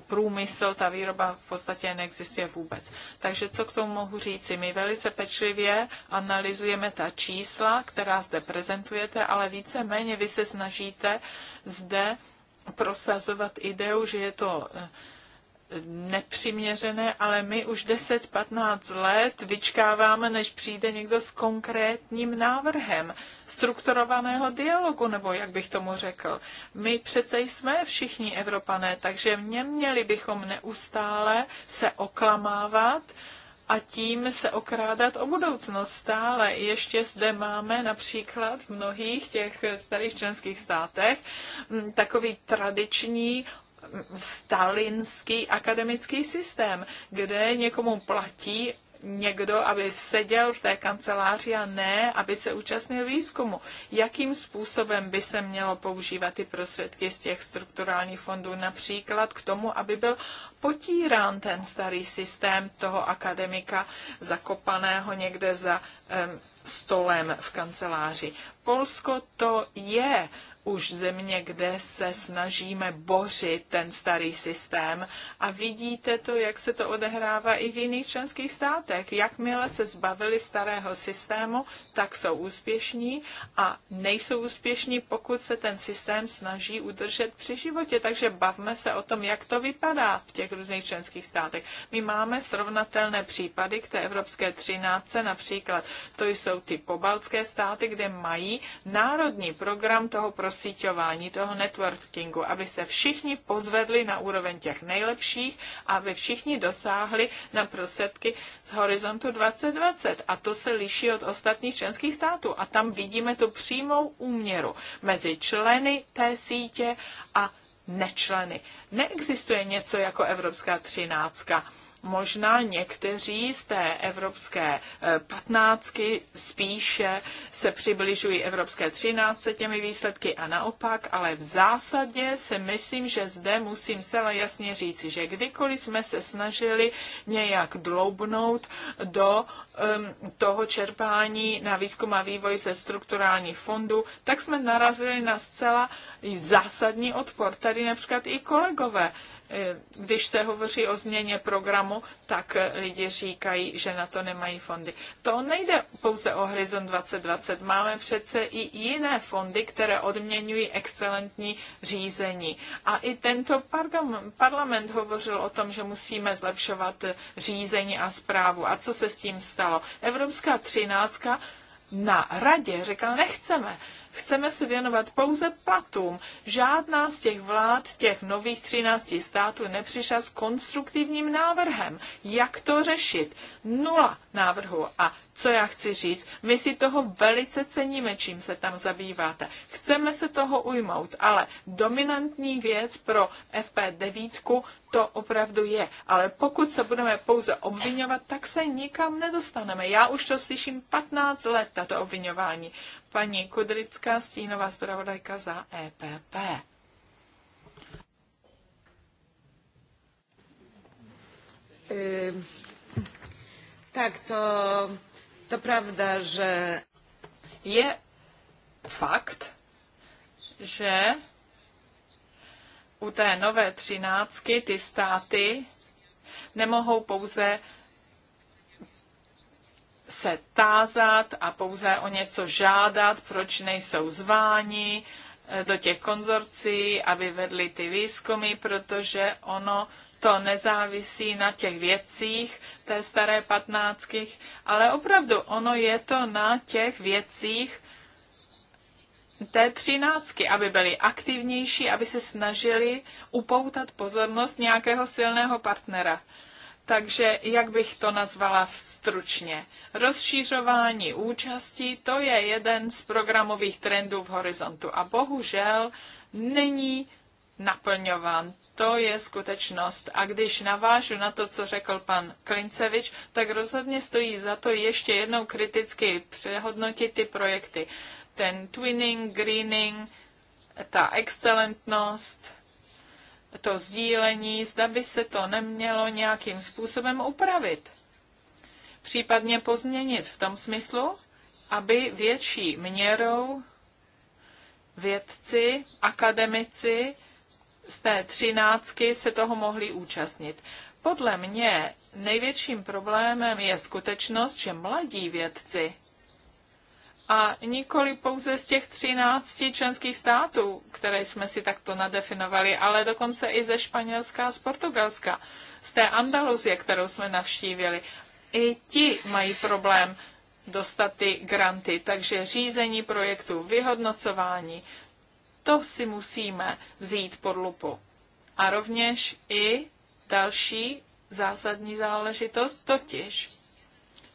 průmysl, ta výroba v podstatě neexistuje vůbec. Takže co k tomu mohu říci? My velice pečlivě analyzujeme ta čísla, která zde prezentujete, ale více-méně vy se snažíte zde prosazovat ideu, že je to eh, nepřiměřené, ale my už 10-15 let vyčkáváme, než přijde někdo s konkrétním návrhem strukturovaného dialogu, nebo jak bych tomu řekl. My přece jsme všichni Evropané, takže neměli bychom neustále se oklamávat, a tím se okrádat o budoucnost stále. Ještě zde máme například v mnohých těch starých členských státech takový tradiční stalinský akademický systém, kde někomu platí někdo, aby seděl v té kanceláři a ne, aby se účastnil výzkumu. Jakým způsobem by se mělo používat ty prostředky z těch strukturálních fondů například k tomu, aby byl potírán ten starý systém toho akademika zakopaného někde za um, stolem v kanceláři. Polsko to je už země, kde se snažíme bořit ten starý systém. A vidíte to, jak se to odehrává i v jiných členských státech. Jakmile se zbavili starého systému, tak jsou úspěšní a nejsou úspěšní, pokud se ten systém snaží udržet při životě. Takže bavme se o tom, jak to vypadá v těch různých členských státech. My máme srovnatelné případy k té Evropské 13, například to jsou ty pobaltské státy, kde mají národní program toho prostředí síťování, toho networkingu, aby se všichni pozvedli na úroveň těch nejlepších, aby všichni dosáhli na prosedky z horizontu 2020. A to se liší od ostatních členských států. A tam vidíme tu přímou úměru mezi členy té sítě a nečleny. Neexistuje něco jako Evropská třináctka možná někteří z té evropské eh, patnáctky spíše se přibližují evropské třináctce těmi výsledky a naopak, ale v zásadě se myslím, že zde musím zcela jasně říci, že kdykoliv jsme se snažili nějak dloubnout do um, toho čerpání na výzkum a vývoj ze strukturální fondu, tak jsme narazili na zcela zásadní odpor. Tady například i kolegové E, když se hovoří o změně programu, tak lidi říkají, že na to nemají fondy. To nejde pouze o Horizon 2020. Máme přece i jiné fondy, které odměňují excelentní řízení. A i tento parlament hovořil o tom, že musíme zlepšovat řízení a zprávu. A co se s tím stalo? Evropská třináctka na radě řekla, nechceme Chceme se věnovat pouze platům. Žádná z těch vlád, těch nových 13 států nepřišla s konstruktivním návrhem, jak to řešit. Nula návrhu. A co já chci říct, my si toho velice ceníme, čím se tam zabýváte. Chceme se toho ujmout, ale dominantní věc pro FP9 to opravdu je. Ale pokud se budeme pouze obvinovat, tak se nikam nedostaneme. Já už to slyším 15 let, tato obvinování paní Kudrická, stínová zpravodajka za EPP. Tak to, to pravda, že je fakt, že u té nové třináctky ty státy nemohou pouze se tázat a pouze o něco žádat, proč nejsou zváni eh, do těch konzorcí, aby vedli ty výzkumy, protože ono to nezávisí na těch věcích té staré patnáctkých, ale opravdu ono je to na těch věcích té třináctky, aby byli aktivnější, aby se snažili upoutat pozornost nějakého silného partnera. Takže jak bych to nazvala stručně? Rozšířování účasti, to je jeden z programových trendů v horizontu a bohužel není naplňován. To je skutečnost. A když navážu na to, co řekl pan Klincevič, tak rozhodně stojí za to ještě jednou kriticky přehodnotit ty projekty. Ten twinning, greening, ta excelentnost, to sdílení, zda by se to nemělo nějakým způsobem upravit. Případně pozměnit v tom smyslu, aby větší měrou vědci, akademici z té třináctky se toho mohli účastnit. Podle mě největším problémem je skutečnost, že mladí vědci a nikoli pouze z těch 13 členských států, které jsme si takto nadefinovali, ale dokonce i ze Španělska a z Portugalska, z té Andaluzie, kterou jsme navštívili. I ti mají problém dostat ty granty, takže řízení projektu, vyhodnocování, to si musíme vzít pod lupu. A rovněž i další zásadní záležitost, totiž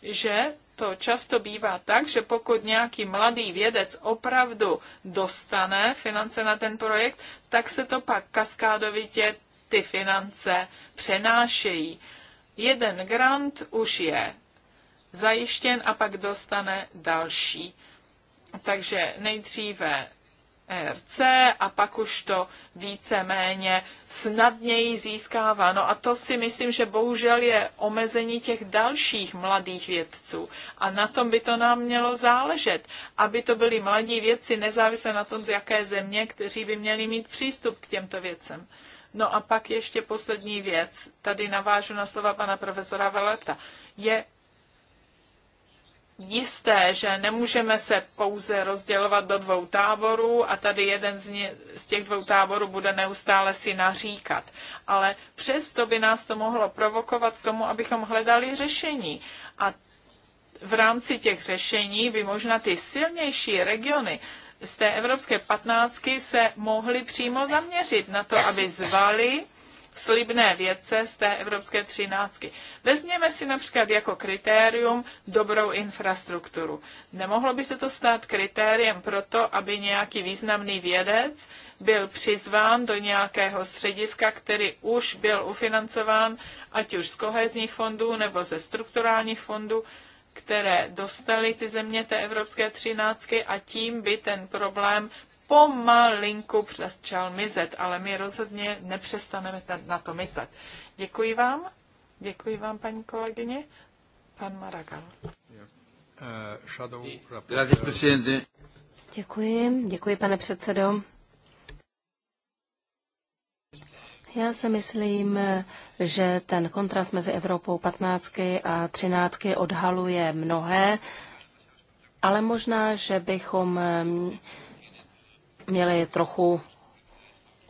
že to často bývá tak, že pokud nějaký mladý vědec opravdu dostane finance na ten projekt, tak se to pak kaskádovitě ty finance přenášejí. Jeden grant už je zajištěn a pak dostane další. Takže nejdříve ERC a pak už to víceméně snadněji získává. No a to si myslím, že bohužel je omezení těch dalších mladých vědců. A na tom by to nám mělo záležet, aby to byli mladí vědci, nezávisle na tom, z jaké země, kteří by měli mít přístup k těmto věcem. No a pak ještě poslední věc, tady navážu na slova pana profesora Veleta. Je jisté, že nemůžeme se pouze rozdělovat do dvou táborů a tady jeden z, ně, z těch dvou táborů bude neustále si naříkat. Ale přesto by nás to mohlo provokovat k tomu, abychom hledali řešení. A v rámci těch řešení by možná ty silnější regiony z té evropské patnáctky se mohly přímo zaměřit na to, aby zvali slibné vědce z té evropské třináctky. Vezměme si například jako kritérium dobrou infrastrukturu. Nemohlo by se to stát kritériem pro to, aby nějaký významný vědec byl přizván do nějakého střediska, který už byl ufinancován, ať už z kohezních fondů nebo ze strukturálních fondů, které dostaly ty země té evropské třináctky a tím by ten problém pomalinku přesčal mizet, ale my rozhodně nepřestaneme na to myslet. Děkuji vám. Děkuji vám, paní kolegyně. Pan Maragal. Děkuji, děkuji, pane předsedo. Já si myslím, že ten kontrast mezi Evropou 15 a 13 odhaluje mnohé, ale možná, že bychom měli trochu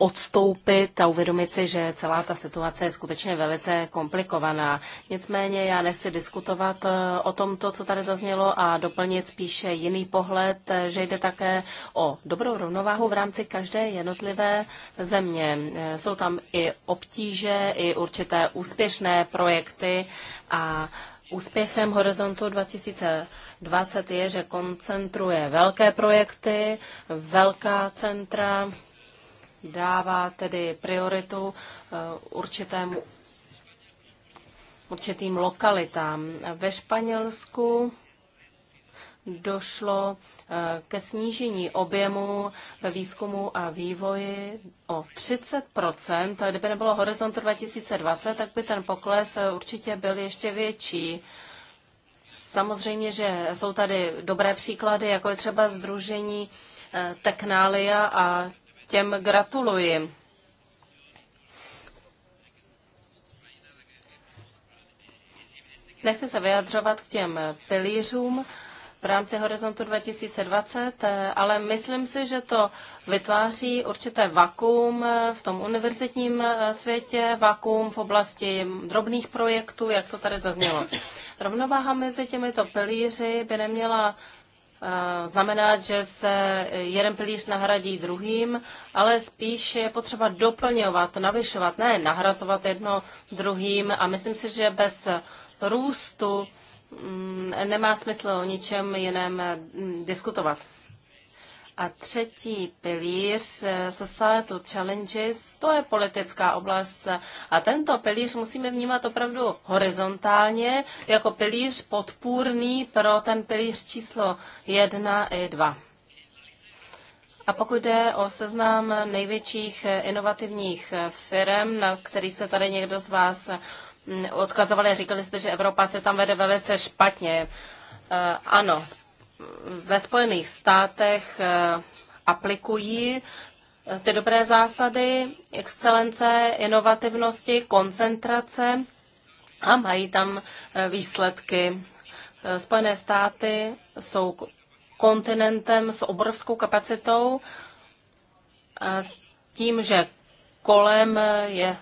odstoupit a uvědomit si, že celá ta situace je skutečně velice komplikovaná. Nicméně já nechci diskutovat eh, o tom, co tady zaznělo a doplnit spíše jiný pohled, eh, že jde také o dobrou rovnováhu v rámci každé jednotlivé země. Eh, jsou tam i obtíže, i určité úspěšné projekty a Úspěchem Horizontu 2020 je, že koncentruje velké projekty, velká centra, dává tedy prioritu eh, určitému, určitým lokalitám. Ve Španělsku došlo eh, ke snížení objemu ve výzkumu a vývoji o 30 a Kdyby nebylo horizontu 2020, tak by ten pokles eh, určitě byl ještě větší. Samozřejmě, že jsou tady dobré příklady, jako je třeba Združení eh, Technália a těm gratuluji. Nechci se vyjadřovat k těm pilířům, v rámci horizontu 2020, eh, ale myslím si, že to vytváří určité vakuum eh, v tom univerzitním eh, světě, vakuum v oblasti drobných projektů, jak to tady zaznělo. Rovnováha mezi těmito pilíři by neměla znamenat, že se jeden pilíř nahradí druhým, ale spíš je potřeba doplňovat, navyšovat, ne nahrazovat jedno druhým. A myslím si, že bez růstu Mm, nemá smysl o ničem jiném eh, diskutovat. A třetí pilíř, eh, Societal Challenges, to je politická oblast. A tento pilíř musíme vnímat opravdu horizontálně, jako pilíř podpůrný pro ten pilíř číslo jedna i dva. A pokud jde o seznam největších eh, inovativních firm, na který se tady někdo z vás odkazovali a říkali jste, že Evropa se tam vede velice špatně. Eh, ano, ve Spojených státech eh, aplikují eh, ty dobré zásady excelence, inovativnosti, koncentrace a mají tam výsledky. Spojené státy jsou kontinentem s obrovskou kapacitou, s tím, že kolem je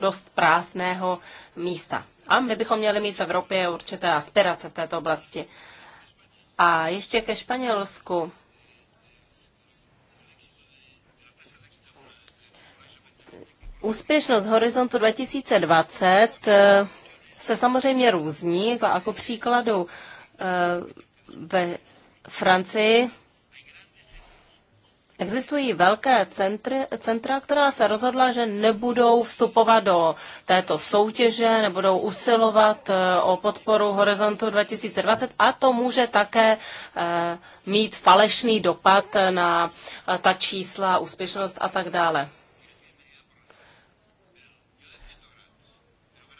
dost prázdného místa. A my bychom měli mít v Evropě určité aspirace v této oblasti. A ještě ke Španělsku. Úspěšnost Horizontu 2020 eh, se samozřejmě různí. Jako, jako příkladu eh, ve Francii Existují velké centry, centra, která se rozhodla, že nebudou vstupovat do této soutěže, nebudou usilovat eh, o podporu Horizontu 2020 a to může také eh, mít falešný dopad na eh, ta čísla, úspěšnost a tak dále.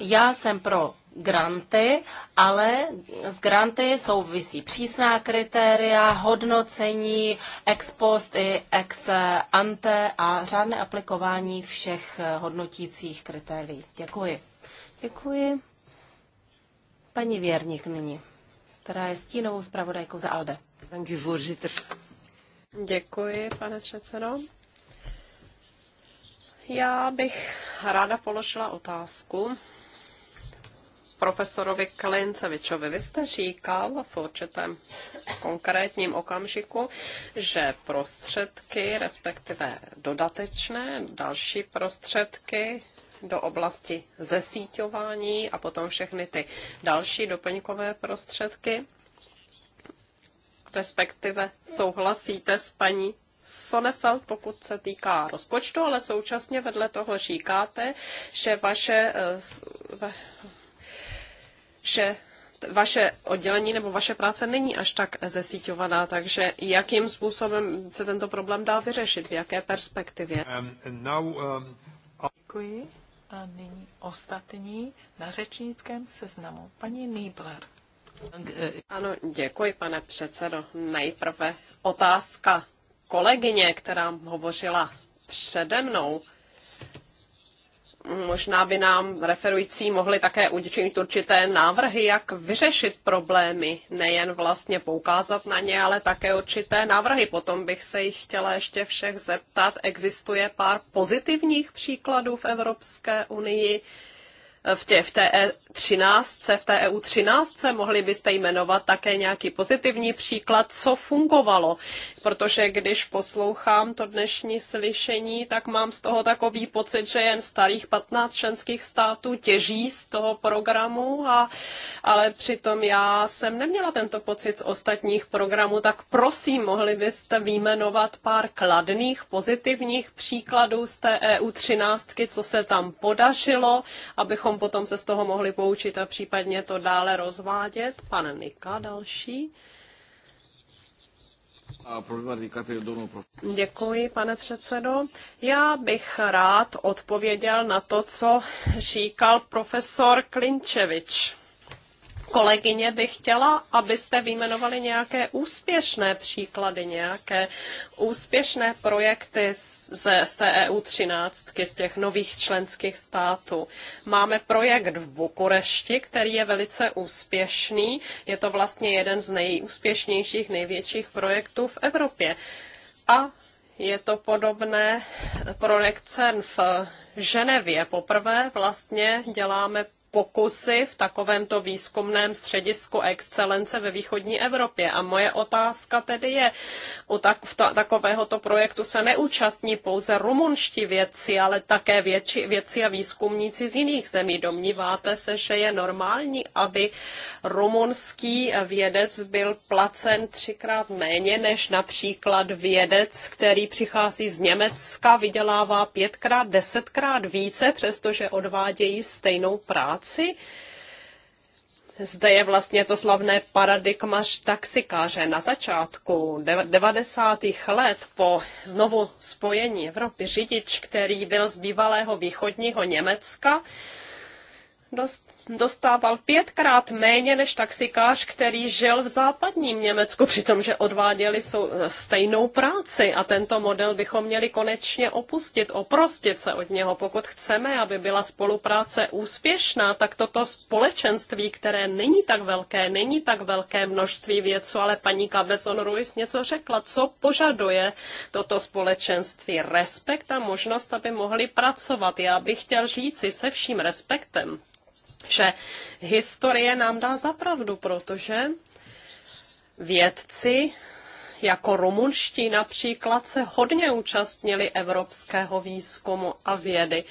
Já jsem pro granty, ale s granty souvisí přísná kritéria, hodnocení, ex post i ex ante a řádné aplikování všech eh, hodnotících kritérií. Děkuji. Děkuji. Paní Věrník nyní, která je stínovou zpravodajkou za ALDE. Děkuji, pane předsedo. Já bych ráda položila otázku profesorovi Klincevičovi. Vy jste říkal v určitém konkrétním okamžiku, že prostředky, respektive dodatečné další prostředky do oblasti zesíťování a potom všechny ty další doplňkové prostředky, respektive souhlasíte s paní Sonefeld, pokud se týká rozpočtu, ale současně vedle toho říkáte, že vaše eh, že vaše oddělení nebo vaše práce není až tak zesíťovaná, takže jakým způsobem se tento problém dá vyřešit, v jaké perspektivě? Um, um, děkuji. A nyní ostatní na řečnickém seznamu. Paní Nýbler. Ano, děkuji, pane předsedo. Nejprve otázka kolegyně, která hovořila přede mnou možná by nám referující mohli také učinit určité návrhy, jak vyřešit problémy, nejen vlastně poukázat na ně, ale také určité návrhy. Potom bych se jich chtěla ještě všech zeptat. Existuje pár pozitivních příkladů v Evropské unii, v, tě, v té E13, v té EU 13, mohli byste jmenovat také nějaký pozitivní příklad, co fungovalo. Protože když poslouchám to dnešní slyšení, tak mám z toho takový pocit, že jen starých 15 členských států těží z toho programu, a, ale přitom já jsem neměla tento pocit z ostatních programů, tak prosím, mohli byste výjmenovat pár kladných, pozitivních příkladů z té EU 13, co se tam podařilo, abychom potom se z toho mohli poučit a případně to dále rozvádět. Pan Nika další. Děkuji, pane předsedo. Já bych rád odpověděl na to, co říkal profesor Klinčevič kolegyně bych chtěla, abyste vyjmenovali nějaké úspěšné příklady, nějaké úspěšné projekty ze, z té EU 13, z těch nových členských států. Máme projekt v Bukurešti, který je velice úspěšný. Je to vlastně jeden z nejúspěšnějších, největších projektů v Evropě. A je to podobné cen v Ženevě. Poprvé vlastně děláme pokusy v takovémto výzkumném středisku excelence ve východní Evropě. A moje otázka tedy je, u tak, v ta, takovéhoto projektu se neúčastní pouze rumunští vědci, ale také větši, vědci a výzkumníci z jiných zemí. Domníváte se, že je normální, aby rumunský vědec byl placen třikrát méně než například vědec, který přichází z Německa, vydělává pětkrát, desetkrát více, přestože odvádějí stejnou práci? práci. Zde je vlastně to slavné paradigma taxikáře. Na začátku 90. let po znovu spojení Evropy řidič, který byl z bývalého východního Německa, dost dostával pětkrát méně než taxikář, který žil v západním Německu, že odváděli stejnou práci a tento model bychom měli konečně opustit, oprostit se od něho. Pokud chceme, aby byla spolupráce úspěšná, tak toto společenství, které není tak velké, není tak velké množství věců, ale paní Cabezon Ruiz něco řekla, co požaduje toto společenství. Respekt a možnost, aby mohli pracovat. Já bych chtěl říci se vším respektem, že historie nám dá zapravdu, protože vědci jako rumunští například se hodně účastnili evropského výzkumu a vědy.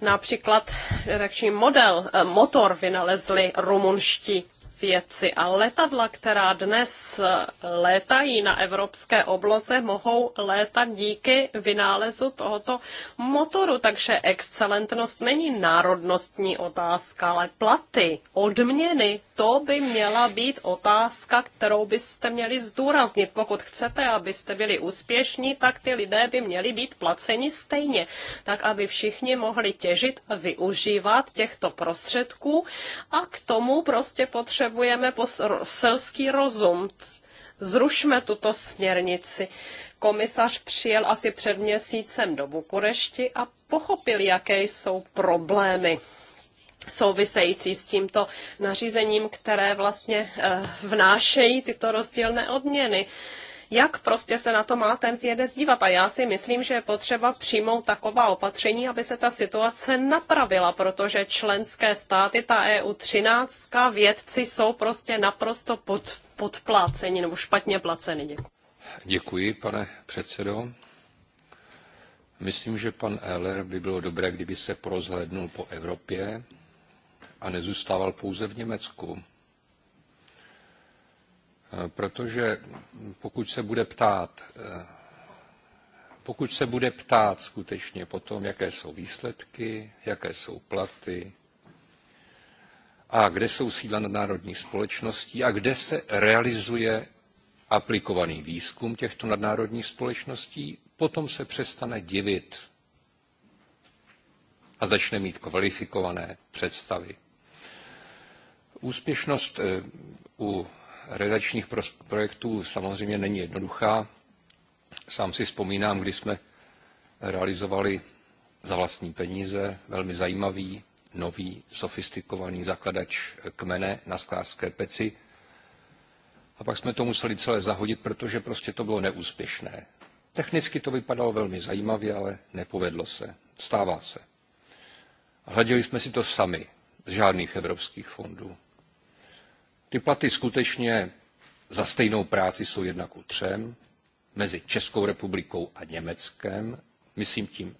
Například reakční model, eh, motor vynalezli rumunští věci a letadla, která dnes létají na evropské obloze, mohou létat díky vynálezu tohoto motoru. Takže excelentnost není národnostní otázka, ale platy, odměny to by měla být otázka, kterou byste měli zdůraznit. Pokud chcete, abyste byli úspěšní, tak ty lidé by měli být placeni stejně, tak aby všichni mohli těžit a využívat těchto prostředků a k tomu prostě potřebujeme selský rozum. Zrušme tuto směrnici. Komisař přijel asi před měsícem do Bukurešti a pochopil, jaké jsou problémy související s tímto nařízením, které vlastně eh, vnášejí tyto rozdílné odměny jak prostě se na to má ten vědec dívat. A já si myslím, že je potřeba přijmout taková opatření, aby se ta situace napravila, protože členské státy, ta EU 13, vědci jsou prostě naprosto pod, podpláceni nebo špatně placeni. Děkuji. Děkuji, pane předsedo. Myslím, že pan Eller by bylo dobré, kdyby se prozhlednul po Evropě a nezůstával pouze v Německu. E, protože pokud se bude ptát, e, pokud se bude ptát skutečně tom, jaké jsou výsledky, jaké jsou platy a kde jsou sídla nadnárodních společností a kde se realizuje aplikovaný výzkum těchto nadnárodních společností, potom se přestane divit a začne mít kvalifikované představy Úspěšnost eh, u redačních projektů samozřejmě není jednoduchá. Sám si vzpomínám, kdy jsme realizovali za vlastní peníze velmi zajímavý, nový, sofistikovaný zakladač kmene na sklářské peci. A pak jsme to museli celé zahodit, protože prostě to bylo neúspěšné. Technicky to vypadalo velmi zajímavě, ale nepovedlo se. Stává se. Hleděli jsme si to sami, z žádných evropských fondů. Ty platy skutečně za stejnou práci jsou jedna ku třem mezi Českou republikou a Německem, myslím tím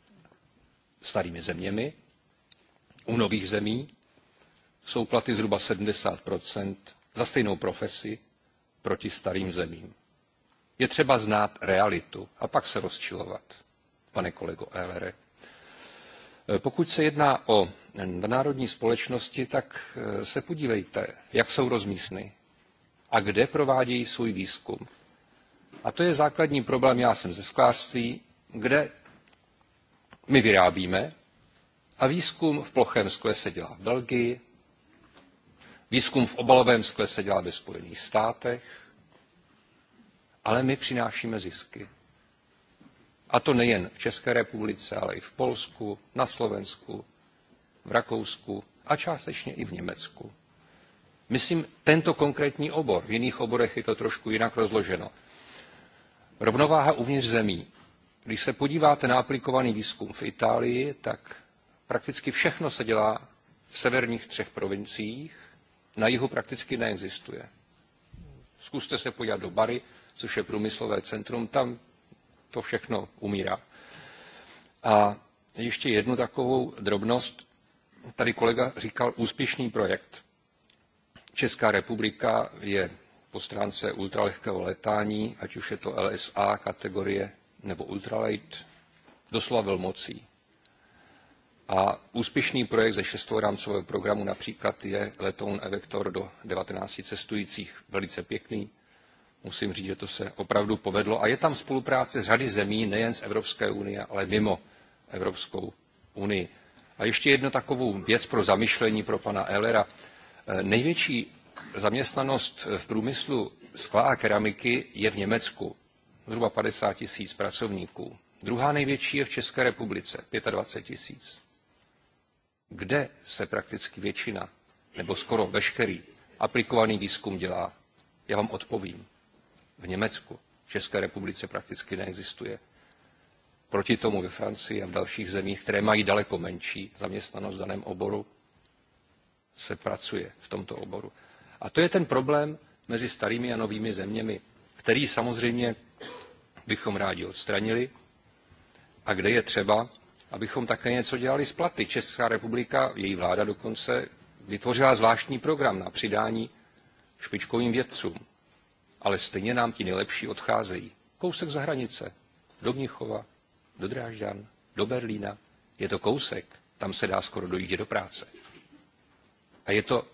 starými zeměmi. U nových zemí jsou platy zhruba 70 za stejnou profesi proti starým zemím. Je třeba znát realitu a pak se rozčilovat, pane kolego Ehlere. Pokud se jedná o národní společnosti, tak eh, se podívejte, jak jsou rozmísny a kde provádějí svůj výzkum. A to je základní problém. Já jsem ze sklářství, kde my vyrábíme a výzkum v plochém skle se dělá v Belgii, výzkum v obalovém skle se dělá ve Spojených státech, ale my přinášíme zisky. A to nejen v České republice, ale i v Polsku, na Slovensku, v Rakousku a částečně i v Německu. Myslím, tento konkrétní obor, v jiných oborech je to trošku jinak rozloženo. Rovnováha uvnitř zemí. Když se podíváte na aplikovaný výzkum v Itálii, tak prakticky všechno se dělá v severních třech provinciích, na jihu prakticky neexistuje. Zkuste se podívat do Bary, což je průmyslové centrum, tam to všechno umírá. A ještě jednu takovou drobnost tady kolega říkal úspěšný projekt. Česká republika je po stránce ultralehkého letání, ať už je to LSA kategorie nebo ultralight, doslova velmocí. A úspěšný projekt ze šestého rámcového programu například je letoun Evektor do 19 cestujících. Velice pěkný. Musím říct, že to se opravdu povedlo. A je tam spolupráce s řady zemí, nejen z Evropské unie, ale mimo Evropskou unii. A ještě jednu takovou věc pro zamyšlení pro pana Elera. E, největší zaměstnanost v průmyslu skla a keramiky je v Německu. Zhruba 50 tisíc pracovníků. Druhá největší je v České republice, 25 tisíc. Kde se prakticky většina, nebo skoro veškerý, aplikovaný výzkum dělá? Já vám odpovím. V Německu. V České republice prakticky neexistuje proti tomu ve Francii a v dalších zemích, které mají daleko menší zaměstnanost v daném oboru, se pracuje v tomto oboru. A to je ten problém mezi starými a novými zeměmi, který samozřejmě bychom rádi odstranili a kde je třeba, abychom také něco dělali s platy. Česká republika, její vláda dokonce, vytvořila zvláštní program na přidání špičkovým vědcům. Ale stejně nám ti nejlepší odcházejí. Kousek za hranice. Do Mnichova, do Drážďan, do Berlína. Je to kousek, tam se dá skoro dojít do práce. A je to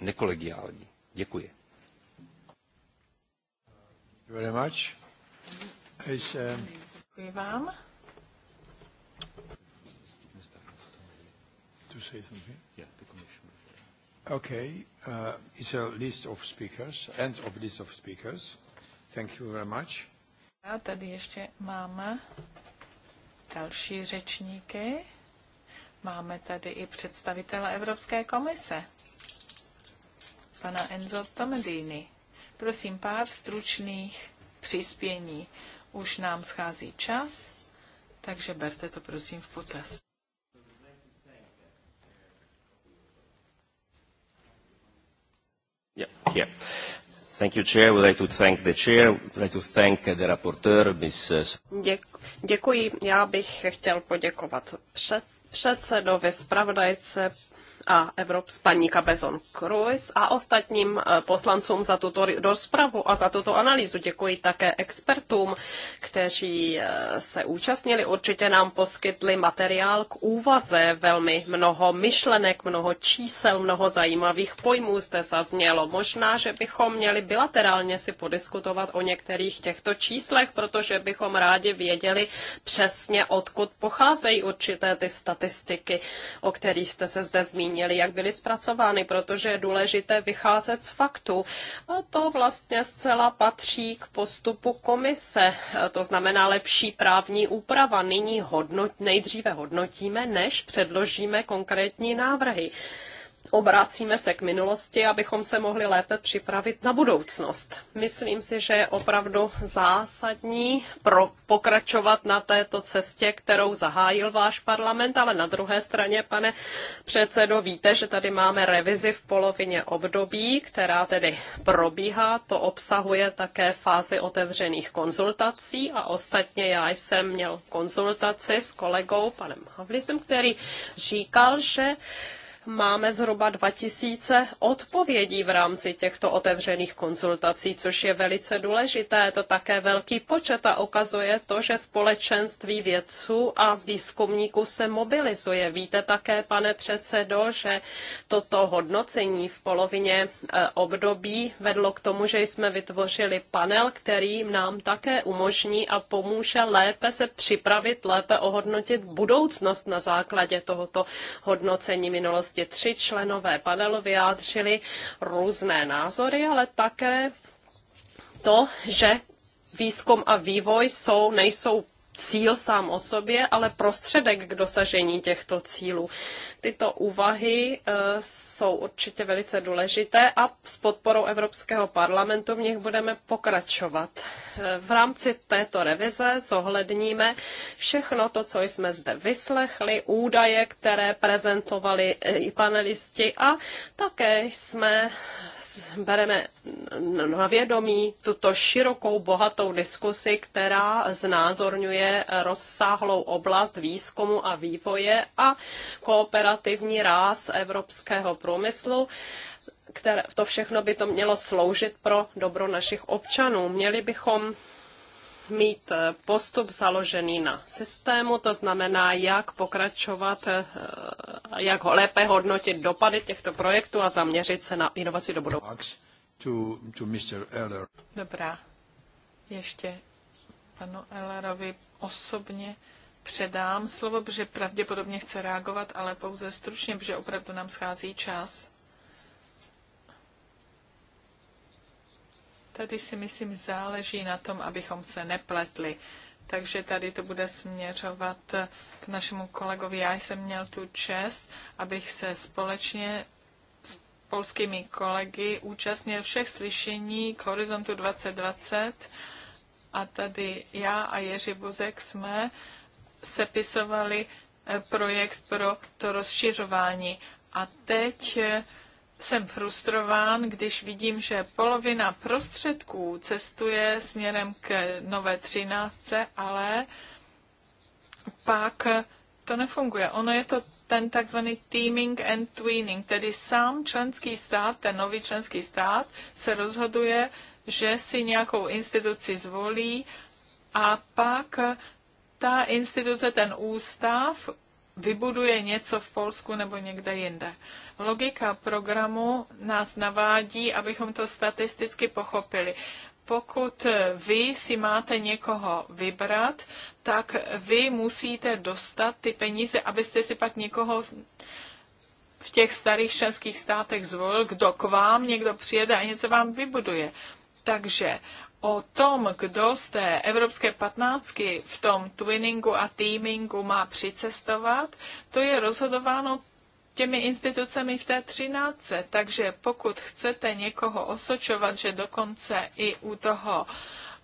nekolegiální. Děkuji. Very much. Is, um, Děkuji vám. To say something? Yeah, the commissioner. Okay, uh, it's a list of speakers, end of list of speakers. Thank you very much. A tady ještě máme další řečníky. Máme tady i představitele Evropské komise, pana Enzo Tomedini. Prosím, pár stručných přispění. Už nám schází čas, takže berte to prosím v potaz. Yeah, yeah. Thank you, Chair. Would like to thank the Chair. Would like to thank the Rapporteur, uh, Děkuji. Já bych chtěl poděkovat před, předsedovi, zpravodajce, a Evrops, paní Cabezon Cruz a ostatním eh, poslancům za tuto rozpravu a za tuto analýzu. Děkuji také expertům, kteří eh, se účastnili. Určitě nám poskytli materiál k úvaze, velmi mnoho myšlenek, mnoho čísel, mnoho zajímavých pojmů zde zaznělo. Možná, že bychom měli bilaterálně si podiskutovat o některých těchto číslech, protože bychom rádi věděli přesně, odkud pocházejí určité ty statistiky, o kterých jste se zde zmínili zmínili, jak byly zpracovány, protože je důležité vycházet z faktu. A to vlastně zcela patří k postupu komise, to znamená lepší právní úprava. Nyní hodnot, nejdříve hodnotíme, než předložíme konkrétní návrhy obracíme se k minulosti, abychom se mohli lépe připravit na budoucnost. Myslím si, že je opravdu zásadní pro pokračovat na této cestě, kterou zahájil váš parlament, ale na druhé straně, pane předsedo, víte, že tady máme revizi v polovině období, která tedy probíhá. To obsahuje také fázi otevřených konzultací a ostatně já jsem měl konzultaci s kolegou panem Havlisem, který říkal, že máme zhruba 2000 odpovědí v rámci těchto otevřených konzultací, což je velice důležité. Je to také velký počet a ukazuje to, že společenství vědců a výzkumníků se mobilizuje. Víte také, pane předsedo, že toto hodnocení v polovině e, období vedlo k tomu, že jsme vytvořili panel, který nám také umožní a pomůže lépe se připravit, lépe ohodnotit budoucnost na základě tohoto hodnocení minulosti současnosti tři členové panelu vyjádřili různé názory, ale také to, že výzkum a vývoj jsou, nejsou cíl sám o sobě, ale prostředek k dosažení těchto cílů. Tyto úvahy e, jsou určitě velice důležité a s podporou Evropského parlamentu v nich budeme pokračovat. E, v rámci této revize zohledníme všechno to, co jsme zde vyslechli, údaje, které prezentovali e, i panelisti a také jsme bereme na vědomí tuto širokou, bohatou diskusi, která znázorňuje rozsáhlou oblast výzkumu a vývoje a kooperativní ráz evropského průmyslu které, to všechno by to mělo sloužit pro dobro našich občanů. Měli bychom mít eh, postup založený na systému, to znamená, jak pokračovat, eh, jak lépe hodnotit dopady těchto projektů a zaměřit se na inovaci do budoucna. Dobrá. Ještě panu Ellerovi osobně předám slovo, protože pravděpodobně chce reagovat, ale pouze stručně, protože opravdu nám schází čas. Tady si myslím záleží na tom, abychom se nepletli. Takže tady to bude směřovat k našemu kolegovi. Já jsem měl tu čest, abych se společně s polskými kolegy účastnil všech slyšení k Horizontu 2020. A tady já a Jeří Buzek jsme sepisovali eh, projekt pro to rozšiřování. A teď eh, jsem frustrován, když vidím, že polovina prostředků cestuje směrem k nové třináctce, ale pak to nefunguje. Ono je to ten takzvaný teaming and twinning. tedy sám členský stát, ten nový členský stát se rozhoduje, že si nějakou instituci zvolí a pak ta instituce, ten ústav vybuduje něco v Polsku nebo někde jinde. Logika programu nás navádí, abychom to statisticky pochopili. Pokud vy si máte někoho vybrat, tak vy musíte dostat ty peníze, abyste si pak někoho v těch starých členských státech zvolil, kdo k vám někdo přijede a něco vám vybuduje. Takže o tom, kdo z té evropské patnáctky v tom twinningu a teamingu má přicestovat, to je rozhodováno těmi institucemi v té třináctce. Takže pokud chcete někoho osočovat, že dokonce i u toho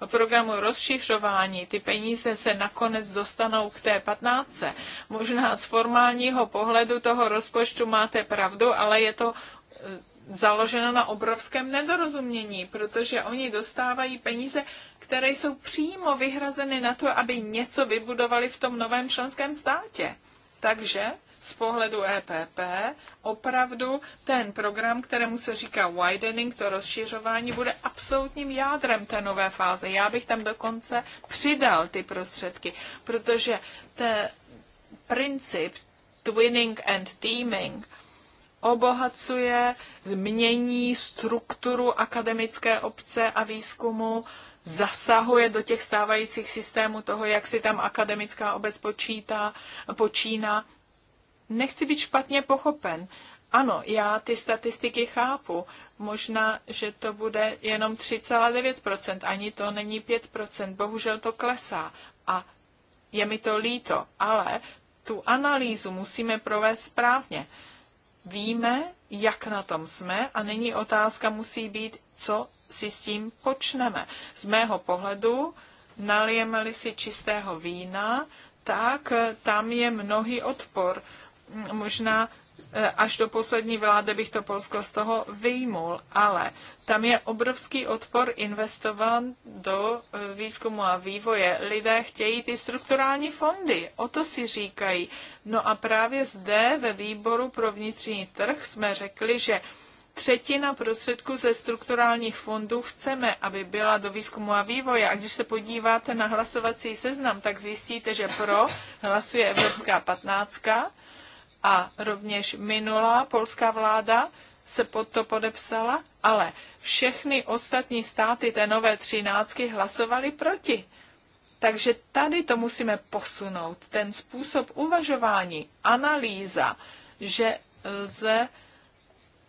programu rozšiřování ty peníze se nakonec dostanou k té patnáctce. Možná z formálního pohledu toho rozpočtu máte pravdu, ale je to eh, založeno na obrovském nedorozumění, protože oni dostávají peníze, které jsou přímo vyhrazeny na to, aby něco vybudovali v tom novém členském státě. Takže z pohledu EPP opravdu ten program, kterému se říká widening, to rozšiřování, bude absolutním jádrem té nové fáze. Já bych tam dokonce přidal ty prostředky, protože ten princip twinning and teaming, obohacuje, mění strukturu akademické obce a výzkumu, zasahuje do těch stávajících systémů toho, jak si tam akademická obec počítá, počíná. Nechci být špatně pochopen. Ano, já ty statistiky chápu. Možná, že to bude jenom 3,9%, ani to není 5%. Bohužel to klesá a je mi to líto, ale tu analýzu musíme provést správně. Víme, jak na tom jsme a nyní otázka musí být, co si s tím počneme. Z mého pohledu, nalijeme-li si čistého vína, tak tam je mnohý odpor. Možná E, až do poslední vlády bych to Polsko z toho vyjmul, ale tam je obrovský odpor investován do e, výzkumu a vývoje. Lidé chtějí ty strukturální fondy, o to si říkají. No a právě zde ve výboru pro vnitřní trh jsme řekli, že třetina prostředků ze strukturálních fondů chceme, aby byla do výzkumu a vývoje. A když se podíváte na hlasovací seznam, tak zjistíte, že pro hlasuje Evropská patnáctka, a rovněž minulá polská vláda se pod to podepsala, ale všechny ostatní státy té nové třináctky hlasovaly proti. Takže tady to musíme posunout, ten způsob uvažování, analýza, že lze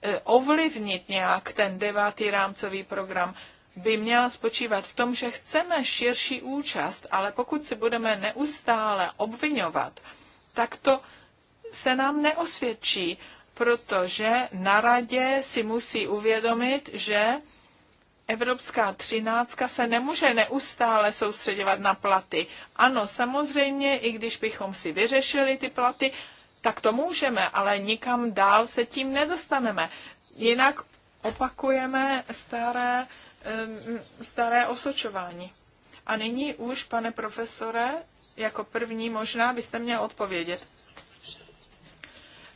e, ovlivnit nějak ten devátý rámcový program, by měla spočívat v tom, že chceme širší účast, ale pokud si budeme neustále obvinovat, tak to se nám neosvědčí, protože na radě si musí uvědomit, že Evropská třináctka se nemůže neustále soustředěvat na platy. Ano, samozřejmě, i když bychom si vyřešili ty platy, tak to můžeme, ale nikam dál se tím nedostaneme. Jinak opakujeme staré, staré osočování. A nyní už, pane profesore, jako první možná byste měl odpovědět.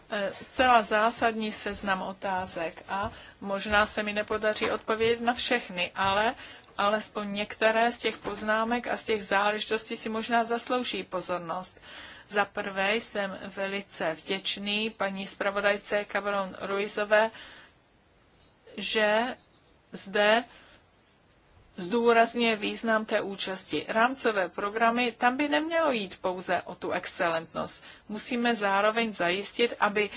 Eh, zcela zásadní seznam otázek a možná se mi nepodaří odpovědět na všechny, ale alespoň některé z těch poznámek a z těch záležitostí si možná zaslouží pozornost. Za prvé jsem velice vděčný paní zpravodajce Kavron Ruizové, že zde zdůrazňuje význam té účasti. Rámcové programy, tam by nemělo jít pouze o tu excelentnost. Musíme zároveň zajistit, aby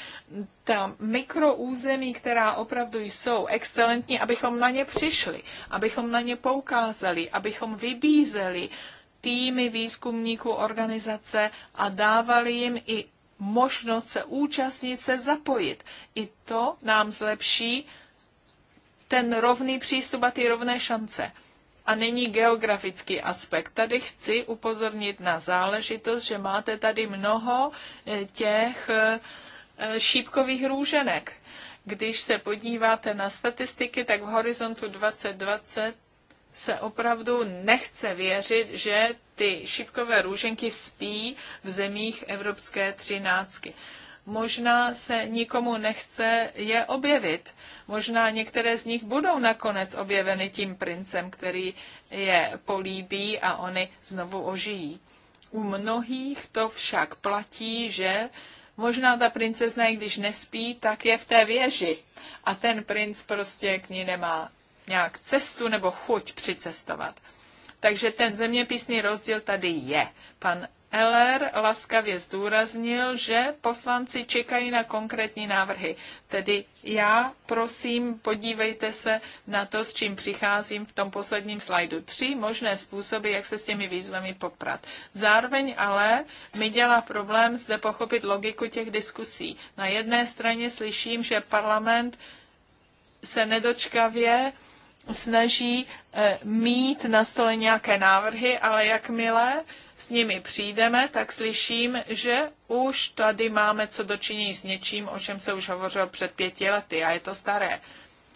ta mikroúzemí, která opravdu jsou excelentní, abychom na ně přišli, abychom na ně poukázali, abychom vybízeli týmy výzkumníků organizace a dávali jim i možnost se účastnit, se zapojit. I to nám zlepší ten rovný přístup a ty rovné šance. A není geografický aspekt. Tady chci upozornit na záležitost, že máte tady mnoho e, těch e, šípkových růženek. Když se podíváte na statistiky, tak v horizontu 2020 se opravdu nechce věřit, že ty šipkové růženky spí v zemích Evropské třináctky možná se nikomu nechce je objevit. Možná některé z nich budou nakonec objeveny tím princem, který je políbí a oni znovu ožijí. U mnohých to však platí, že možná ta princezna, i když nespí, tak je v té věži. A ten princ prostě k ní nemá nějak cestu nebo chuť přicestovat. Takže ten zeměpisný rozdíl tady je. Pan Eller laskavě zdůraznil, že poslanci čekají na konkrétní návrhy. Tedy já prosím, podívejte se na to, s čím přicházím v tom posledním slajdu. Tři možné způsoby, jak se s těmi výzvami poprat. Zároveň ale mi dělá problém zde pochopit logiku těch diskusí. Na jedné straně slyším, že parlament se nedočkavě snaží eh, mít na stole nějaké návrhy, ale jakmile s nimi přijdeme, tak slyším, že už tady máme co dočinění s něčím, o čem se už hovořilo před pěti lety a je to staré.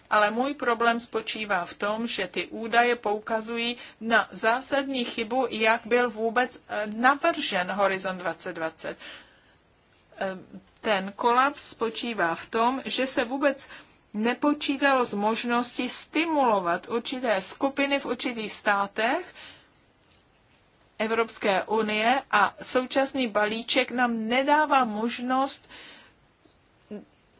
Ale můj problém spočívá v tom, že ty údaje poukazují na zásadní chybu, jak byl vůbec eh, navržen Horizon 2020. Eh, ten kolaps spočívá v tom, že se vůbec nepočítalo s možností stimulovat určité skupiny v určitých státech, Evropské unie a současný balíček nám nedává možnost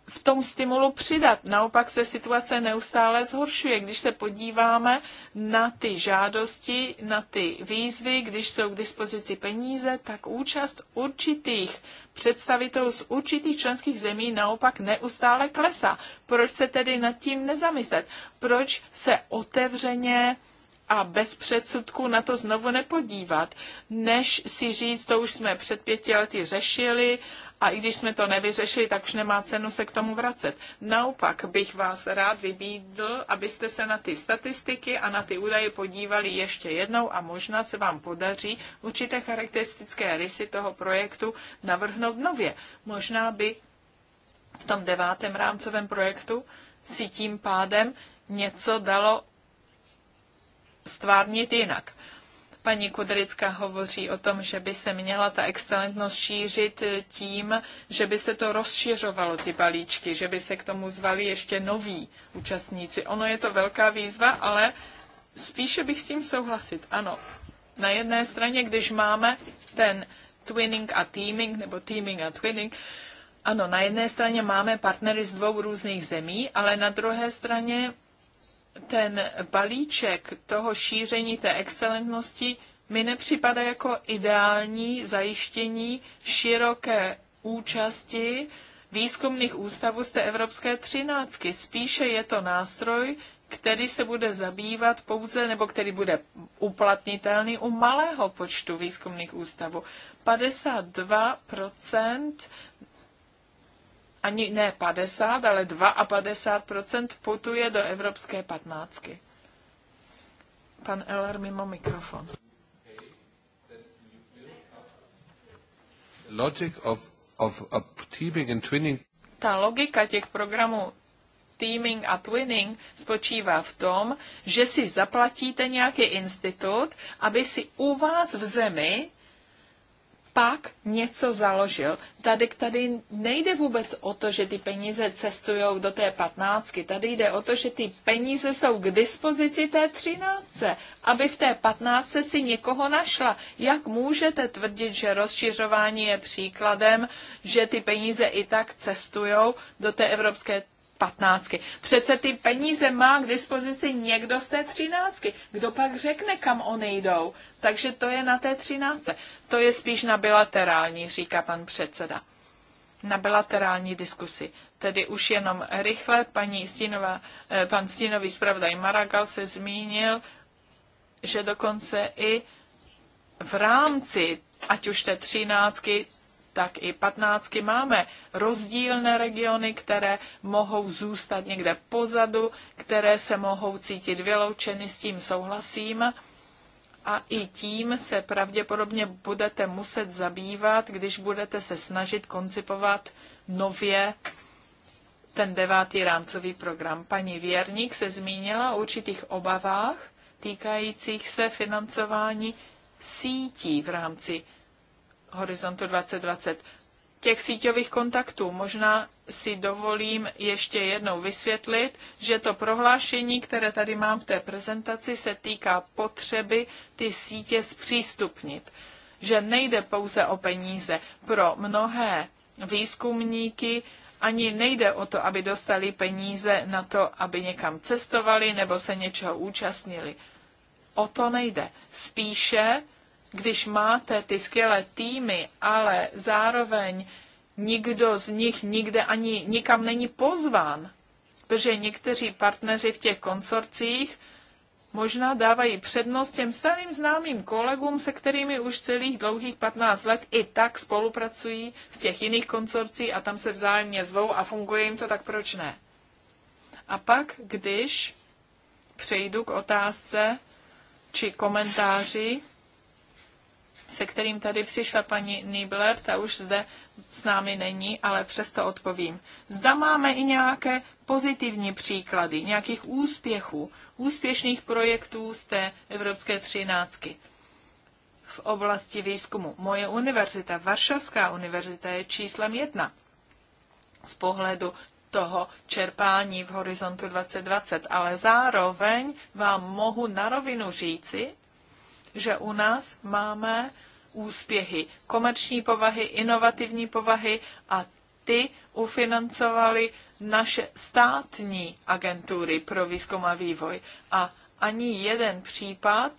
v tom stimulu přidat. Naopak se situace neustále zhoršuje. Když se podíváme na ty žádosti, na ty výzvy, když jsou k dispozici peníze, tak účast určitých představitelů z určitých členských zemí naopak neustále klesá. Proč se tedy nad tím nezamyslet? Proč se otevřeně a bez předsudku na to znovu nepodívat, než si říct, to už jsme před pěti lety řešili a i když jsme to nevyřešili, tak už nemá cenu se k tomu vracet. Naopak bych vás rád vybídl, abyste se na ty statistiky a na ty údaje podívali ještě jednou a možná se vám podaří určité charakteristické rysy toho projektu navrhnout nově. Možná by v tom devátém rámcovém projektu si tím pádem něco dalo stvárnit jinak. Paní Kudrická hovoří o tom, že by se měla ta excelentnost šířit tím, že by se to rozšiřovalo, ty balíčky, že by se k tomu zvali ještě noví účastníci. Ono je to velká výzva, ale spíše bych s tím souhlasit. Ano, na jedné straně, když máme ten twinning a teaming, nebo teaming a twinning, ano, na jedné straně máme partnery z dvou různých zemí, ale na druhé straně ten balíček toho šíření té excelentnosti mi nepřipadá jako ideální zajištění široké účasti výzkumných ústavů z té evropské třináctky. Spíše je to nástroj, který se bude zabývat pouze, nebo který bude uplatnitelný u malého počtu výzkumných ústavů. 52% ani ne 50, ale 52% putuje do evropské patnáctky. Pan Eller mimo mikrofon. Logic of, of, of teaming and twinning. Ta logika těch programů teaming a twinning spočívá v tom, že si zaplatíte nějaký institut, aby si u vás v zemi pak něco založil. Tady, tady nejde vůbec o to, že ty peníze cestují do té patnáctky. Tady jde o to, že ty peníze jsou k dispozici té třináctce, aby v té patnáctce si někoho našla. Jak můžete tvrdit, že rozšiřování je příkladem, že ty peníze i tak cestují do té evropské patnáctky. Přece ty peníze má k dispozici někdo z té třináctky. Kdo pak řekne, kam oni jdou? Takže to je na té třináctce. To je spíš na bilaterální, říká pan předseda. Na bilaterální diskusi. Tedy už jenom rychle, paní Stínová, eh, pan Stínový zpravodaj Maragal se zmínil, že dokonce i v rámci, ať už té třináctky, tak i patnáctky máme rozdílné regiony, které mohou zůstat někde pozadu, které se mohou cítit vyloučeny, s tím souhlasím. A i tím se pravděpodobně budete muset zabývat, když budete se snažit koncipovat nově ten devátý rámcový program. Paní Věrník se zmínila o určitých obavách týkajících se financování sítí v rámci Horizontu 2020. Těch síťových kontaktů možná si dovolím ještě jednou vysvětlit, že to prohlášení, které tady mám v té prezentaci, se týká potřeby ty sítě zpřístupnit. Že nejde pouze o peníze. Pro mnohé výzkumníky ani nejde o to, aby dostali peníze na to, aby někam cestovali nebo se něčeho účastnili. O to nejde. Spíše když máte ty skvělé týmy, ale zároveň nikdo z nich nikde ani nikam není pozván, protože někteří partneři v těch konsorcích možná dávají přednost těm starým známým kolegům, se kterými už celých dlouhých 15 let i tak spolupracují z těch jiných konsorcí a tam se vzájemně zvou a funguje jim to, tak proč ne? A pak, když přejdu k otázce či komentáři se kterým tady přišla paní Nibler, ta už zde s námi není, ale přesto odpovím. Zda máme i nějaké pozitivní příklady, nějakých úspěchů, úspěšných projektů z té Evropské třináctky v oblasti výzkumu. Moje univerzita, Varšavská univerzita, je číslem jedna z pohledu toho čerpání v horizontu 2020, ale zároveň vám mohu na rovinu říci, že u nás máme úspěchy komerční povahy, inovativní povahy a ty ufinancovaly naše státní agentury pro výzkum a vývoj. A ani jeden případ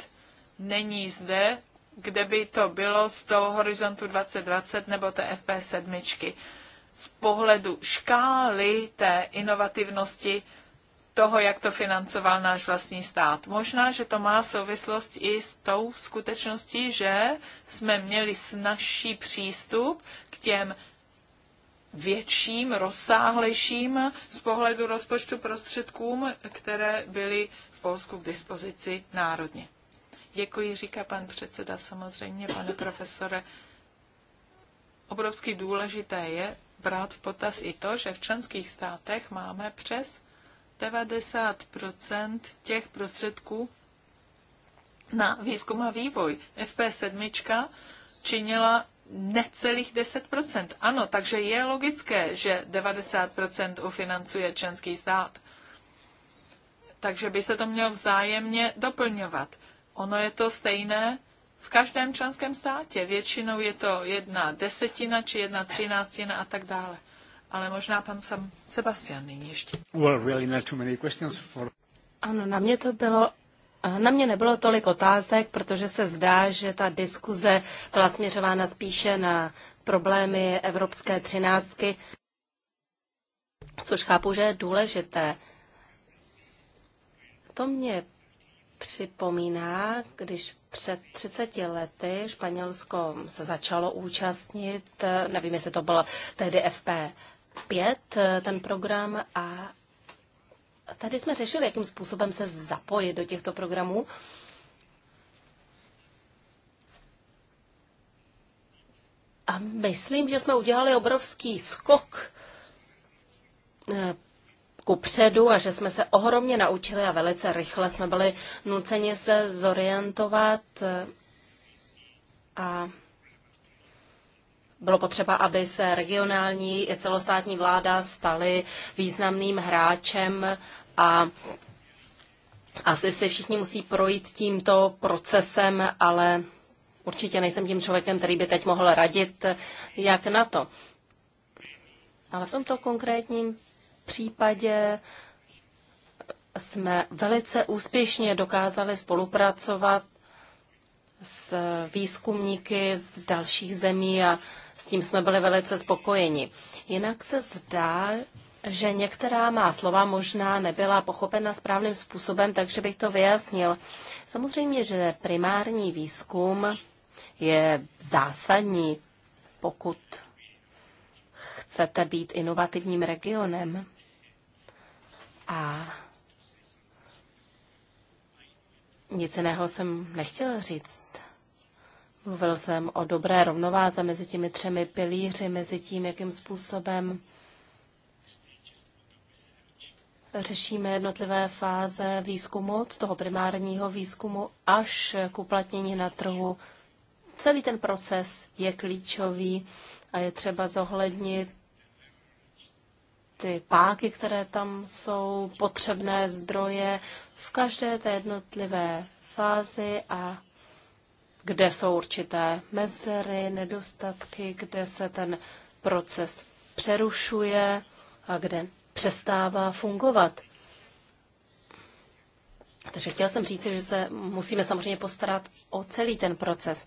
není zde, kde by to bylo z toho horizontu 2020 nebo té FP7. Z pohledu škály té inovativnosti toho, jak to financoval náš vlastní stát. Možná, že to má souvislost i s tou skutečností, že jsme měli snažší přístup k těm větším, rozsáhlejším z pohledu rozpočtu prostředkům, které byly v Polsku k dispozici národně. Děkuji, říká pan předseda samozřejmě, pane profesore. Obrovsky důležité je brát v potaz i to, že v členských státech máme přes 90 těch prostředků na výzkum a vývoj FP7 činila necelých 10%. Ano, takže je logické, že 90% ufinancuje členský stát. Takže by se to mělo vzájemně doplňovat. Ono je to stejné v každém členském státě. Většinou je to jedna desetina či jedna třináctina a tak dále ale možná pan Sam Sebastian nyní ještě. Well, really not too many questions for... Ano, na mě to bylo na mě nebylo tolik otázek, protože se zdá, že ta diskuze byla směřována spíše na problémy Evropské třináctky, což chápu, že je důležité. To mě připomíná, když před 30 lety Španělsko se začalo účastnit, nevím, jestli to bylo tehdy FP, 5, eh, ten program a tady jsme řešili, jakým způsobem se zapojit do těchto programů. A myslím, že jsme udělali obrovský skok eh, ku předu a že jsme se ohromně naučili a velice rychle jsme byli nuceni se zorientovat eh, a bylo potřeba, aby se regionální i celostátní vláda staly významným hráčem a asi si všichni musí projít tímto procesem, ale určitě nejsem tím člověkem, který by teď mohl radit, jak na to. Ale v tomto konkrétním případě jsme velice úspěšně dokázali spolupracovat s výzkumníky z dalších zemí a s tím jsme byli velice spokojeni. Jinak se zdá, že některá má slova možná nebyla pochopena správným způsobem, takže bych to vyjasnil. Samozřejmě, že primární výzkum je zásadní, pokud chcete být inovativním regionem. A nic jiného jsem nechtěl říct. Mluvil jsem o dobré rovnováze mezi těmi třemi pilíři, mezi tím, jakým způsobem řešíme jednotlivé fáze výzkumu, od toho primárního výzkumu až k uplatnění na trhu. Celý ten proces je klíčový a je třeba zohlednit ty páky, které tam jsou, potřebné zdroje v každé té jednotlivé fázi a kde jsou určité mezery, nedostatky, kde se ten proces přerušuje a kde přestává fungovat. Takže chtěl jsem říct, že se musíme samozřejmě postarat o celý ten proces.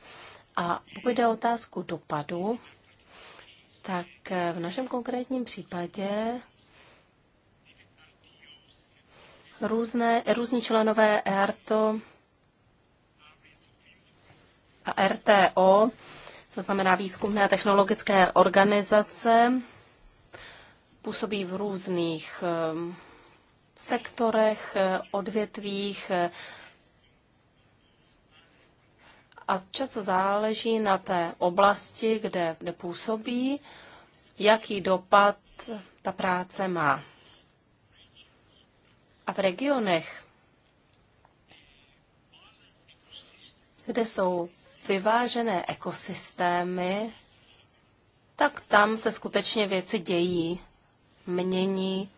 A pokud jde o otázku dopadu, tak v našem konkrétním případě různé, různí členové ERTO a RTO, to znamená výzkumné a technologické organizace, působí v různých ehm, sektorech, eh, odvětvích eh, a často záleží na té oblasti, kde, kde působí, jaký dopad ta práce má. A v regionech, kde jsou vyvážené ekosystémy, tak tam se skutečně věci dějí, mění.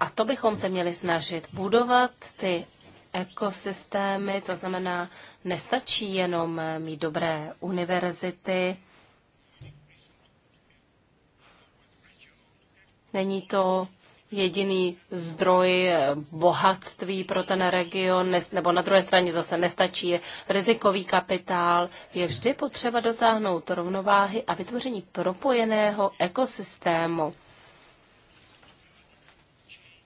A to bychom se měli snažit budovat ty ekosystémy, to znamená, nestačí jenom mít dobré univerzity, není to jediný zdroj eh, bohatství pro ten region, nebo na druhé straně zase nestačí rizikový kapitál. Je vždy potřeba dosáhnout rovnováhy a vytvoření propojeného ekosystému.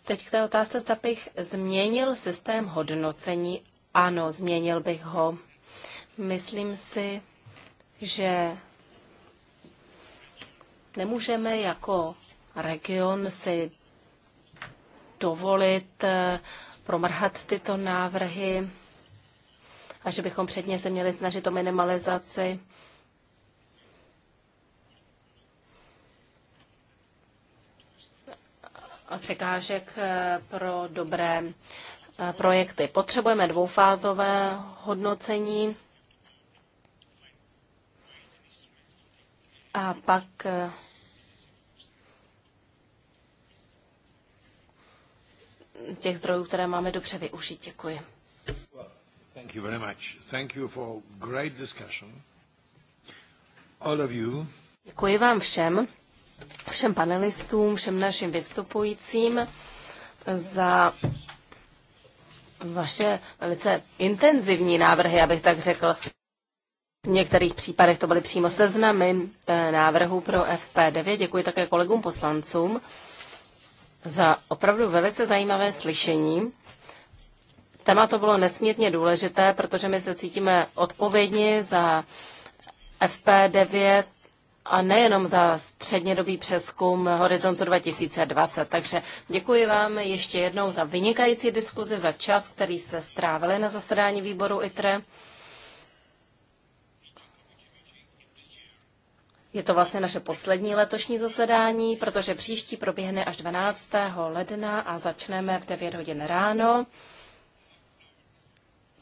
Teď k té otázce, zda bych změnil systém hodnocení. Ano, změnil bych ho. Myslím si, že nemůžeme jako region si dovolit eh, promrhat tyto návrhy a že bychom předně se měli snažit o minimalizaci. A překážek eh, pro dobré eh, projekty. Potřebujeme dvoufázové hodnocení a pak těch zdrojů, které máme dobře využít. Děkuji. thank you very much. Thank you for great discussion. All of you. Děkuji vám všem, všem panelistům, všem našim vystupujícím za vaše velice intenzivní návrhy, abych tak řekl. V některých případech to byly přímo seznamy eh, návrhů pro FP9. Děkuji také kolegům poslancům za opravdu velice zajímavé slyšení. Téma to bylo nesmírně důležité, protože my se cítíme odpovědní za FP9 a nejenom za střednědobý přeskum Horizontu 2020. Takže děkuji vám ještě jednou za vynikající diskuzi, za čas, který jste strávili na zasedání výboru ITRE. Je to vlastně naše poslední letošní zasedání, protože příští proběhne až 12. ledna a začneme v 9 hodin ráno.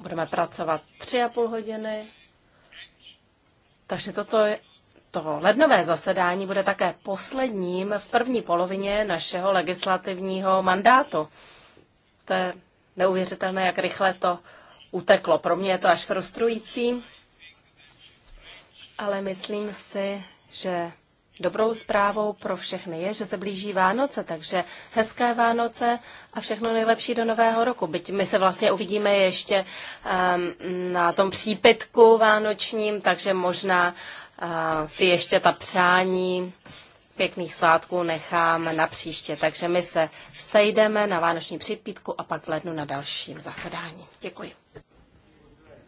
Budeme pracovat 3,5 hodiny. Takže toto je to lednové zasedání bude také posledním v první polovině našeho legislativního mandátu. To je neuvěřitelné, jak rychle to uteklo. Pro mě je to až frustrující, ale myslím si, že dobrou zprávou pro všechny je, že se blíží Vánoce, takže hezké Vánoce a všechno nejlepší do nového roku. Byť my se vlastně uvidíme ještě um, na tom přípitku vánočním, takže možná uh, si ještě ta přání pěkných svátků nechám na příště. Takže my se sejdeme na vánoční přípitku a pak v lednu na dalším zasedání. Děkuji.